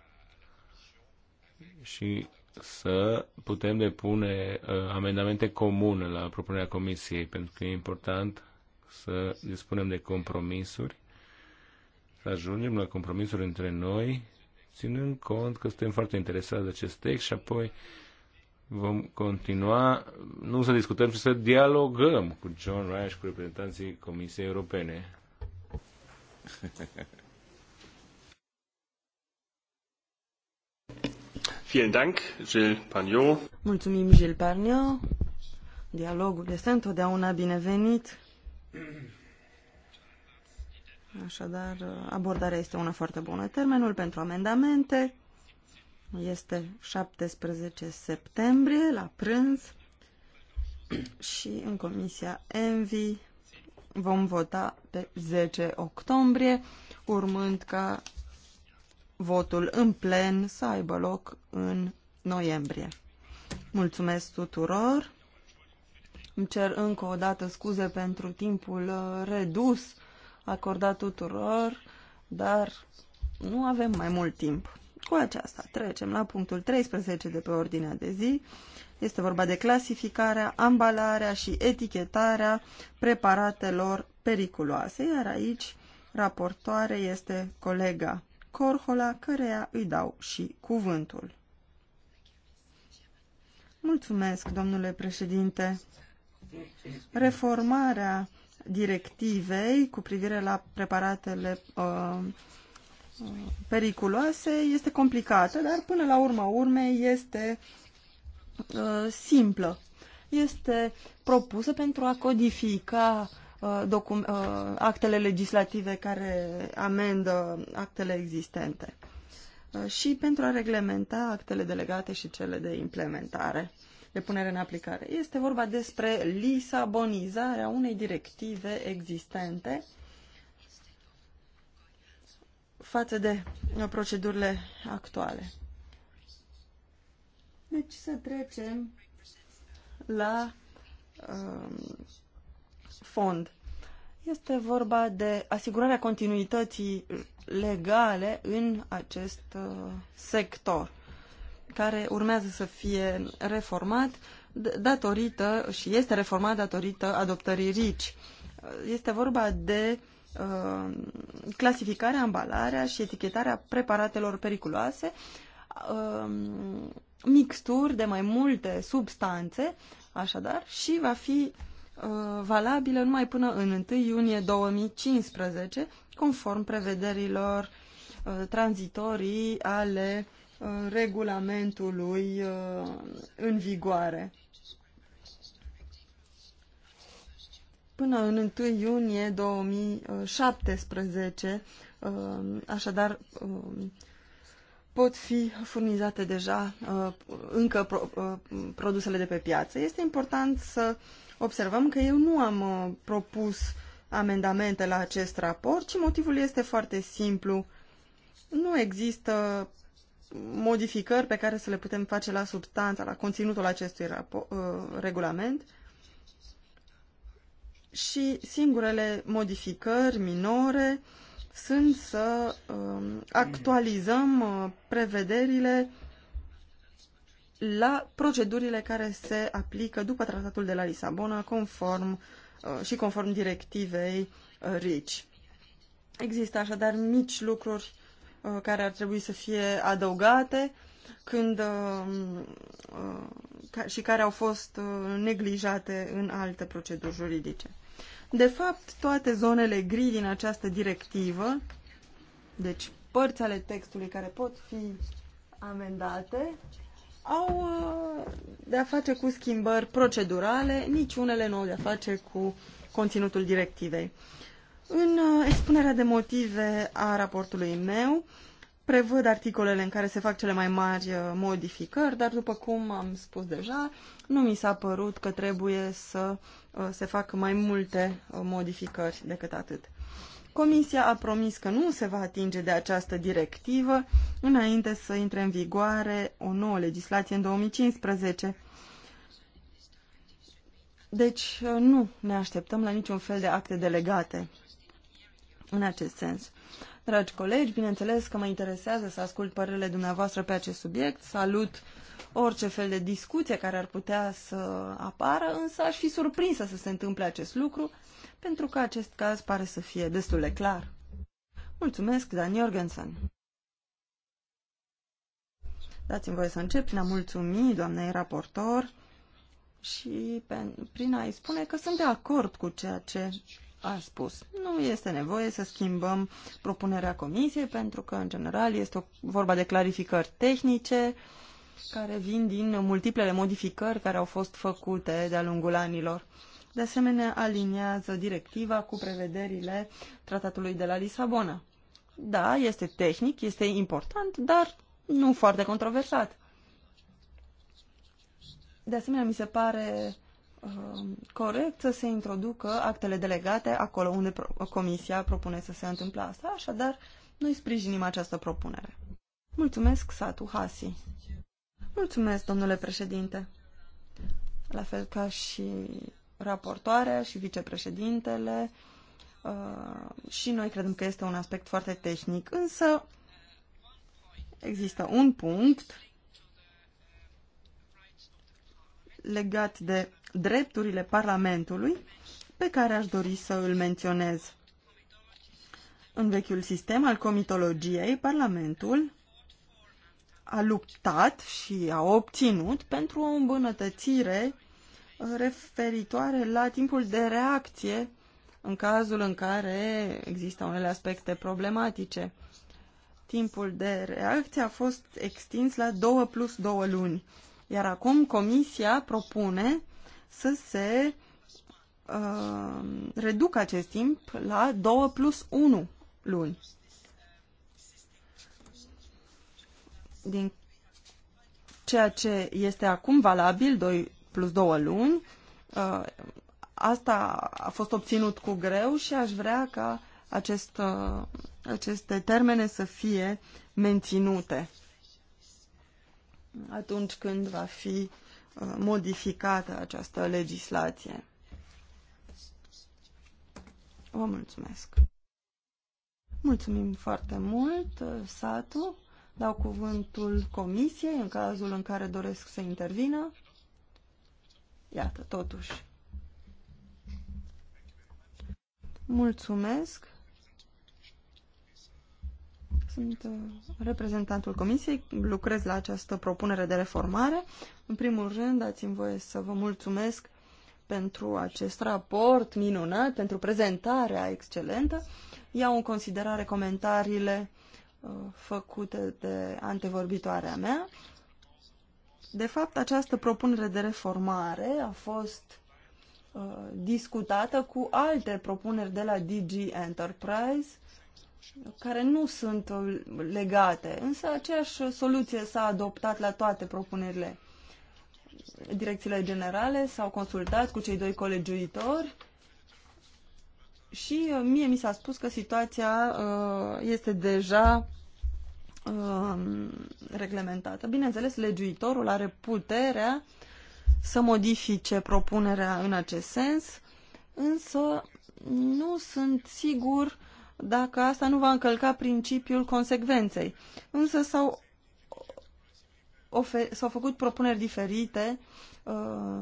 și să putem depune uh, amendamente comune la propunerea Comisiei, pentru că e important să dispunem de compromisuri, să ajungem la compromisuri între noi, ținând cont că suntem foarte interesați de acest text și apoi vom continua, nu să discutăm, ci să dialogăm cu John Ryan și cu reprezentanții Comisiei Europene. Mulțumim, Gilles Parniot. Dialogul este întotdeauna binevenit. Așadar, abordarea este una foarte bună. Termenul pentru amendamente este 17 septembrie, la prânz, și în Comisia ENVI Vom vota pe 10 octombrie, urmând ca votul în plen să aibă loc în noiembrie. Mulțumesc tuturor! Îmi cer încă o dată scuze pentru timpul uh, redus acordat tuturor, dar nu avem mai mult timp. Cu aceasta trecem la punctul 13 de pe ordinea de zi, este vorba de clasificarea, ambalarea și etichetarea preparatelor periculoase, iar aici raportoare este colega Corhola, căreia îi dau și cuvântul. Mulțumesc, domnule președinte. Reformarea directivei cu privire la preparatele uh, uh periculoase este complicată, dar până la urma urmei este Uh, simplă. Este propusă pentru a codifica uh, uh, actele legislative care amendă actele existente și pentru a reglementa actele delegate și cele de implementare, de punere în aplicare. Este vorba despre lisabonizarea unei directive existente față de procedurile actuale. Deci să trecem la um, fond. Este vorba de asigurarea continuității legale în acest uh, sector, care urmează să fie reformat datorită și este reformat datorită adoptării RICI. Este vorba de uh, clasificarea, ambalarea și etichetarea preparatelor periculoase, uh, mixturi de mai multe substanțe, așadar, și va fi uh, valabilă numai până în 1 iunie 2015, conform prevederilor uh, tranzitorii ale uh, regulamentului uh, în vigoare. Până în 1 iunie 2017, uh, așadar, uh, pot fi furnizate deja uh, încă pro, uh, produsele de pe piață. Este important să observăm că eu nu am uh, propus amendamente la acest raport, ci motivul este foarte simplu. Nu există modificări pe care să le putem face la substanța, la conținutul acestui raport, regulament. Și singurele modificări minore uh, sunt să um, actualizăm uh, prevederile la procedurile care se aplică după tratatul de la Lisabona conform uh, și conform directivei uh, RICI. Există așadar mici lucruri care ar trebui să fie adăugate când, um, și care au fost neglijate în alte proceduri juridice. De fapt, toate zonele gri din această directivă, deci părți ale textului care pot fi amendate, au uh, de-a face cu schimbări procedurale, nici unele nu au de-a face cu conținutul directivei. În uh, expunerea de motive a raportului meu, prevăd articolele în care se fac cele mai mari uh, modificări, dar după cum am spus deja, nu mi s-a părut că trebuie să uh, se facă mai multe uh, modificări decât atât. Comisia a promis că nu se va atinge de această directivă înainte să intre în vigoare o nouă legislație în 2015. Deci nu ne așteptăm la niciun fel de acte delegate în acest sens. Dragi colegi, bineînțeles că mă interesează să ascult părerile dumneavoastră pe acest subiect. Salut orice fel de discuție care ar putea să apară, însă aș fi surprinsă să se întâmple acest lucru, pentru că acest caz pare să fie destul de clar. Mulțumesc, Dan Jorgensen. Dați-mi voie să încep prin a mulțumi doamnei raportor și prin a-i spune că sunt de acord cu ceea ce a spus. Nu este nevoie să schimbăm propunerea comisiei pentru că, în general, este o, vorba de clarificări tehnice care vin din multiplele modificări care au fost făcute de-a lungul anilor. De asemenea, aliniază directiva cu prevederile tratatului de la Lisabona. Da, este tehnic, este important, dar nu foarte controversat. De asemenea, mi se pare Um, corect să se introducă actele delegate acolo unde Comisia propune să se întâmple asta, așadar noi sprijinim această propunere. Mulțumesc, Satu Hasi. Mulțumesc, domnule președinte. La fel ca și raportoarea și vicepreședintele, uh, și noi credem că este un aspect foarte tehnic, însă există un punct legat de drepturile Parlamentului pe care aș dori să îl menționez. În vechiul sistem al comitologiei, Parlamentul a luptat și a obținut pentru o îmbunătățire uh, referitoare la timpul de reacție în cazul în care există unele aspecte problematice. Timpul de reacție a fost extins la 2 plus 2 luni, iar acum Comisia propune să se uh, reducă acest timp la 2 plus 1 luni. Din ceea ce este acum valabil, 2 plus 2 luni, uh, asta a fost obținut cu greu și aș vrea ca acest, uh, aceste termene să fie menținute atunci când va fi modificată această legislație. Vă mulțumesc. Mulțumim foarte mult, Satu. Dau cuvântul comisiei în cazul în care doresc să intervină. Iată, totuși. Mulțumesc. Sunt uh, reprezentantul Comisiei, lucrez la această propunere de reformare. În primul rând, dați-mi voie să vă mulțumesc pentru acest raport minunat, pentru prezentarea excelentă. Iau în considerare comentariile uh, făcute de antevorbitoarea mea. De fapt, această propunere de reformare a fost uh, discutată cu alte propuneri de la DG Enterprise care nu sunt uh, legate, însă aceeași soluție s-a adoptat la toate propunerile. Direcțiile generale s-au consultat cu cei doi uitori și uh, mie mi s-a spus că situația uh, este deja um, reglementată. Bineînțeles, legiuitorul are puterea să modifice propunerea în acest sens, însă nu sunt sigur dacă asta nu va încălca principiul consecvenței. Însă s-au, s-au făcut propuneri diferite uh,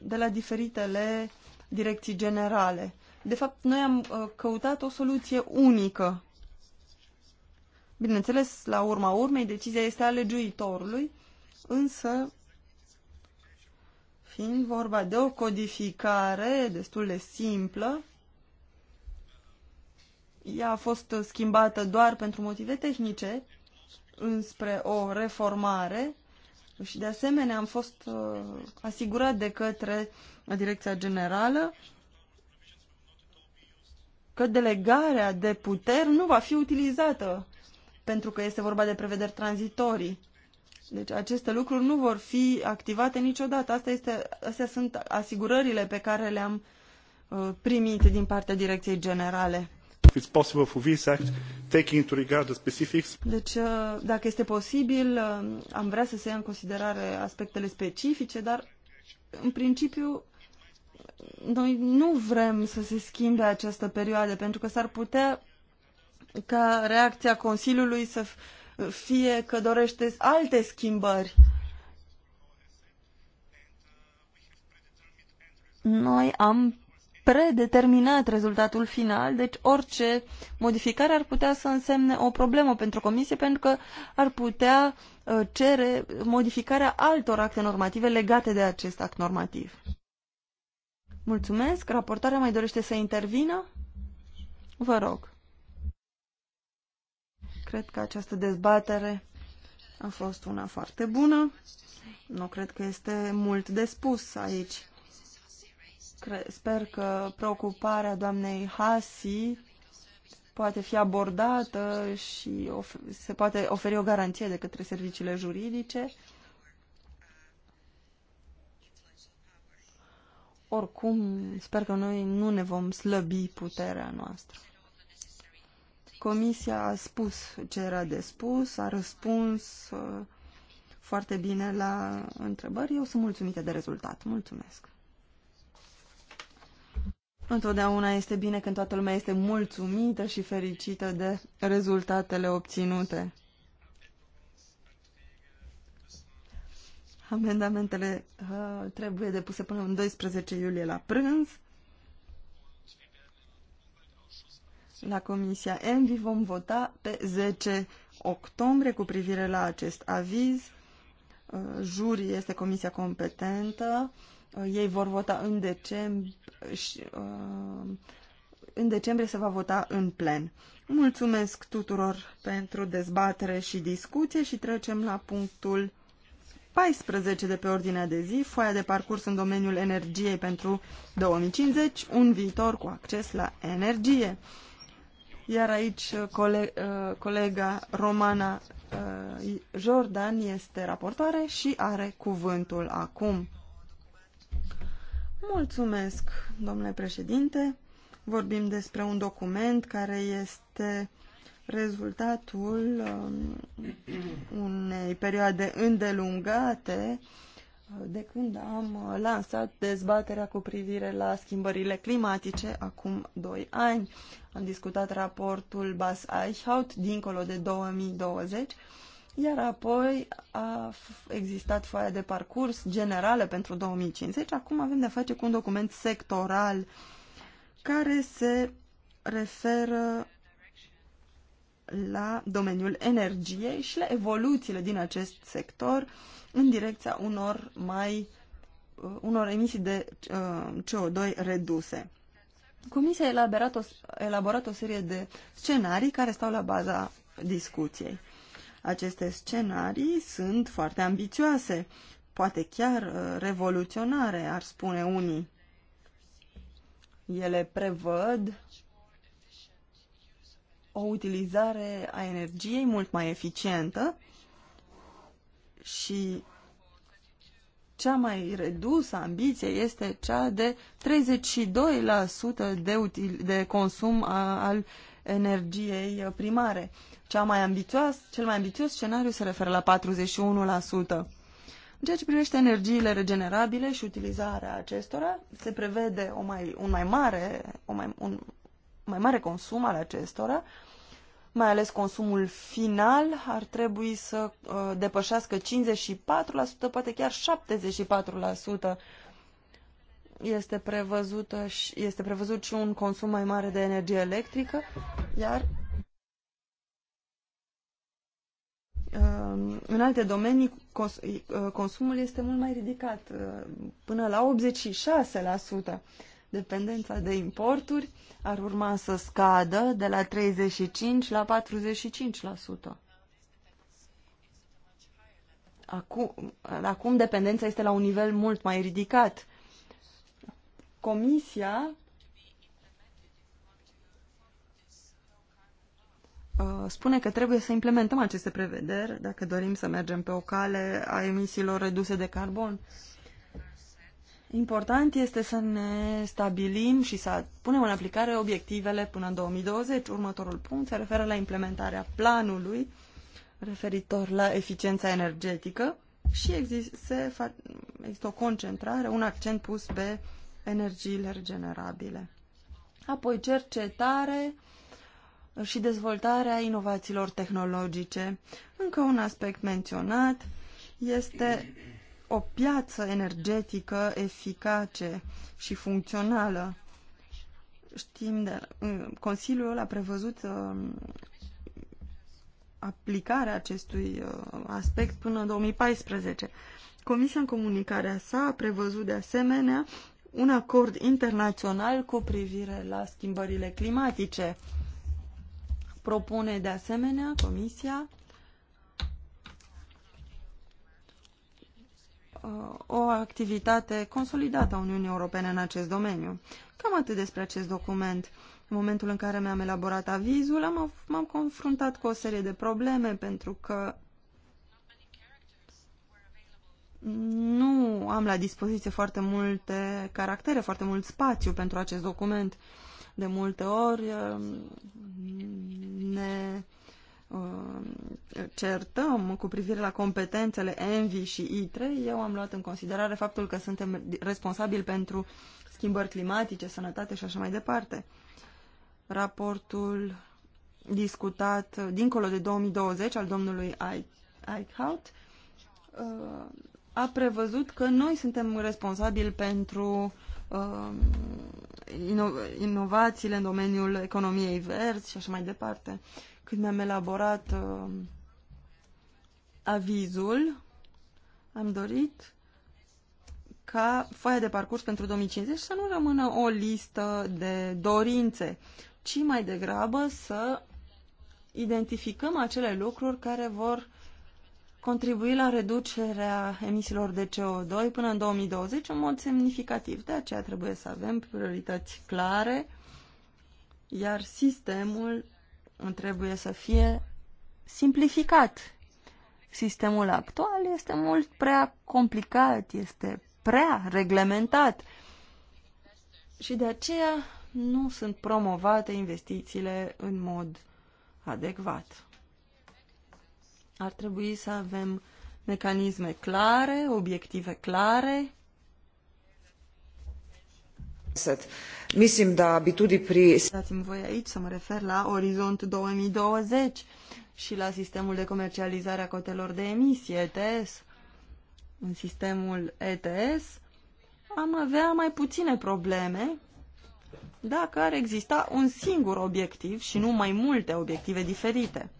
de la diferitele direcții generale. De fapt, noi am uh, căutat o soluție unică. Bineînțeles, la urma urmei, decizia este a legiuitorului, însă, fiind vorba de o codificare destul de simplă, ea a fost schimbată doar pentru motive tehnice înspre o reformare și de asemenea am fost uh, asigurat de către Direcția Generală că delegarea de puteri nu va fi utilizată pentru că este vorba de prevederi tranzitorii. Deci aceste lucruri nu vor fi activate niciodată. Asta este, astea sunt asigurările pe care le-am uh, primit din partea Direcției Generale it's possible for this act, taking into regard the specifics. Deci, uh, dacă este posibil, uh, am vrea să se ia în considerare aspectele specifice, dar în principiu noi nu vrem să se schimbe această perioadă, pentru că s-ar putea ca reacția Consiliului să fie că dorește alte schimbări. Noi am predeterminat rezultatul final, deci orice modificare ar putea să însemne o problemă pentru comisie, pentru că ar putea uh, cere modificarea altor acte normative legate de acest act normativ. Mulțumesc. Raportarea mai dorește să intervină? Vă rog. Cred că această dezbatere a fost una foarte bună. Nu cred că este mult de spus aici. Sper că preocuparea doamnei Hasi poate fi abordată și se poate oferi o garanție de către serviciile juridice. Oricum, sper că noi nu ne vom slăbi puterea noastră. Comisia a spus ce era de spus, a răspuns uh, foarte bine la întrebări. Eu sunt mulțumită de rezultat. Mulțumesc! Întotdeauna este bine când toată lumea este mulțumită și fericită de rezultatele obținute. Amendamentele uh, trebuie depuse până în 12 iulie la prânz. La Comisia Envi vom vota pe 10 octombrie cu privire la acest aviz. Uh, jurii este comisia competentă. Uh, ei vor vota în decembrie Uh, în decembrie se va vota în plen. Mulțumesc tuturor pentru dezbatere și discuție și trecem la punctul 14 de pe ordinea de zi, foaia de parcurs în domeniul energiei pentru 2050, un viitor cu acces la energie. Iar aici uh, coleg, uh, colega Romana Jordan este raportoare și are cuvântul acum. Mulțumesc, domnule președinte. Vorbim despre un document care este rezultatul um, unei perioade îndelungate uh, de când am uh, lansat dezbaterea cu privire la schimbările climatice acum 2 ani. Am discutat raportul Bas Eichhout dincolo de 2020 iar apoi a existat foaia de parcurs generală pentru 2050. Acum avem de-a face cu un document sectoral care se referă la domeniul energiei și la evoluțiile din acest sector în direcția unor mai uh, unor emisii de uh, CO2 reduse. Comisia a elaborat o, elaborat o serie de scenarii care stau la baza discuției. Aceste scenarii sunt foarte ambițioase, poate chiar uh, revoluționare, ar spune unii. Ele prevăd o utilizare a energiei mult mai eficientă și cea mai redusă ambiție este cea de 32% de, util, de consum a, al energiei primare. Cea mai ambițioas, cel mai ambițios scenariu se referă la 41%. În ceea ce privește energiile regenerabile și utilizarea acestora, se prevede o mai, un mai mare, o mai, un mai mare consum al acestora, mai ales consumul final ar trebui să uh, depășească 54%, poate chiar 74% este, prevăzută și, este prevăzut și un consum mai mare de energie electrică, iar uh, în alte domenii uh, consumul este mult mai ridicat, uh, până la 86%. Dependența de importuri ar urma să scadă de la 35 la 45%. Acum, acum dependența este la un nivel mult mai ridicat. Comisia uh, spune că trebuie să implementăm aceste prevederi dacă dorim să mergem pe o cale a emisiilor reduse de carbon. Important este să ne stabilim și să punem în aplicare obiectivele până în 2020. Următorul punct se referă la implementarea planului referitor la eficiența energetică și există, există o concentrare, un accent pus pe uh, energiile regenerabile. Apoi cercetare și dezvoltarea inovațiilor tehnologice. Încă un aspect menționat este o piață energetică eficace și funcțională. Știm, de, uh, Consiliul a prevăzut uh, aplicarea acestui uh, aspect până în 2014. Comisia în comunicarea sa a prevăzut de asemenea un acord internațional cu privire la schimbările climatice. Propune de asemenea Comisia uh, o activitate consolidată a Uniunii Europene în acest domeniu. Cam atât despre acest document. În momentul în care mi-am elaborat avizul, m-am confruntat cu o serie de probleme pentru că nu am la dispoziție foarte multe caractere, foarte mult spațiu pentru acest document. De multe ori ne uh, certăm cu privire la competențele ENVI și I3, eu am luat în considerare faptul că suntem responsabili pentru schimbări climatice, sănătate și așa mai departe. Raportul discutat dincolo de 2020 al domnului Eichhout uh, a prevăzut că noi suntem responsabili pentru uh, inovațiile în domeniul economiei verzi și așa mai departe. Când mi-am elaborat uh, avizul, am dorit ca foaia de parcurs pentru 2050 să nu rămână o listă de dorințe, ci mai degrabă să identificăm acele lucruri care vor contribui la reducerea emisiilor de CO2 până în 2020 în mod semnificativ. De aceea trebuie să avem priorități clare, iar sistemul trebuie să fie simplificat. Sistemul actual este mult prea complicat, este prea reglementat și de aceea nu sunt promovate investițiile în mod adecvat. Ar trebui să avem mecanisme clare, obiective clare. Misim da abitudi pri... Dați-mi voi aici să mă refer la Orizont 2020 și la sistemul de comercializare a cotelor de emisie, ETS. În sistemul ETS am avea mai puține probleme dacă ar exista un singur obiectiv și nu mai multe obiective diferite.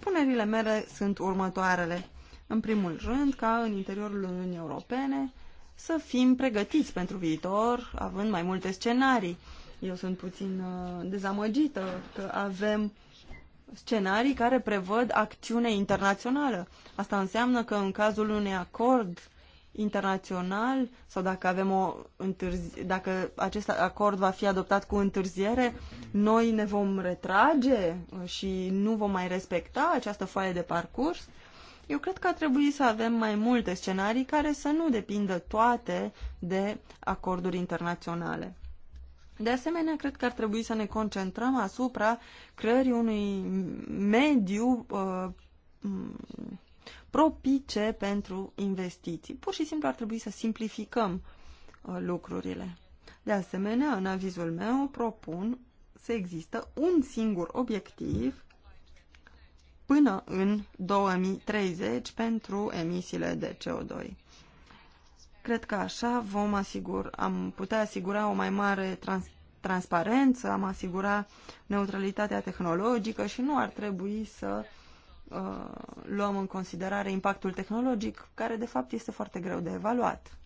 Propunerile mele sunt următoarele. În primul rând, ca în interiorul Uniunii Europene să fim pregătiți pentru viitor, având mai multe scenarii. Eu sunt puțin uh, dezamăgită că avem scenarii care prevăd acțiune internațională. Asta înseamnă că în cazul unui acord internațional sau dacă avem o întârzi... dacă acest acord va fi adoptat cu întârziere, noi ne vom retrage și nu vom mai respecta această foaie de parcurs? Eu cred că ar trebui să avem mai multe scenarii care să nu depindă toate de acorduri internaționale. De asemenea, cred că ar trebui să ne concentrăm asupra creării unui mediu uh, propice pentru investiții. Pur și simplu ar trebui să simplificăm uh, lucrurile. De asemenea, în avizul meu propun să există un singur obiectiv până în 2030 pentru emisiile de CO2. Cred că așa vom asigur, am putea asigura o mai mare trans, transparență, am asigura neutralitatea tehnologică și nu ar trebui să uh, Uh, luăm în considerare impactul tehnologic, care de fapt este foarte greu de evaluat.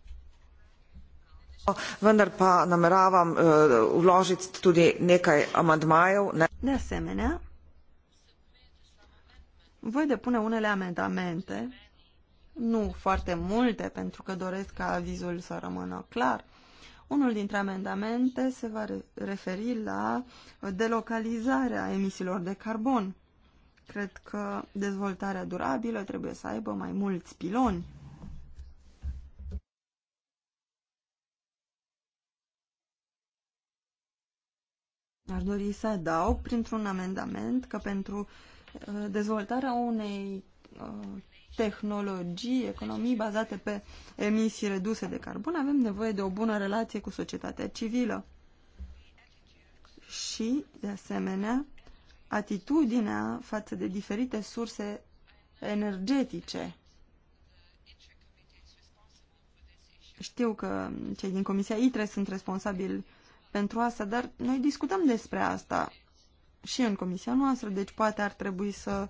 Vendar pa nameravam uh, vložiti tudi nekaj amandmajev. Ne? De asemenea, voi depune unele amendamente, nu foarte multe, pentru că doresc ca avizul să rămână clar. Unul dintre amendamente se va referi la delocalizarea emisiilor de carbon. Cred că dezvoltarea durabilă trebuie să aibă mai mulți piloni. Ar dori să adaug printr-un amendament că pentru uh, dezvoltarea unei uh, tehnologii, economii bazate pe emisii reduse de carbon, avem nevoie de o bună relație cu societatea civilă. Și, de asemenea, atitudinea față de diferite surse energetice. Știu că cei din Comisia ITRE sunt responsabili pentru asta, dar noi discutăm despre asta și în Comisia noastră, deci poate ar trebui să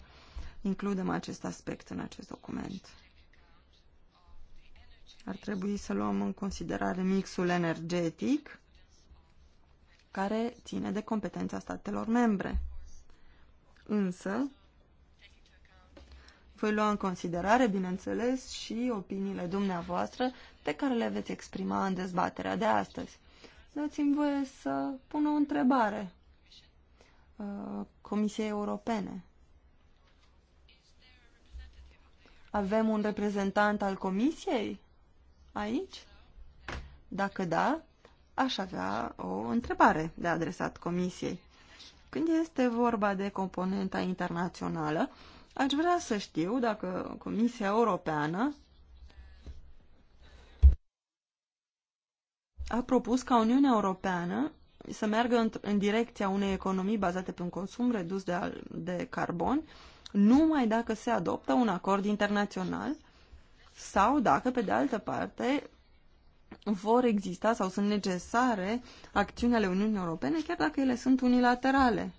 includem acest aspect în acest document. Ar trebui să luăm în considerare mixul energetic care ține de competența statelor membre însă voi lua în considerare, bineînțeles, și opiniile dumneavoastră pe care le veți exprima în dezbaterea de astăzi. Dați-mi voie să pun o întrebare uh, Comisiei Europene. Avem un reprezentant al Comisiei aici? Dacă da, aș avea o întrebare de adresat Comisiei. Când este vorba de componenta internațională, aș vrea să știu dacă Comisia Europeană a propus ca Uniunea Europeană să meargă în, în direcția unei economii bazate pe un consum redus de, al, de carbon, numai dacă se adoptă un acord internațional sau dacă, pe de altă parte, vor exista sau sunt necesare acțiuni ale Uniunii Europene, chiar dacă ele sunt unilaterale.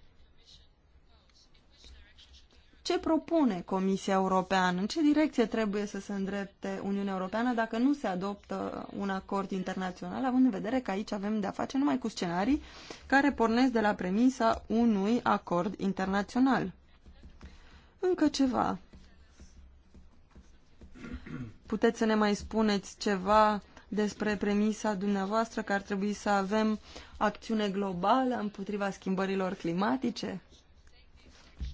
Ce propune Comisia Europeană? În ce direcție trebuie să se îndrepte Uniunea Europeană dacă nu se adoptă un acord internațional, având în vedere că aici avem de-a face numai cu scenarii care pornesc de la premisa unui acord internațional? Încă ceva. Puteți să ne mai spuneți ceva despre premisa dumneavoastră că ar trebui să avem acțiune globală împotriva schimbărilor climatice?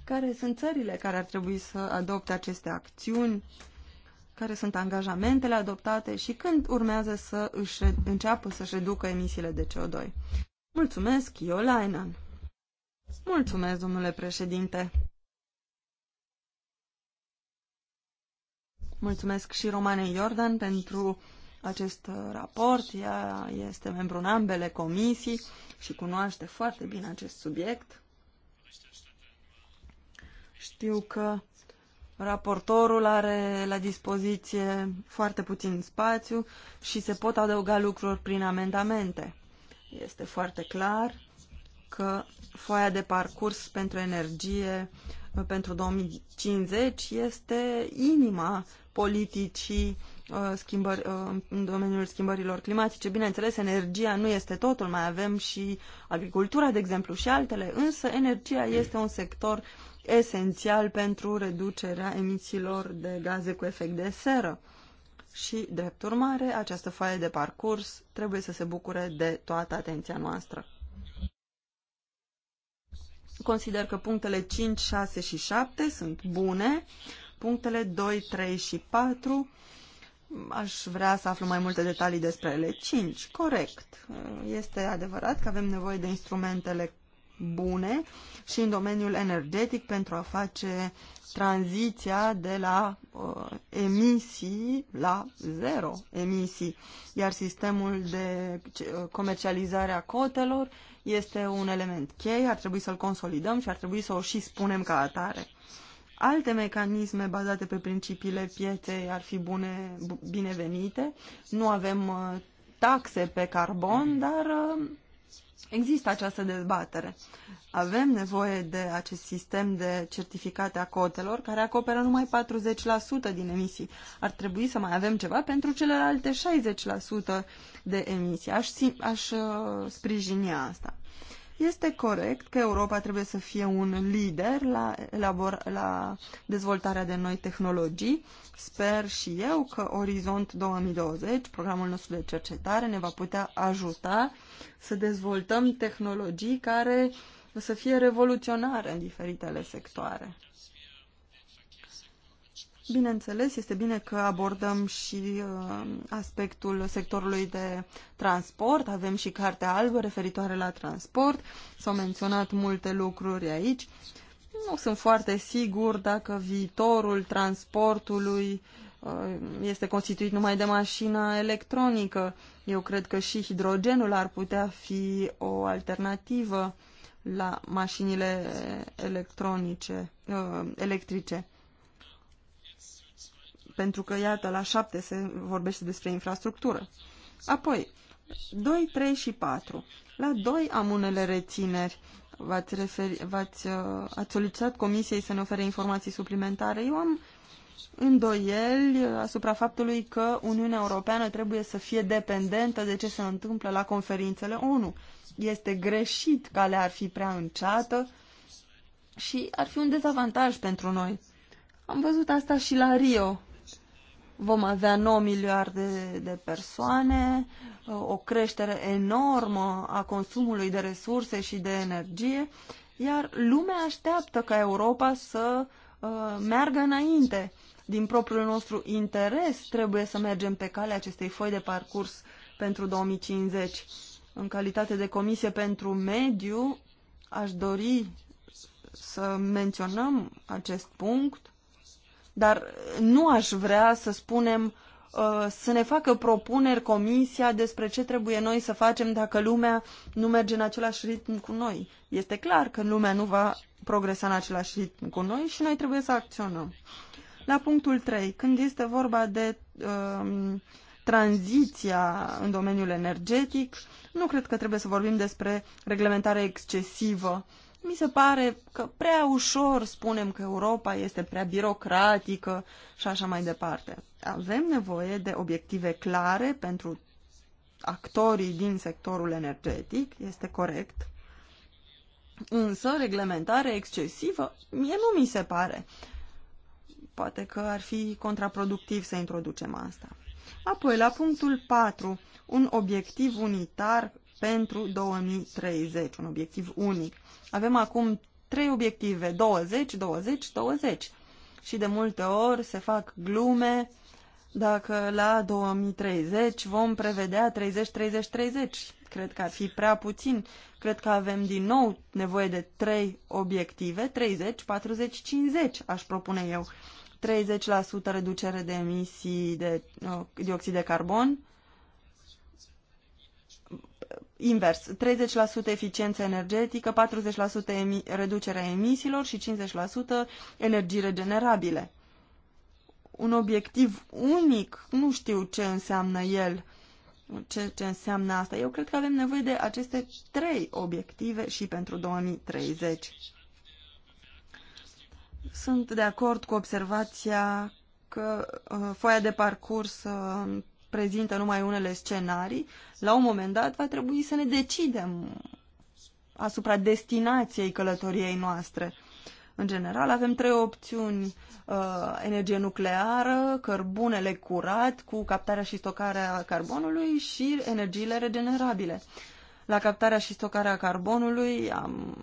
Care sunt țările care ar trebui să adopte aceste acțiuni? Care sunt angajamentele adoptate și când urmează să își înceapă să-și reducă emisiile de CO2? Mulțumesc, Iolainan! Mulțumesc, domnule președinte! Mulțumesc și Romanei Jordan pentru acest uh, raport. Ea este membru în ambele comisii și cunoaște foarte bine acest subiect. Știu că raportorul are la dispoziție foarte puțin spațiu și se pot adăuga lucruri prin amendamente. Este foarte clar că foaia de parcurs pentru energie uh, pentru 2050 este inima politicii Uh, schimbări, uh, în domeniul schimbărilor climatice. Bineînțeles, energia nu este totul, mai avem și agricultura, de exemplu, și altele, însă energia este un sector esențial pentru reducerea emisiilor de gaze cu efect de seră. Și, drept urmare, această foaie de parcurs trebuie să se bucure de toată atenția noastră. Consider că punctele 5, 6 și 7 sunt bune, punctele 2, 3 și 4 Aș vrea să aflu mai multe detalii despre ele. 5. Corect. Este adevărat că avem nevoie de instrumentele bune și în domeniul energetic pentru a face tranziția de la uh, emisii la zero emisii. Iar sistemul de uh, comercializare a cotelor este un element cheie, ar trebui să-l consolidăm și ar trebui să o și spunem ca atare. Alte mecanisme bazate pe principiile pieței ar fi bune, binevenite. Nu avem uh, taxe pe carbon, dar uh, există această dezbatere. Avem nevoie de acest sistem de certificate a cotelor care acoperă numai 40% din emisii. Ar trebui să mai avem ceva pentru celelalte 60% de emisii. Aș, aș uh, sprijini asta. Uh, este corect că Europa trebuie să fie un lider la, elabor, la dezvoltarea de noi tehnologii. Sper și eu că Orizont 2020, programul nostru de cercetare, ne va putea ajuta să dezvoltăm tehnologii care să fie revoluționare în diferitele sectoare. Bineînțeles, este bine că abordăm și uh, aspectul sectorului de transport. Avem și cartea albă referitoare la transport. S-au menționat multe lucruri aici. Nu sunt foarte sigur dacă viitorul transportului uh, este constituit numai de mașina electronică. Eu cred că și hidrogenul ar putea fi o alternativă la mașinile electronice, uh, electrice pentru că, iată, la 7 se vorbește despre infrastructură. Apoi, 2, 3 și 4. La 2 am unele rețineri. V-ați, referi, v-ați, uh, ați solicitat comisiei să ne ofere informații suplimentare. Eu am îndoieli uh, asupra faptului că Uniunea Europeană trebuie să fie dependentă de ce se întâmplă la conferințele ONU. Este greșit, le ar fi prea înceată și ar fi un dezavantaj pentru noi. Am văzut asta și la Rio vom avea 9 miliarde de persoane, o creștere enormă a consumului de resurse și de energie, iar lumea așteaptă ca Europa să uh, meargă înainte. Din propriul nostru interes trebuie să mergem pe calea acestei foi de parcurs pentru 2050. În calitate de Comisie pentru Mediu, aș dori să menționăm acest punct dar nu aș vrea să spunem uh, să ne facă propuneri comisia despre ce trebuie noi să facem dacă lumea nu merge în același ritm cu noi. Este clar că lumea nu va progresa în același ritm cu noi și noi trebuie să acționăm. La punctul 3, când este vorba de um, tranziția în domeniul energetic, nu cred că trebuie să vorbim despre reglementare excesivă mi se pare că prea ușor spunem că Europa este prea birocratică și așa mai departe. Avem nevoie de obiective clare pentru actorii din sectorul energetic, este corect, însă reglementare excesivă, mie nu mi se pare. Poate că ar fi contraproductiv să introducem asta. Apoi, la punctul 4, un obiectiv unitar pentru 2030, un obiectiv unic. Avem acum trei obiective, 20, 20, 20. Și de multe ori se fac glume dacă la 2030 vom prevedea 30, 30, 30. Cred că ar fi prea puțin. Cred că avem din nou nevoie de trei obiective, 30, 40, 50, aș propune eu. 30% reducere de emisii de uh, dioxid de carbon, invers, 30% eficiență energetică, 40% emi reducerea emisiilor și 50% energii regenerabile. Un obiectiv unic, nu știu ce înseamnă el, ce, ce înseamnă asta. Eu cred că avem nevoie de aceste trei obiective și pentru 2030. Sunt de acord cu observația că uh, foaia de parcurs uh, prezintă numai unele scenarii, la un moment dat va trebui să ne decidem asupra destinației călătoriei noastre. În general, avem trei opțiuni. Uh, energie nucleară, cărbunele curat cu captarea și stocarea carbonului și energiile regenerabile. La captarea și stocarea carbonului am,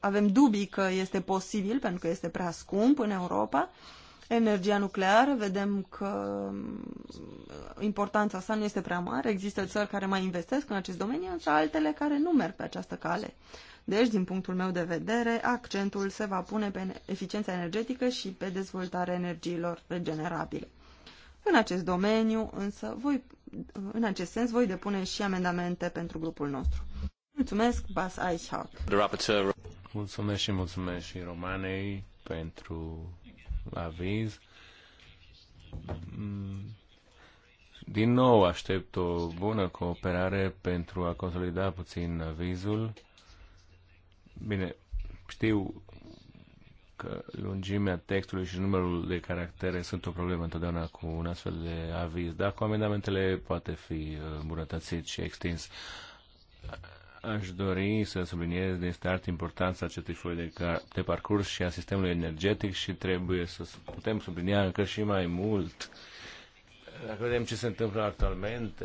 avem dubii că este posibil, pentru că este prea scump în Europa. Uh, energia nucleară, vedem că importanța sa nu este prea mare, există țări care mai investesc în acest domeniu, însă altele care nu merg pe această cale. Deci, din punctul meu de vedere, accentul se va pune pe eficiența energetică și pe dezvoltarea energiilor regenerabile. În acest domeniu, însă, voi, în acest sens, voi depune și amendamente pentru grupul nostru. Mulțumesc, Bas Eichhardt. Mulțumesc și mulțumesc și Romanei pentru aviz. Mm. Din nou aștept o bună cooperare pentru a consolida puțin avizul. Bine, știu că lungimea textului și numărul de caractere sunt o problemă întotdeauna cu un astfel de aviz, dar cu amendamentele poate fi uh, îmbunătățit și extins. Aș dori să subliniez din start importanța acestui foi de, de parcurs și a sistemului energetic și trebuie să putem sublinia încă și mai mult dacă vedem ce se întâmplă actualmente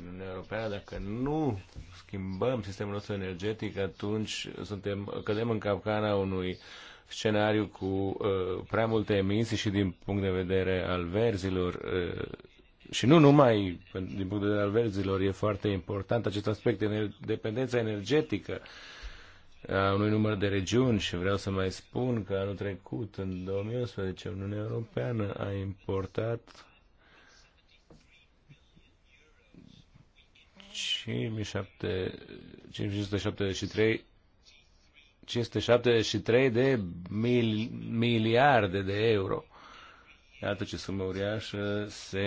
în Uniunea Europeană, dacă nu schimbăm sistemul nostru energetic, atunci suntem, cădem în capcana unui scenariu cu uh, prea multe emisii și din punct de vedere al verzilor uh, și nu numai din punct de vedere al verzilor, e foarte important acest aspect, de dependența energetică a unui număr de regiuni și vreau să mai spun că anul trecut, în 2011, Uniunea Europeană a importat 573 573 de mil, miliarde de euro. Iată ce sumă uriașă se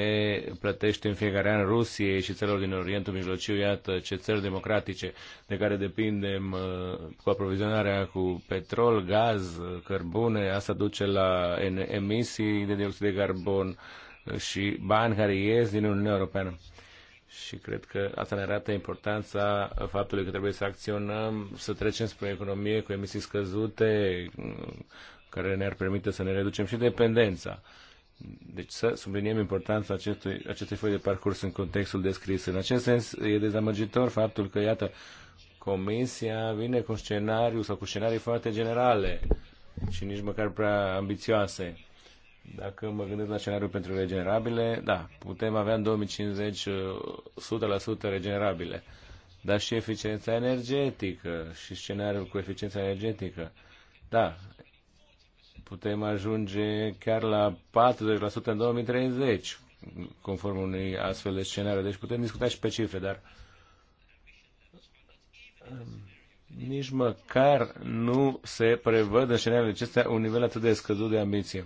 plătește în fiecare an Rusiei și țărilor din Orientul Mijlociu. Iată ce țări democratice de care depindem uh, cu aprovizionarea cu petrol, gaz, cărbune. Asta duce la emisii de dioxid de carbon și bani care ies din Uniunea Europeană. Și cred că asta ne arată importanța faptului că trebuie să acționăm, să trecem spre economie cu emisii scăzute, care ne-ar permite să ne reducem și dependența deci să subliniem importanța acestui, acestei foi de parcurs în contextul descris. În acest sens, e dezamăgitor faptul că, iată, Comisia vine cu scenariu sau cu scenarii foarte generale și nici măcar prea ambițioase. Dacă mă gândesc la scenariul pentru regenerabile, da, putem avea în 2050 100% regenerabile, dar și eficiența energetică și scenariul cu eficiența energetică. Da, putem ajunge chiar la 40% în 2030, conform unui astfel de scenariu. Deci putem discuta și pe cifre, dar um, nici măcar nu se prevăd în scenariile acestea un nivel atât de scăzut de ambiție.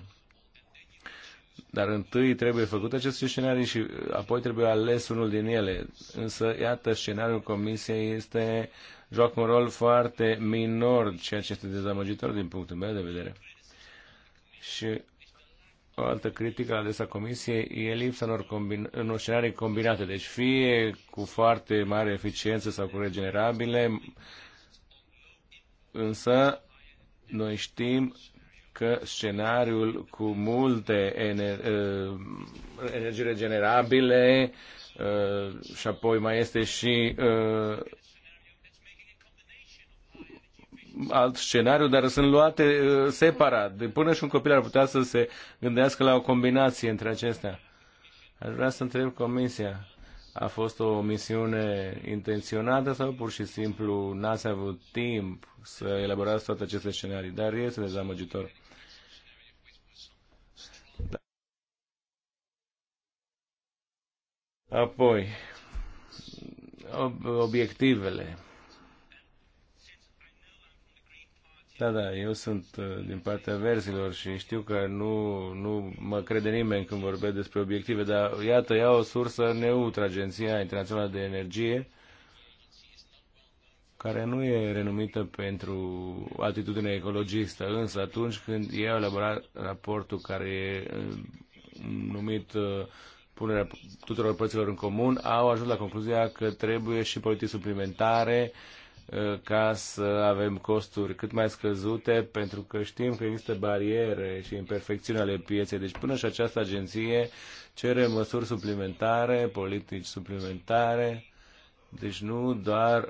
Dar întâi trebuie făcut acest scenariu și uh, apoi trebuie ales unul din ele. Însă, iată, scenariul Comisiei este, joacă un rol foarte minor, ceea ce este dezamăgitor din punctul meu de vedere. Și o altă critică la adresa Comisiei e lipsa unor, combina- unor scenarii combinate, deci fie cu foarte mare eficiență sau cu regenerabile, însă noi știm că scenariul cu multe ener- ă, energii regenerabile ă, și apoi mai este și ă, alt scenariu, dar sunt luate uh, separat. De până și un copil ar putea să se gândească la o combinație între acestea. Aș vrea să întreb Comisia. A fost o misiune intenționată sau pur și simplu n-ați avut timp să elaborați toate aceste scenarii? Dar este dezamăgitor. Apoi, obiectivele. Da, da, eu sunt uh, din partea verzilor și știu că nu, nu mă crede nimeni când vorbesc despre obiective, dar iată, ia o sursă neutră, Agenția Internațională de Energie, care nu e renumită pentru atitudine ecologistă, însă atunci când ei au elaborat raportul care e uh, numit uh, punerea tuturor părților în comun, au ajuns la concluzia că trebuie și politici suplimentare uh, ca să avem costuri cât mai scăzute, pentru că știm că există bariere și imperfecțiuni ale pieței. Deci până și această agenție cere măsuri suplimentare, politici suplimentare, deci nu doar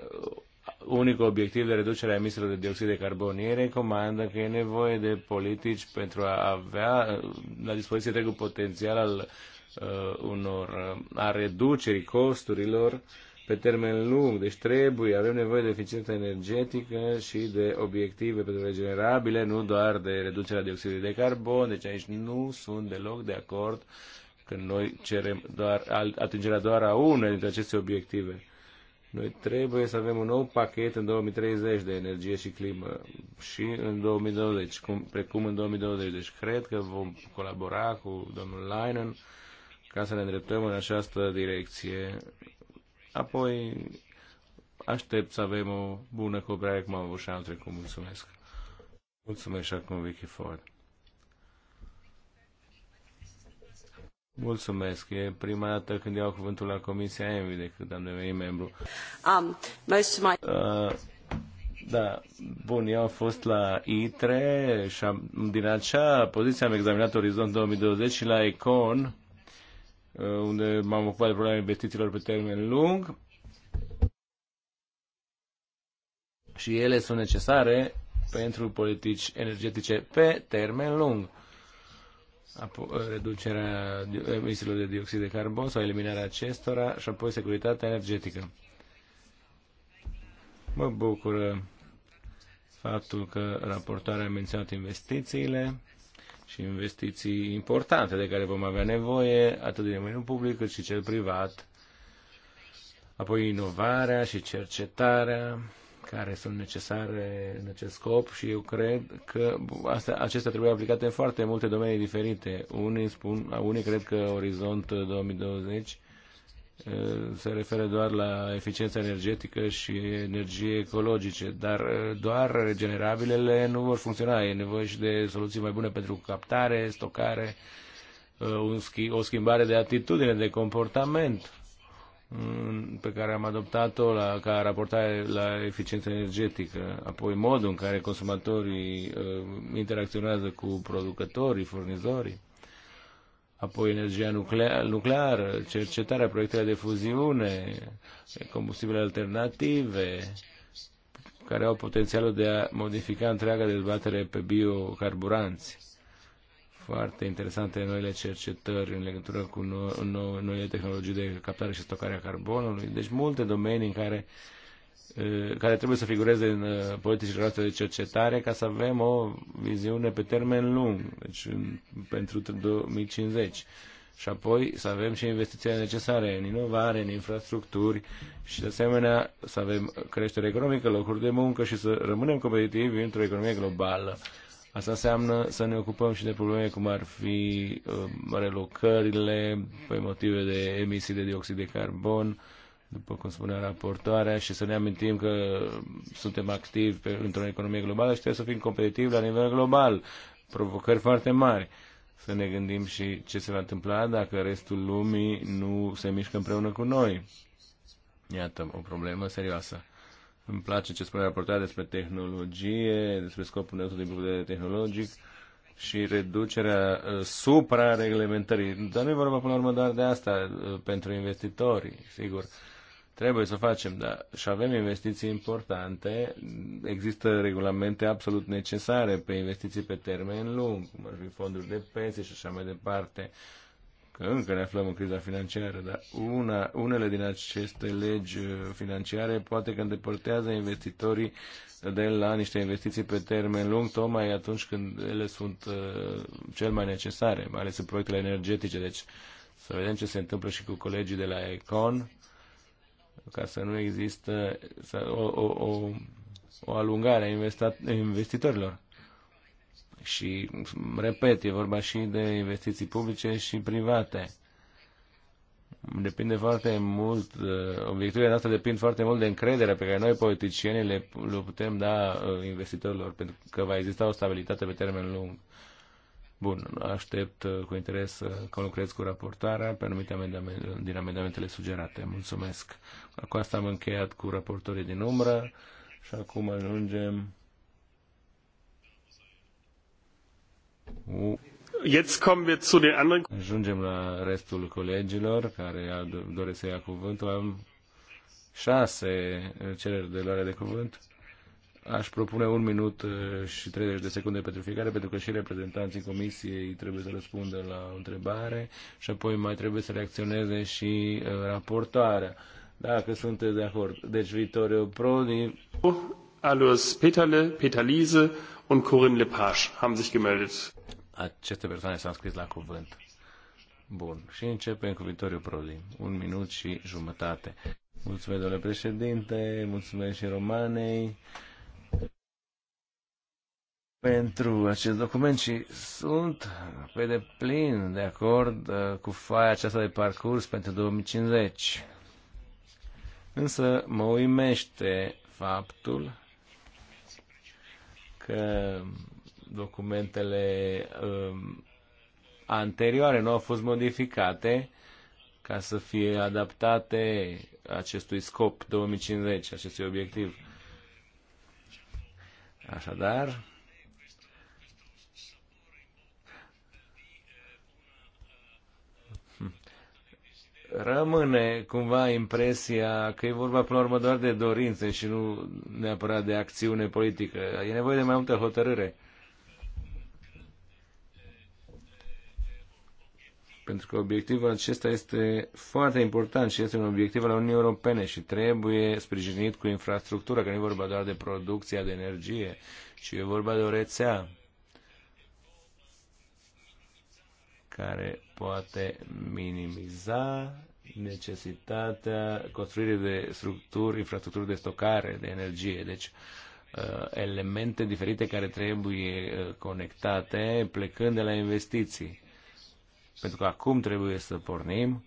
unicul obiectiv de reducere a emisiilor de dioxid de carbon. Ei recomandă că e nevoie de politici pentru a avea uh, la dispoziție întregul potențial al uh, unor, uh, a reducerii costurilor pe termen lung, deci trebuie, avem nevoie de eficiență energetică și de obiective pentru regenerabile, nu doar de reducerea dioxidului de carbon, deci aici nu sunt deloc de acord că noi cerem doar, atingerea doar a unei dintre aceste obiective. Noi trebuie să avem un nou pachet în 2030 de energie și climă și în 2020, cum, precum în 2020. Deci cred că vom colabora cu domnul Leinen ca să ne îndreptăm în această direcție Apoi aștept să avem o bună cooperare cum am avut și anul trecut. Mulțumesc. Mulțumesc și acum Vicky Ford. Mulțumesc. E prima dată când iau cuvântul la Comisia EMV de când am devenit membru. Um, most of my... uh, da, bun, eu am fost la ITRE și am, din acea poziție am examinat Orizont 2020 și la ECON Uh, unde m-am ocupat de problema investițiilor pe termen lung și ele sunt necesare pentru politici energetice pe termen lung. Uh, reducerea emisiilor de dioxid de carbon sau eliminarea acestora și apoi securitatea energetică. Mă bucură faptul că raportarea a menționat investițiile și investiții importante de care vom avea nevoie, atât din domeniul public cât și cel privat. Apoi inovarea și cercetarea care sunt necesare în acest scop și eu cred că astea, acestea trebuie aplicate în foarte multe domenii diferite. Unii, spun, unii cred că Orizont 2020 se referă doar la eficiența energetică și energie ecologice, dar uh, doar regenerabilele nu vor funcționa. E nevoie și de soluții mai bune pentru captare, stocare, uh, o schimbare de atitudine, de comportament mm, pe care am adoptat-o la, ca raportare la eficiență energetică, apoi modul în care consumatorii uh, interacționează cu producătorii, furnizorii apoi energia nucleară, nucleară cercetarea, proiectele de fuziune, combustibile alternative, care au potențialul de a modifica întreaga dezbatere pe biocarburanți. Foarte interesante noile cercetări în legătură cu no, no, noile tehnologii de captare și stocare a carbonului. Deci multe domenii în care uh, Eh, care trebuie să figureze în eh, politicile noastre de cercetare ca să avem o viziune pe termen lung, deci pentru 2050. Și apoi să avem și investițiile necesare în inovare, în infrastructuri și de asemenea să avem creștere economică, locuri de muncă și să rămânem competitivi într-o economie globală. Asta înseamnă să ne ocupăm și de probleme cum ar fi eh, relocările pe motive de emisii de dioxid de carbon, după cum spunea raportoarea, și să ne amintim că suntem activi pe, într-o economie globală și trebuie să fim competitivi la nivel global. Provocări foarte mari. Să ne gândim și ce se va întâmpla dacă restul lumii nu se mișcă împreună cu noi. Iată, o problemă serioasă. Îmi place ce spune raportarea despre tehnologie, despre scopul nostru din punct de vedere tehnologic și reducerea uh, supra-reglementării. Dar nu e vorba până la urmă doar de asta uh, pentru investitori, sigur. Uh, Trebuie să facem, da. și avem investiții importante, există regulamente absolut necesare pe investiții pe termen lung, cum ar fi fonduri de pensie și așa mai departe, că încă ne aflăm în criza financiară, dar una, unele din aceste legi uh, financiare poate că îndepărtează investitorii de la niște investiții pe termen lung, tocmai atunci când ele sunt uh, cel mai necesare, mai ales în proiectele energetice. Deci să vedem ce se întâmplă și cu colegii de la Econ ca să nu există să, o, o, o, o alungare a investitorilor. Și, repet, e vorba și de investiții publice și private. Depinde foarte mult, uh, obiectivele noastre depind foarte mult de încrederea pe care noi, politicienii, le, le putem da uh, investitorilor, pentru că va exista o stabilitate pe termen lung. Bun, aștept uh, cu interes uh, că lucrez cu raportarea pe anumite amendamente, din amendamentele sugerate. Mulțumesc. Cu asta am încheiat cu raportorii din umbră și acum ajungem Jetzt kommen wir zu den anderen. Ajungem la restul colegilor care doresc să ia cuvântul. Am șase cereri de luare de cuvânt. Aș propune un minut eh, și 30 de secunde pentru fiecare, pentru că și reprezentanții comisiei trebuie să răspundă la o întrebare și apoi mai trebuie să reacționeze și eh, raportoarea. Dacă sunteți de acord. Deci Vittorio Prodi. Alois Peterle, Peterlise und Corinne Lepage haben sich gemeldet. Aceste persoane s-au scris la cuvânt. Bun. Și începem cu Vittorio Prodi. Un minut și jumătate. Mulțumesc, domnule președinte, mulțumesc și Romanei pentru acest document și sunt pe deplin de acord uh, cu faia aceasta de parcurs pentru 2050. Însă mă uimește faptul că documentele um, anterioare nu au fost modificate ca să fie adaptate acestui scop 2050, acestui obiectiv. Așadar, rămâne cumva impresia că e vorba până la urmă doar de dorințe și nu neapărat de acțiune politică. E nevoie de mai multă hotărâre. Pentru că obiectivul acesta este foarte important și este un obiectiv al Uniunii Europene și trebuie sprijinit cu infrastructura, că nu e vorba doar de producția de energie, ci e vorba de o rețea care poate minimiza necesitatea construirii de structuri, infrastructuri de stocare de energie. Deci, uh, elemente diferite care trebuie uh, conectate plecând de la investiții. Pentru că acum trebuie să pornim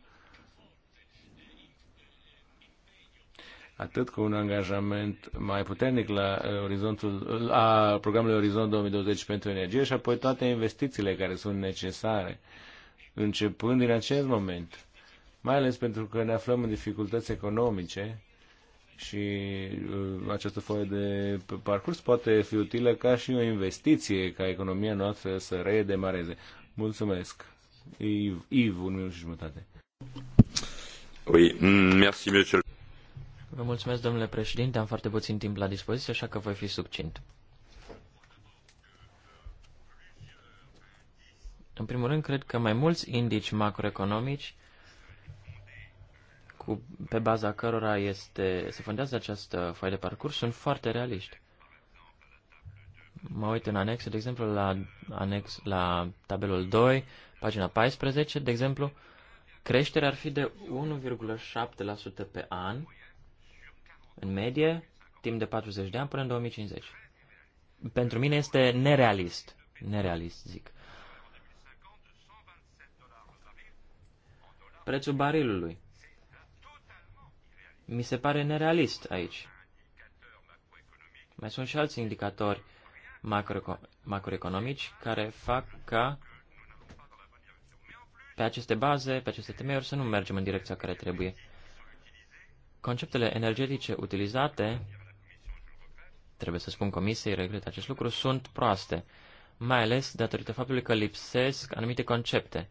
atât cu un angajament mai puternic la, uh, orizontul, la programul Orizont 2020 pentru energie și apoi toate investițiile care sunt necesare. Uh, începând din acest moment, mai ales pentru că ne aflăm în dificultăți economice și uh, această foaie de parcurs poate fi utilă ca și o investiție ca economia noastră să redemareze. Mulțumesc. Iv, Iv un minut și jumătate. Oui, mm, merci, monsieur. Vă mulțumesc, domnule președinte. Am foarte puțin timp la dispoziție, așa că voi fi succint. În primul rând, cred că mai mulți indici macroeconomici cu, pe baza cărora este, se fondează această foaie de parcurs sunt foarte realiști. Mă uit în anex, de exemplu, la, anex, la tabelul 2, pagina 14, de exemplu, creșterea ar fi de 1,7% pe an, în medie, timp de 40 de ani până în 2050. Pentru mine este nerealist. Nerealist, zic. prețul barilului. Mi se pare nerealist aici. Mai sunt și alți indicatori macro, macroeconomici care fac ca pe aceste baze, pe aceste temeiuri, să nu mergem în direcția care trebuie. Conceptele energetice utilizate, trebuie să spun comisiei, regret acest lucru, sunt proaste, mai ales datorită faptului că lipsesc anumite concepte.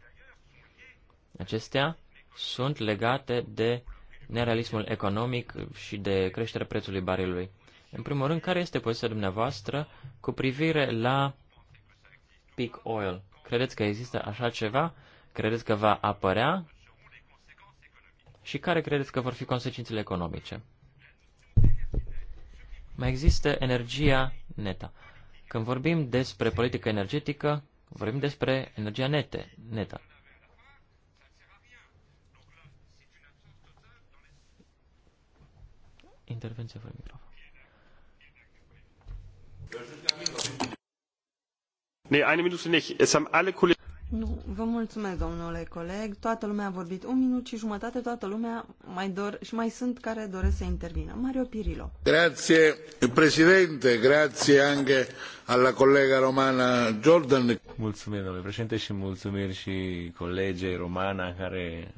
Acestea sunt legate de nerealismul economic și de creșterea prețului barilului. În primul rând, care este poziția dumneavoastră cu privire la peak oil? Credeți că există așa ceva? Credeți că va apărea? Și care credeți că vor fi consecințele economice? Mai există energia netă? Când vorbim despre politică energetică, vorbim despre energia nete, netă. Intervenție fără microfon. Nee, eine Minute nicht. Es haben alle Kollegen... Nu, vă mulțumesc, domnule coleg. Toată lumea a vorbit un minut și jumătate, toată lumea mai dor și mai sunt care doresc să intervină. Mario Pirilo. Grazie, președinte, grazie anche alla collega romana Jordan. Mulțumim, domnule președinte, și mulțumiri și colegei romana care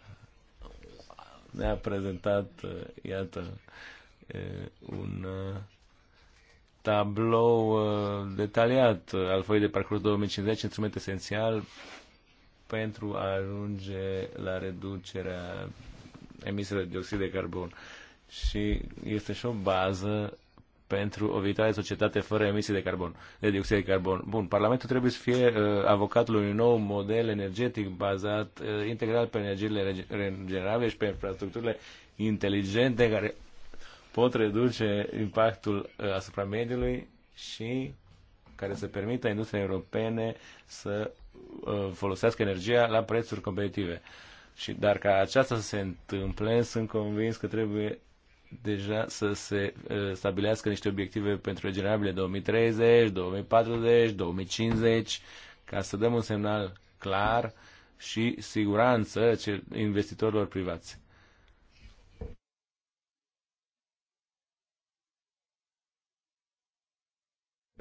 ne-a prezentat, uh, iată, un tablou detaliat al foii de parcurs 2050, instrument esențial pentru a ajunge la reducerea emisiilor de dioxid de carbon. Și este și o bază pentru o viitoare societate fără emisii de carbon, de dioxid de carbon. Bun, Parlamentul trebuie să fie uh, avocatul unui nou model energetic bazat uh, integral pe energiile regenerabile și pe infrastructurile inteligente care pot reduce impactul uh, asupra mediului și care să permită industriei europene să uh, folosească energia la prețuri competitive. Și, dar ca aceasta să se întâmple, sunt convins că trebuie deja să se uh, stabilească niște obiective pentru regenerabile 2030, 2040, 2050, ca să dăm un semnal clar și siguranță investitorilor privați.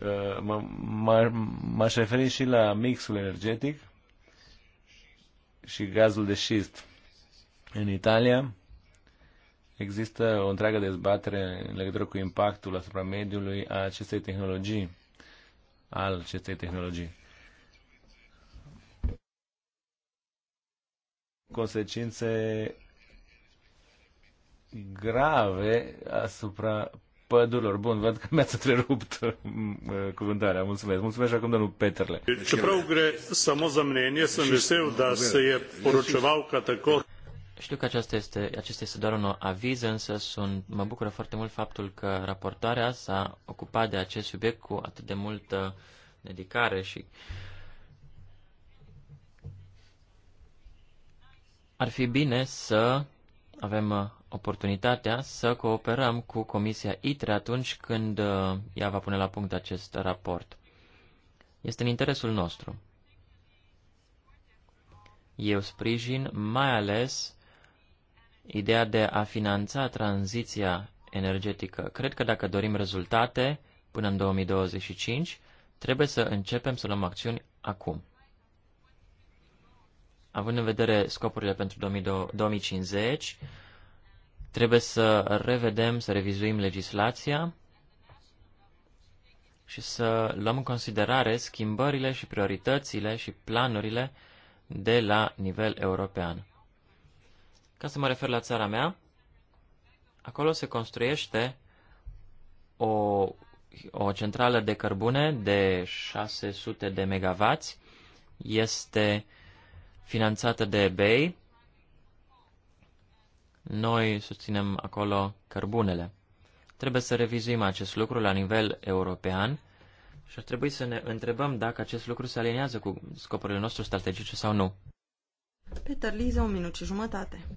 Uh, m-aș referi și la mixul energetic și gazul de șist. În Italia există o întreagă dezbatere în legătură cu impactul asupra mediului a acestei tehnologii, al acestei tehnologii. Consecințe grave asupra pădurilor. Bun, văd că mi-ați întrerupt uh, cuvântarea. Mulțumesc. Mulțumesc și acum domnul Peterle. Čeprav gre samo za mnenje, sem vesel, să se je poročevalka tako... Știu că aceasta este, acesta este doar un aviz, însă sunt, mă bucură foarte mult faptul că raportarea s-a ocupat de acest subiect cu atât de multă dedicare și ar fi bine să avem uh, oportunitatea să cooperăm cu Comisia ITRE atunci când uh, ea va pune la punct acest raport. Este în interesul nostru. Eu sprijin mai ales ideea de a finanța tranziția energetică. Cred că dacă dorim rezultate până în 2025, trebuie să începem să luăm acțiuni acum. Având în vedere scopurile pentru 2050, Trebuie să revedem, să revizuim legislația și să luăm în considerare schimbările și prioritățile și planurile de la nivel european. Ca să mă refer la țara mea, acolo se construiește o, o centrală de cărbune de 600 de megavați. Este finanțată de BEI noi susținem acolo cărbunele. Trebuie să revizuim acest lucru la nivel european și ar trebui să ne întrebăm dacă acest lucru se aliniază cu scopurile nostru strategice sau nu. Peter Liza, un minut și jumătate.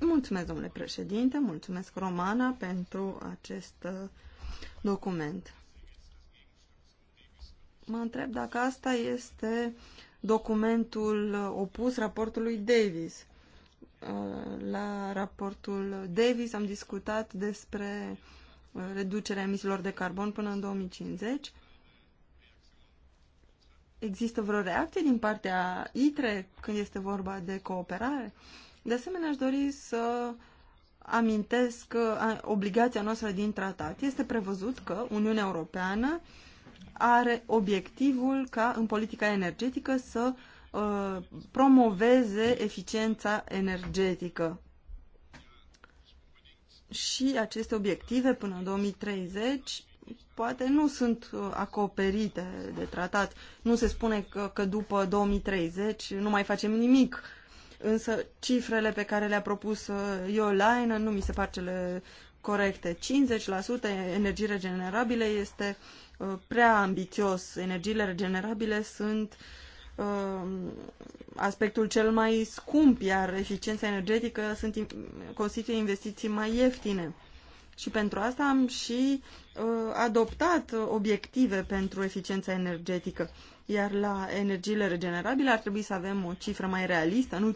Mulțumesc, domnule președinte, mulțumesc, Romana, pentru acest uh, document. Mă întreb dacă asta este documentul uh, opus raportului Davis la raportul Davis am discutat despre uh, reducerea emisiilor de carbon până în 2050. Există vreo reacție din partea ITRE când este vorba de cooperare? De asemenea, aș dori să amintesc că uh, obligația noastră din tratat este prevăzut că Uniunea Europeană are obiectivul ca în politica energetică să uh, Uh, promoveze eficiența energetică. Și aceste obiective până în 2030 poate nu sunt uh, acoperite de tratat. Nu se spune că, că după 2030 nu mai facem nimic. Însă cifrele pe care le-a propus Iolaine uh, nu mi se par cele corecte. 50% energie regenerabile este prea ambițios. Energiile regenerabile sunt uh, Um, aspectul cel mai scump, iar eficiența energetică sunt, constituie investiții mai ieftine. Și pentru asta am și uh, adoptat obiective pentru eficiența energetică. Iar la energiile regenerabile ar trebui să avem o cifră mai realistă, nu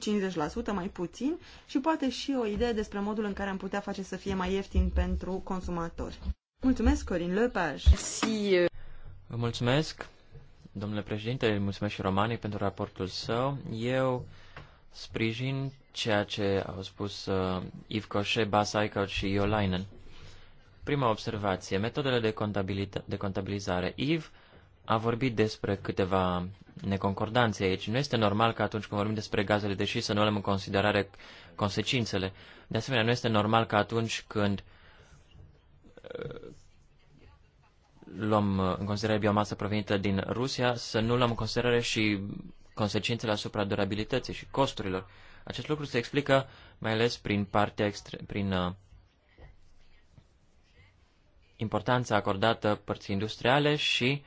50%, mai puțin, și poate și o idee despre modul în care am putea face să fie mai ieftin pentru consumatori. Mulțumesc, Corin Lepage! Uh. Vă mulțumesc! Domnule președinte, îi mulțumesc și Romanii pentru raportul său. Eu sprijin ceea ce au spus uh, Yves Cochet, Bas Eichhout și Iolainen. Prima observație, metodele de, de contabilizare. Yves a vorbit despre câteva neconcordanțe aici. Nu este normal că atunci când vorbim despre gazele deși să nu luăm în considerare consecințele. De asemenea, nu este normal că atunci când luăm în considerare biomasa provenită din Rusia, să nu luăm în considerare și consecințele asupra durabilității și costurilor. Acest lucru se explică mai ales prin, partea extre- prin uh, importanța acordată părții industriale și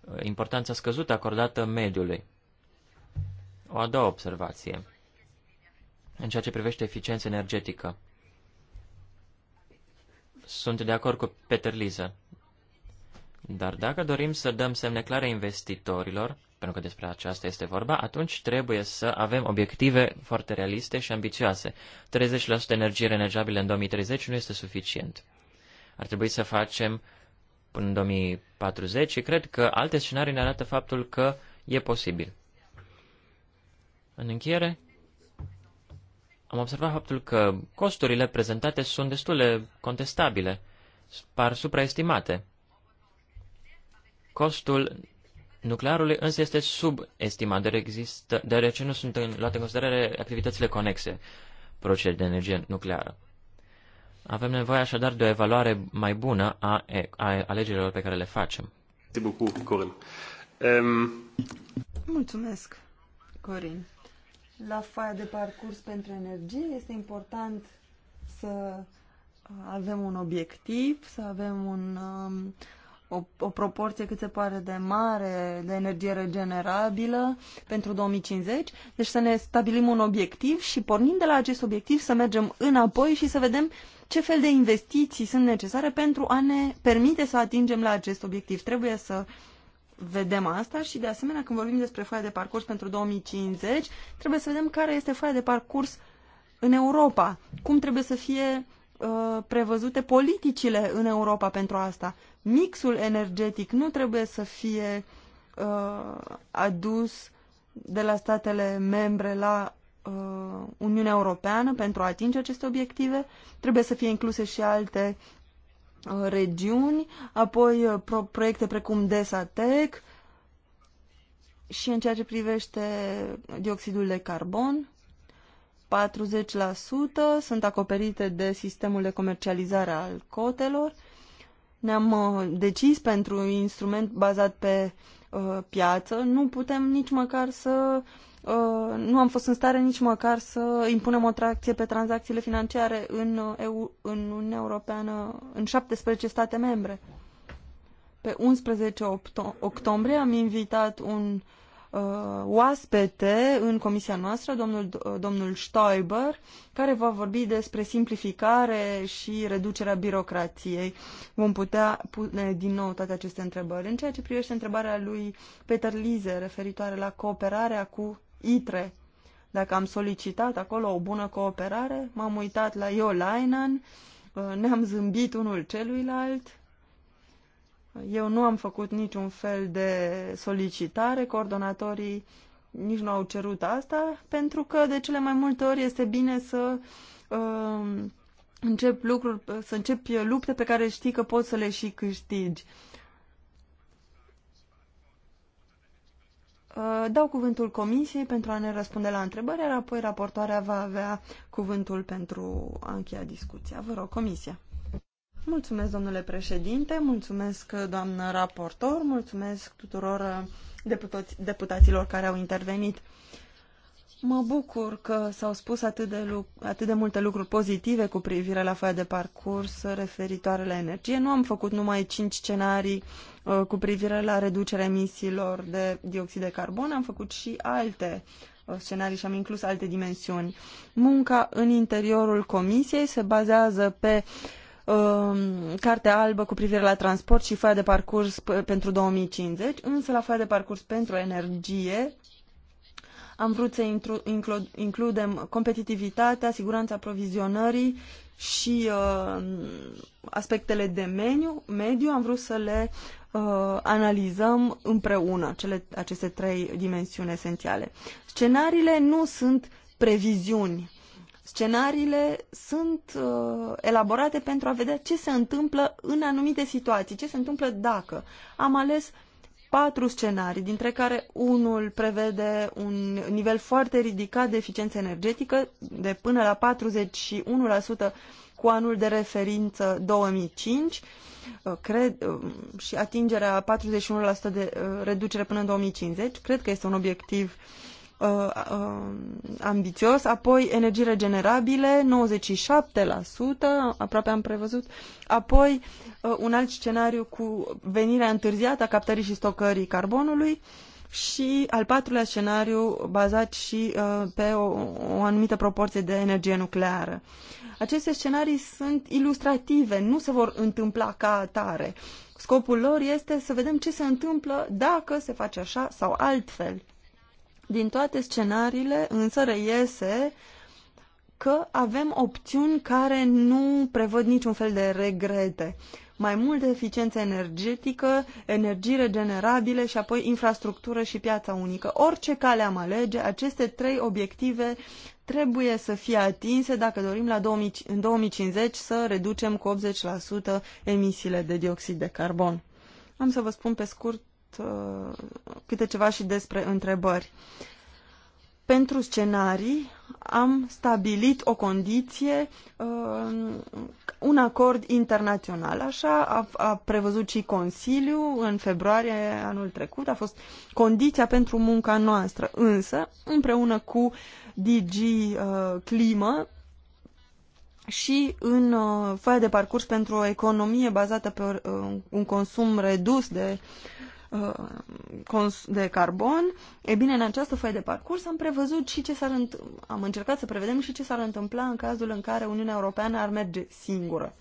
uh, importanța scăzută acordată mediului. O a doua observație în ceea ce privește eficiența energetică. Sunt de acord cu Peter Liza. Dar dacă dorim să dăm semne clare investitorilor, pentru că despre aceasta este vorba, atunci trebuie să avem obiective foarte realiste și ambițioase. 30% energie renegeabilă în 2030 nu este suficient. Ar trebui să facem până în 2040 și cred că alte scenarii ne arată faptul că e posibil. În încheiere, am observat faptul că costurile prezentate sunt destul de contestabile, par supraestimate. Costul nuclearului însă este subestimat, deoarece nu sunt luate în considerare activitățile conexe producerii de energie nucleară. Avem nevoie așadar de o evaluare mai bună a, a alegerilor pe care le facem. Mulțumesc, Corin. La foaia de parcurs pentru energie este important să avem un obiectiv, să avem un um, o, o proporție cât se pare de mare de energie regenerabilă pentru 2050. Deci să ne stabilim un obiectiv și pornind de la acest obiectiv să mergem înapoi și să vedem ce fel de investiții sunt necesare pentru a ne permite să atingem la acest obiectiv. Trebuie să vedem asta și de asemenea când vorbim despre foaia de parcurs pentru 2050, trebuie să vedem care este foaia de parcurs în Europa, cum trebuie să fie Uh, prevăzute politicile în Europa pentru asta. Mixul energetic nu trebuie să fie uh, adus de la statele membre la uh, Uniunea Europeană pentru a atinge aceste obiective. Trebuie să fie incluse și alte uh, regiuni, apoi uh, pro- proiecte precum DESATEC și în ceea ce privește dioxidul de carbon. 40% sunt acoperite de sistemul de comercializare al cotelor. Ne-am uh, decis pentru un instrument bazat pe uh, piață. Nu putem nici măcar să uh, nu am fost în stare nici măcar să impunem o tracție pe tranzacțiile financiare în, uh, EU, în Uniunea Europeană, în 17 state membre. Pe 11 octombrie am invitat un uh, uh, oaspete în comisia noastră, domnul, uh, domnul Stoiber, care va vorbi despre simplificare și reducerea birocrației. Vom putea pune din nou toate aceste întrebări. În ceea ce privește întrebarea lui Peter Lize referitoare la cooperarea cu ITRE, dacă am solicitat acolo o bună cooperare, m-am uitat la Iolainen, uh, ne-am zâmbit unul celuilalt, eu nu am făcut niciun fel de solicitare, coordonatorii nici nu au cerut asta, pentru că de cele mai multe ori este bine să uh, încep lucruri, să începi lupte pe care știi că poți să le și câștigi. Uh, dau cuvântul comisiei pentru a ne răspunde la întrebări, iar apoi raportoarea va avea cuvântul pentru a încheia discuția. Vă rog, comisia. Mulțumesc, domnule președinte, mulțumesc, doamnă raportor, mulțumesc tuturor uh, deputaților care au intervenit. Mă bucur că s-au spus atât de, atât de multe lucruri pozitive cu privire la foaia de parcurs referitoare la energie. Nu am făcut numai cinci scenarii uh, cu privire la reducerea emisiilor de dioxid de carbon, am făcut și alte uh, scenarii și am inclus alte dimensiuni. Munca în interiorul comisiei se bazează pe uh, Um, cartea albă cu privire la transport și foaia de parcurs pentru 2050, însă la foaia de parcurs pentru energie am vrut să intru, includ, includem competitivitatea, siguranța aprovizionării și uh, aspectele de meniu, mediu, am vrut să le uh, analizăm împreună, cele, aceste trei dimensiuni esențiale. Scenariile nu sunt previziuni, Scenariile sunt uh, elaborate pentru a vedea ce se întâmplă în anumite situații, ce se întâmplă dacă. Am ales patru scenarii, dintre care unul prevede un nivel foarte ridicat de eficiență energetică, de până la 41% cu anul de referință 2005 uh, cred, uh, și atingerea 41% de uh, reducere până în 2050. Cred că este un obiectiv uh, Uh, uh, ambițios, apoi energii regenerabile, 97%, aproape am prevăzut, apoi uh, un alt scenariu cu venirea întârziată a captării și stocării carbonului și al patrulea scenariu bazat și uh, pe o, o anumită proporție de energie nucleară. Aceste scenarii sunt ilustrative, nu se vor întâmpla ca atare. Scopul lor este să vedem ce se întâmplă dacă se face așa sau altfel. Din toate scenariile însă reiese că avem opțiuni care nu prevăd niciun fel de regrete. Mai multă eficiență energetică, energii regenerabile și apoi infrastructură și piața unică. Orice cale am alege, aceste trei obiective trebuie să fie atinse dacă dorim la 2000, în 2050 să reducem cu 80% emisiile de dioxid de carbon. Am să vă spun pe scurt Uh, câte ceva și despre întrebări. Pentru scenarii am stabilit o condiție, uh, un acord internațional. Așa a, a prevăzut și Consiliu în februarie anul trecut. A fost condiția pentru munca noastră. Însă, împreună cu DG uh, Climă, și în foaia de parcurs pentru o economie bazată pe un consum redus de Uh, de carbon, e bine, în această foaie de parcurs am prevăzut și ce s-ar am încercat să prevedem și ce s-ar întâmpla în cazul în care Uniunea Europeană ar merge singură.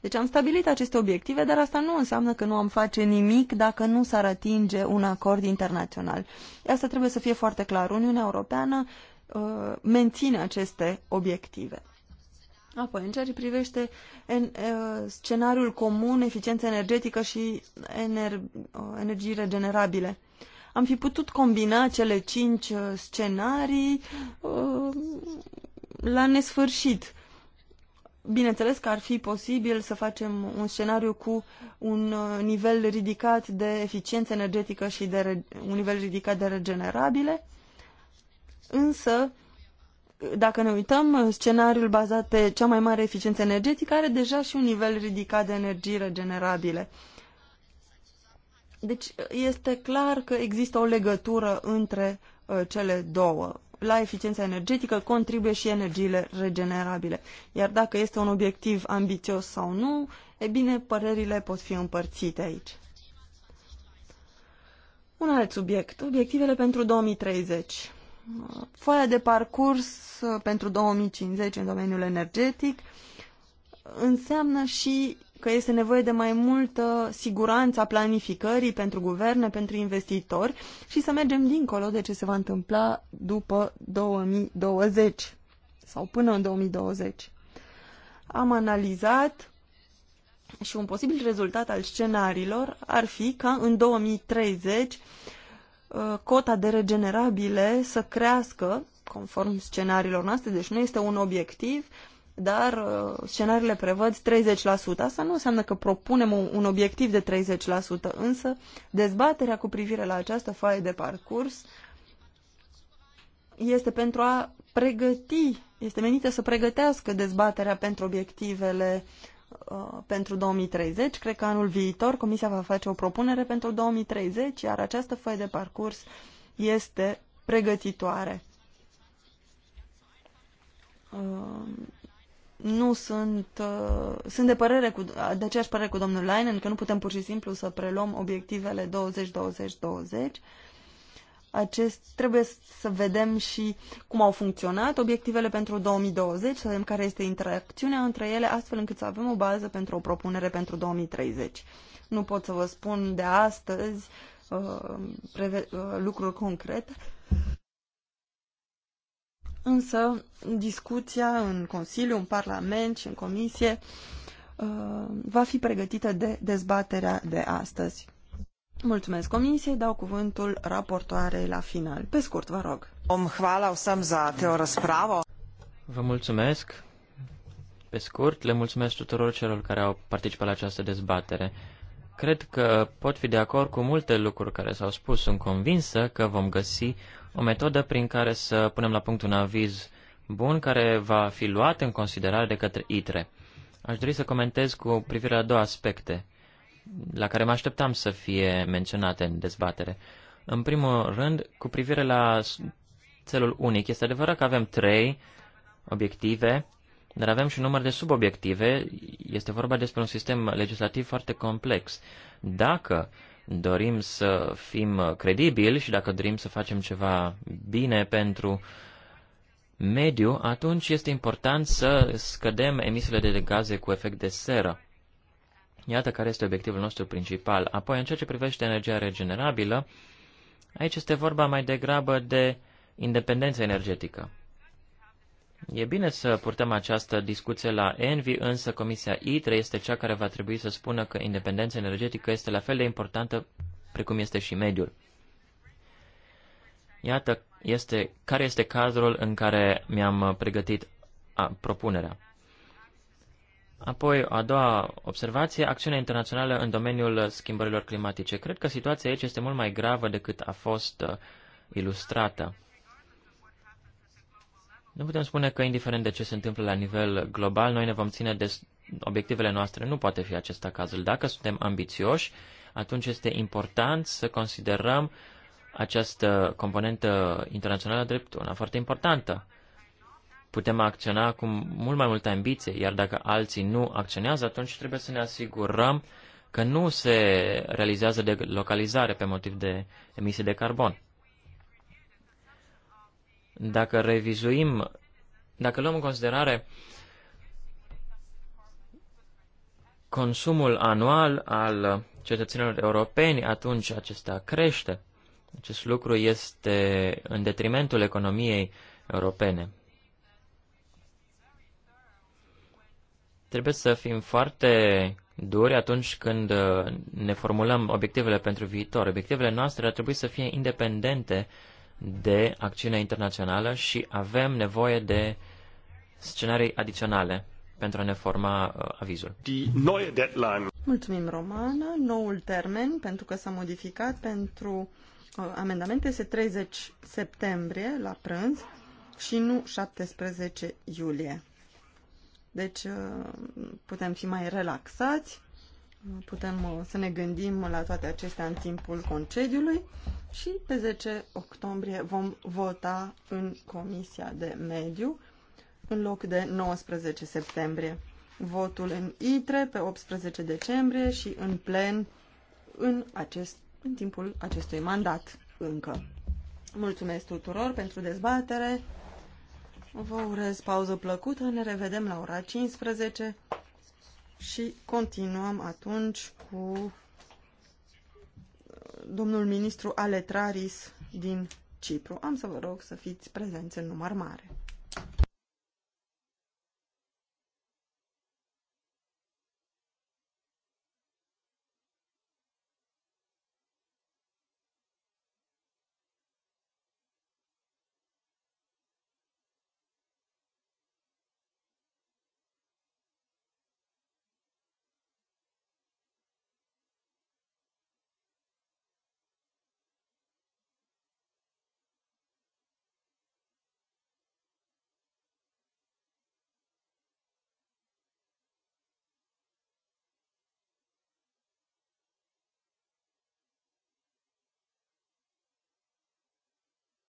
Deci am stabilit aceste obiective, dar asta nu înseamnă că nu am face nimic dacă nu s-ar atinge un acord internațional. Asta trebuie să fie foarte clar. Uniunea Europeană uh, menține aceste obiective. Apoi, în ceea ce privește en, scenariul comun, eficiență energetică și ener, energii regenerabile. Am fi putut combina cele cinci scenarii la nesfârșit. Bineînțeles că ar fi posibil să facem un scenariu cu un nivel ridicat de eficiență energetică și de un nivel ridicat de regenerabile, însă dacă ne uităm, scenariul bazat pe cea mai mare eficiență energetică are deja și un nivel ridicat de energii regenerabile. Deci este clar că există o legătură între uh, cele două. La eficiența energetică contribuie și energiile regenerabile. Iar dacă este un obiectiv ambițios sau nu, e bine, părerile pot fi împărțite aici. Un alt subiect, obiectivele pentru 2030 foaia de parcurs uh, pentru 2050 în domeniul energetic înseamnă și că este nevoie de mai multă siguranță a planificării pentru guverne, pentru investitori și să mergem dincolo de ce se va întâmpla după 2020 sau până în 2020. Am analizat și un posibil rezultat al scenariilor ar fi ca în 2030 Uh, cota de regenerabile să crească conform scenariilor noastre, deci nu este un obiectiv, dar uh, scenariile prevăd 30%. Asta nu înseamnă că propunem un obiectiv de 30%, însă dezbaterea cu privire la această foaie de parcurs este pentru a pregăti, este menită să pregătească dezbaterea pentru obiectivele Uh, pentru 2030. Cred că anul viitor Comisia va face o propunere pentru 2030, iar această foaie de parcurs este pregătitoare. Uh, nu sunt, uh, sunt de părere cu, de aceeași părere cu domnul Leinen că nu putem pur și simplu să preluăm obiectivele 20-20-20 acest, trebuie să vedem și cum au funcționat obiectivele pentru 2020, să vedem care este interacțiunea între ele, astfel încât să avem o bază pentru o propunere pentru 2030. Nu pot să vă spun de astăzi uh, preve- uh, lucruri concrete, însă discuția în Consiliu, în Parlament și în Comisie uh, va fi pregătită de dezbaterea de astăzi. Mulțumesc comisiei, dau cuvântul raportoarei la final. Pe scurt, vă rog. Om hvala za teo Vă mulțumesc. Pe scurt, le mulțumesc tuturor celor care au participat la această dezbatere. Cred că pot fi de acord cu multe lucruri care s-au spus. Sunt convinsă că vom găsi o metodă prin care să punem la punct un aviz bun care va fi luat în considerare de către ITRE. Aș dori să comentez cu privire la două aspecte la care mă așteptam să fie menționate în dezbatere. În primul rând, cu privire la țelul unic, este adevărat că avem trei obiective, dar avem și un număr de subobiective. Este vorba despre un sistem legislativ foarte complex. Dacă dorim să fim credibili și dacă dorim să facem ceva bine pentru mediu, atunci este important să scădem emisiile de gaze cu efect de seră. Iată care este obiectivul nostru principal. Apoi, în ceea ce privește energia regenerabilă, aici este vorba mai degrabă de independență energetică. E bine să purtăm această discuție la Envi, însă Comisia ITRE este cea care va trebui să spună că independența energetică este la fel de importantă precum este și mediul. Iată este, care este cadrul în care mi-am pregătit a, propunerea. Apoi, a doua observație, acțiunea internațională în domeniul schimbărilor climatice. Cred că situația aici este mult mai gravă decât a fost uh, ilustrată. Nu putem spune că, indiferent de ce se întâmplă la nivel global, noi ne vom ține de obiectivele noastre. Nu poate fi acesta cazul. Dacă suntem ambițioși, atunci este important să considerăm această componentă internațională drept una foarte importantă putem acționa cu mult mai multă ambiție, iar dacă alții nu acționează, atunci trebuie să ne asigurăm că nu se realizează de localizare pe motiv de emisii de carbon. Dacă revizuim, dacă luăm în considerare consumul anual al cetățenilor europeni, atunci acesta crește. Acest lucru este în detrimentul economiei europene. Trebuie să fim foarte duri atunci când uh, ne formulăm obiectivele pentru viitor. Obiectivele noastre ar trebui să fie independente de acțiunea internațională și avem nevoie de scenarii adiționale pentru a ne forma uh, avizul. Mulțumim, Romana. Noul termen, pentru că s-a modificat pentru uh, amendamente, este 30 septembrie la prânz și nu 17 iulie. Deci uh, putem fi mai relaxați, putem uh, să ne gândim la toate acestea în timpul concediului și pe 10 octombrie vom vota în Comisia de Mediu în loc de 19 septembrie. Votul în ITRE pe 18 decembrie și în plen în, acest, în timpul acestui mandat încă. Mulțumesc tuturor pentru dezbatere. Vă urez pauză plăcută, ne revedem la ora 15 și continuăm atunci cu uh, domnul ministru Aletraris din Cipru. Am să vă rog să fiți prezenți în număr mare.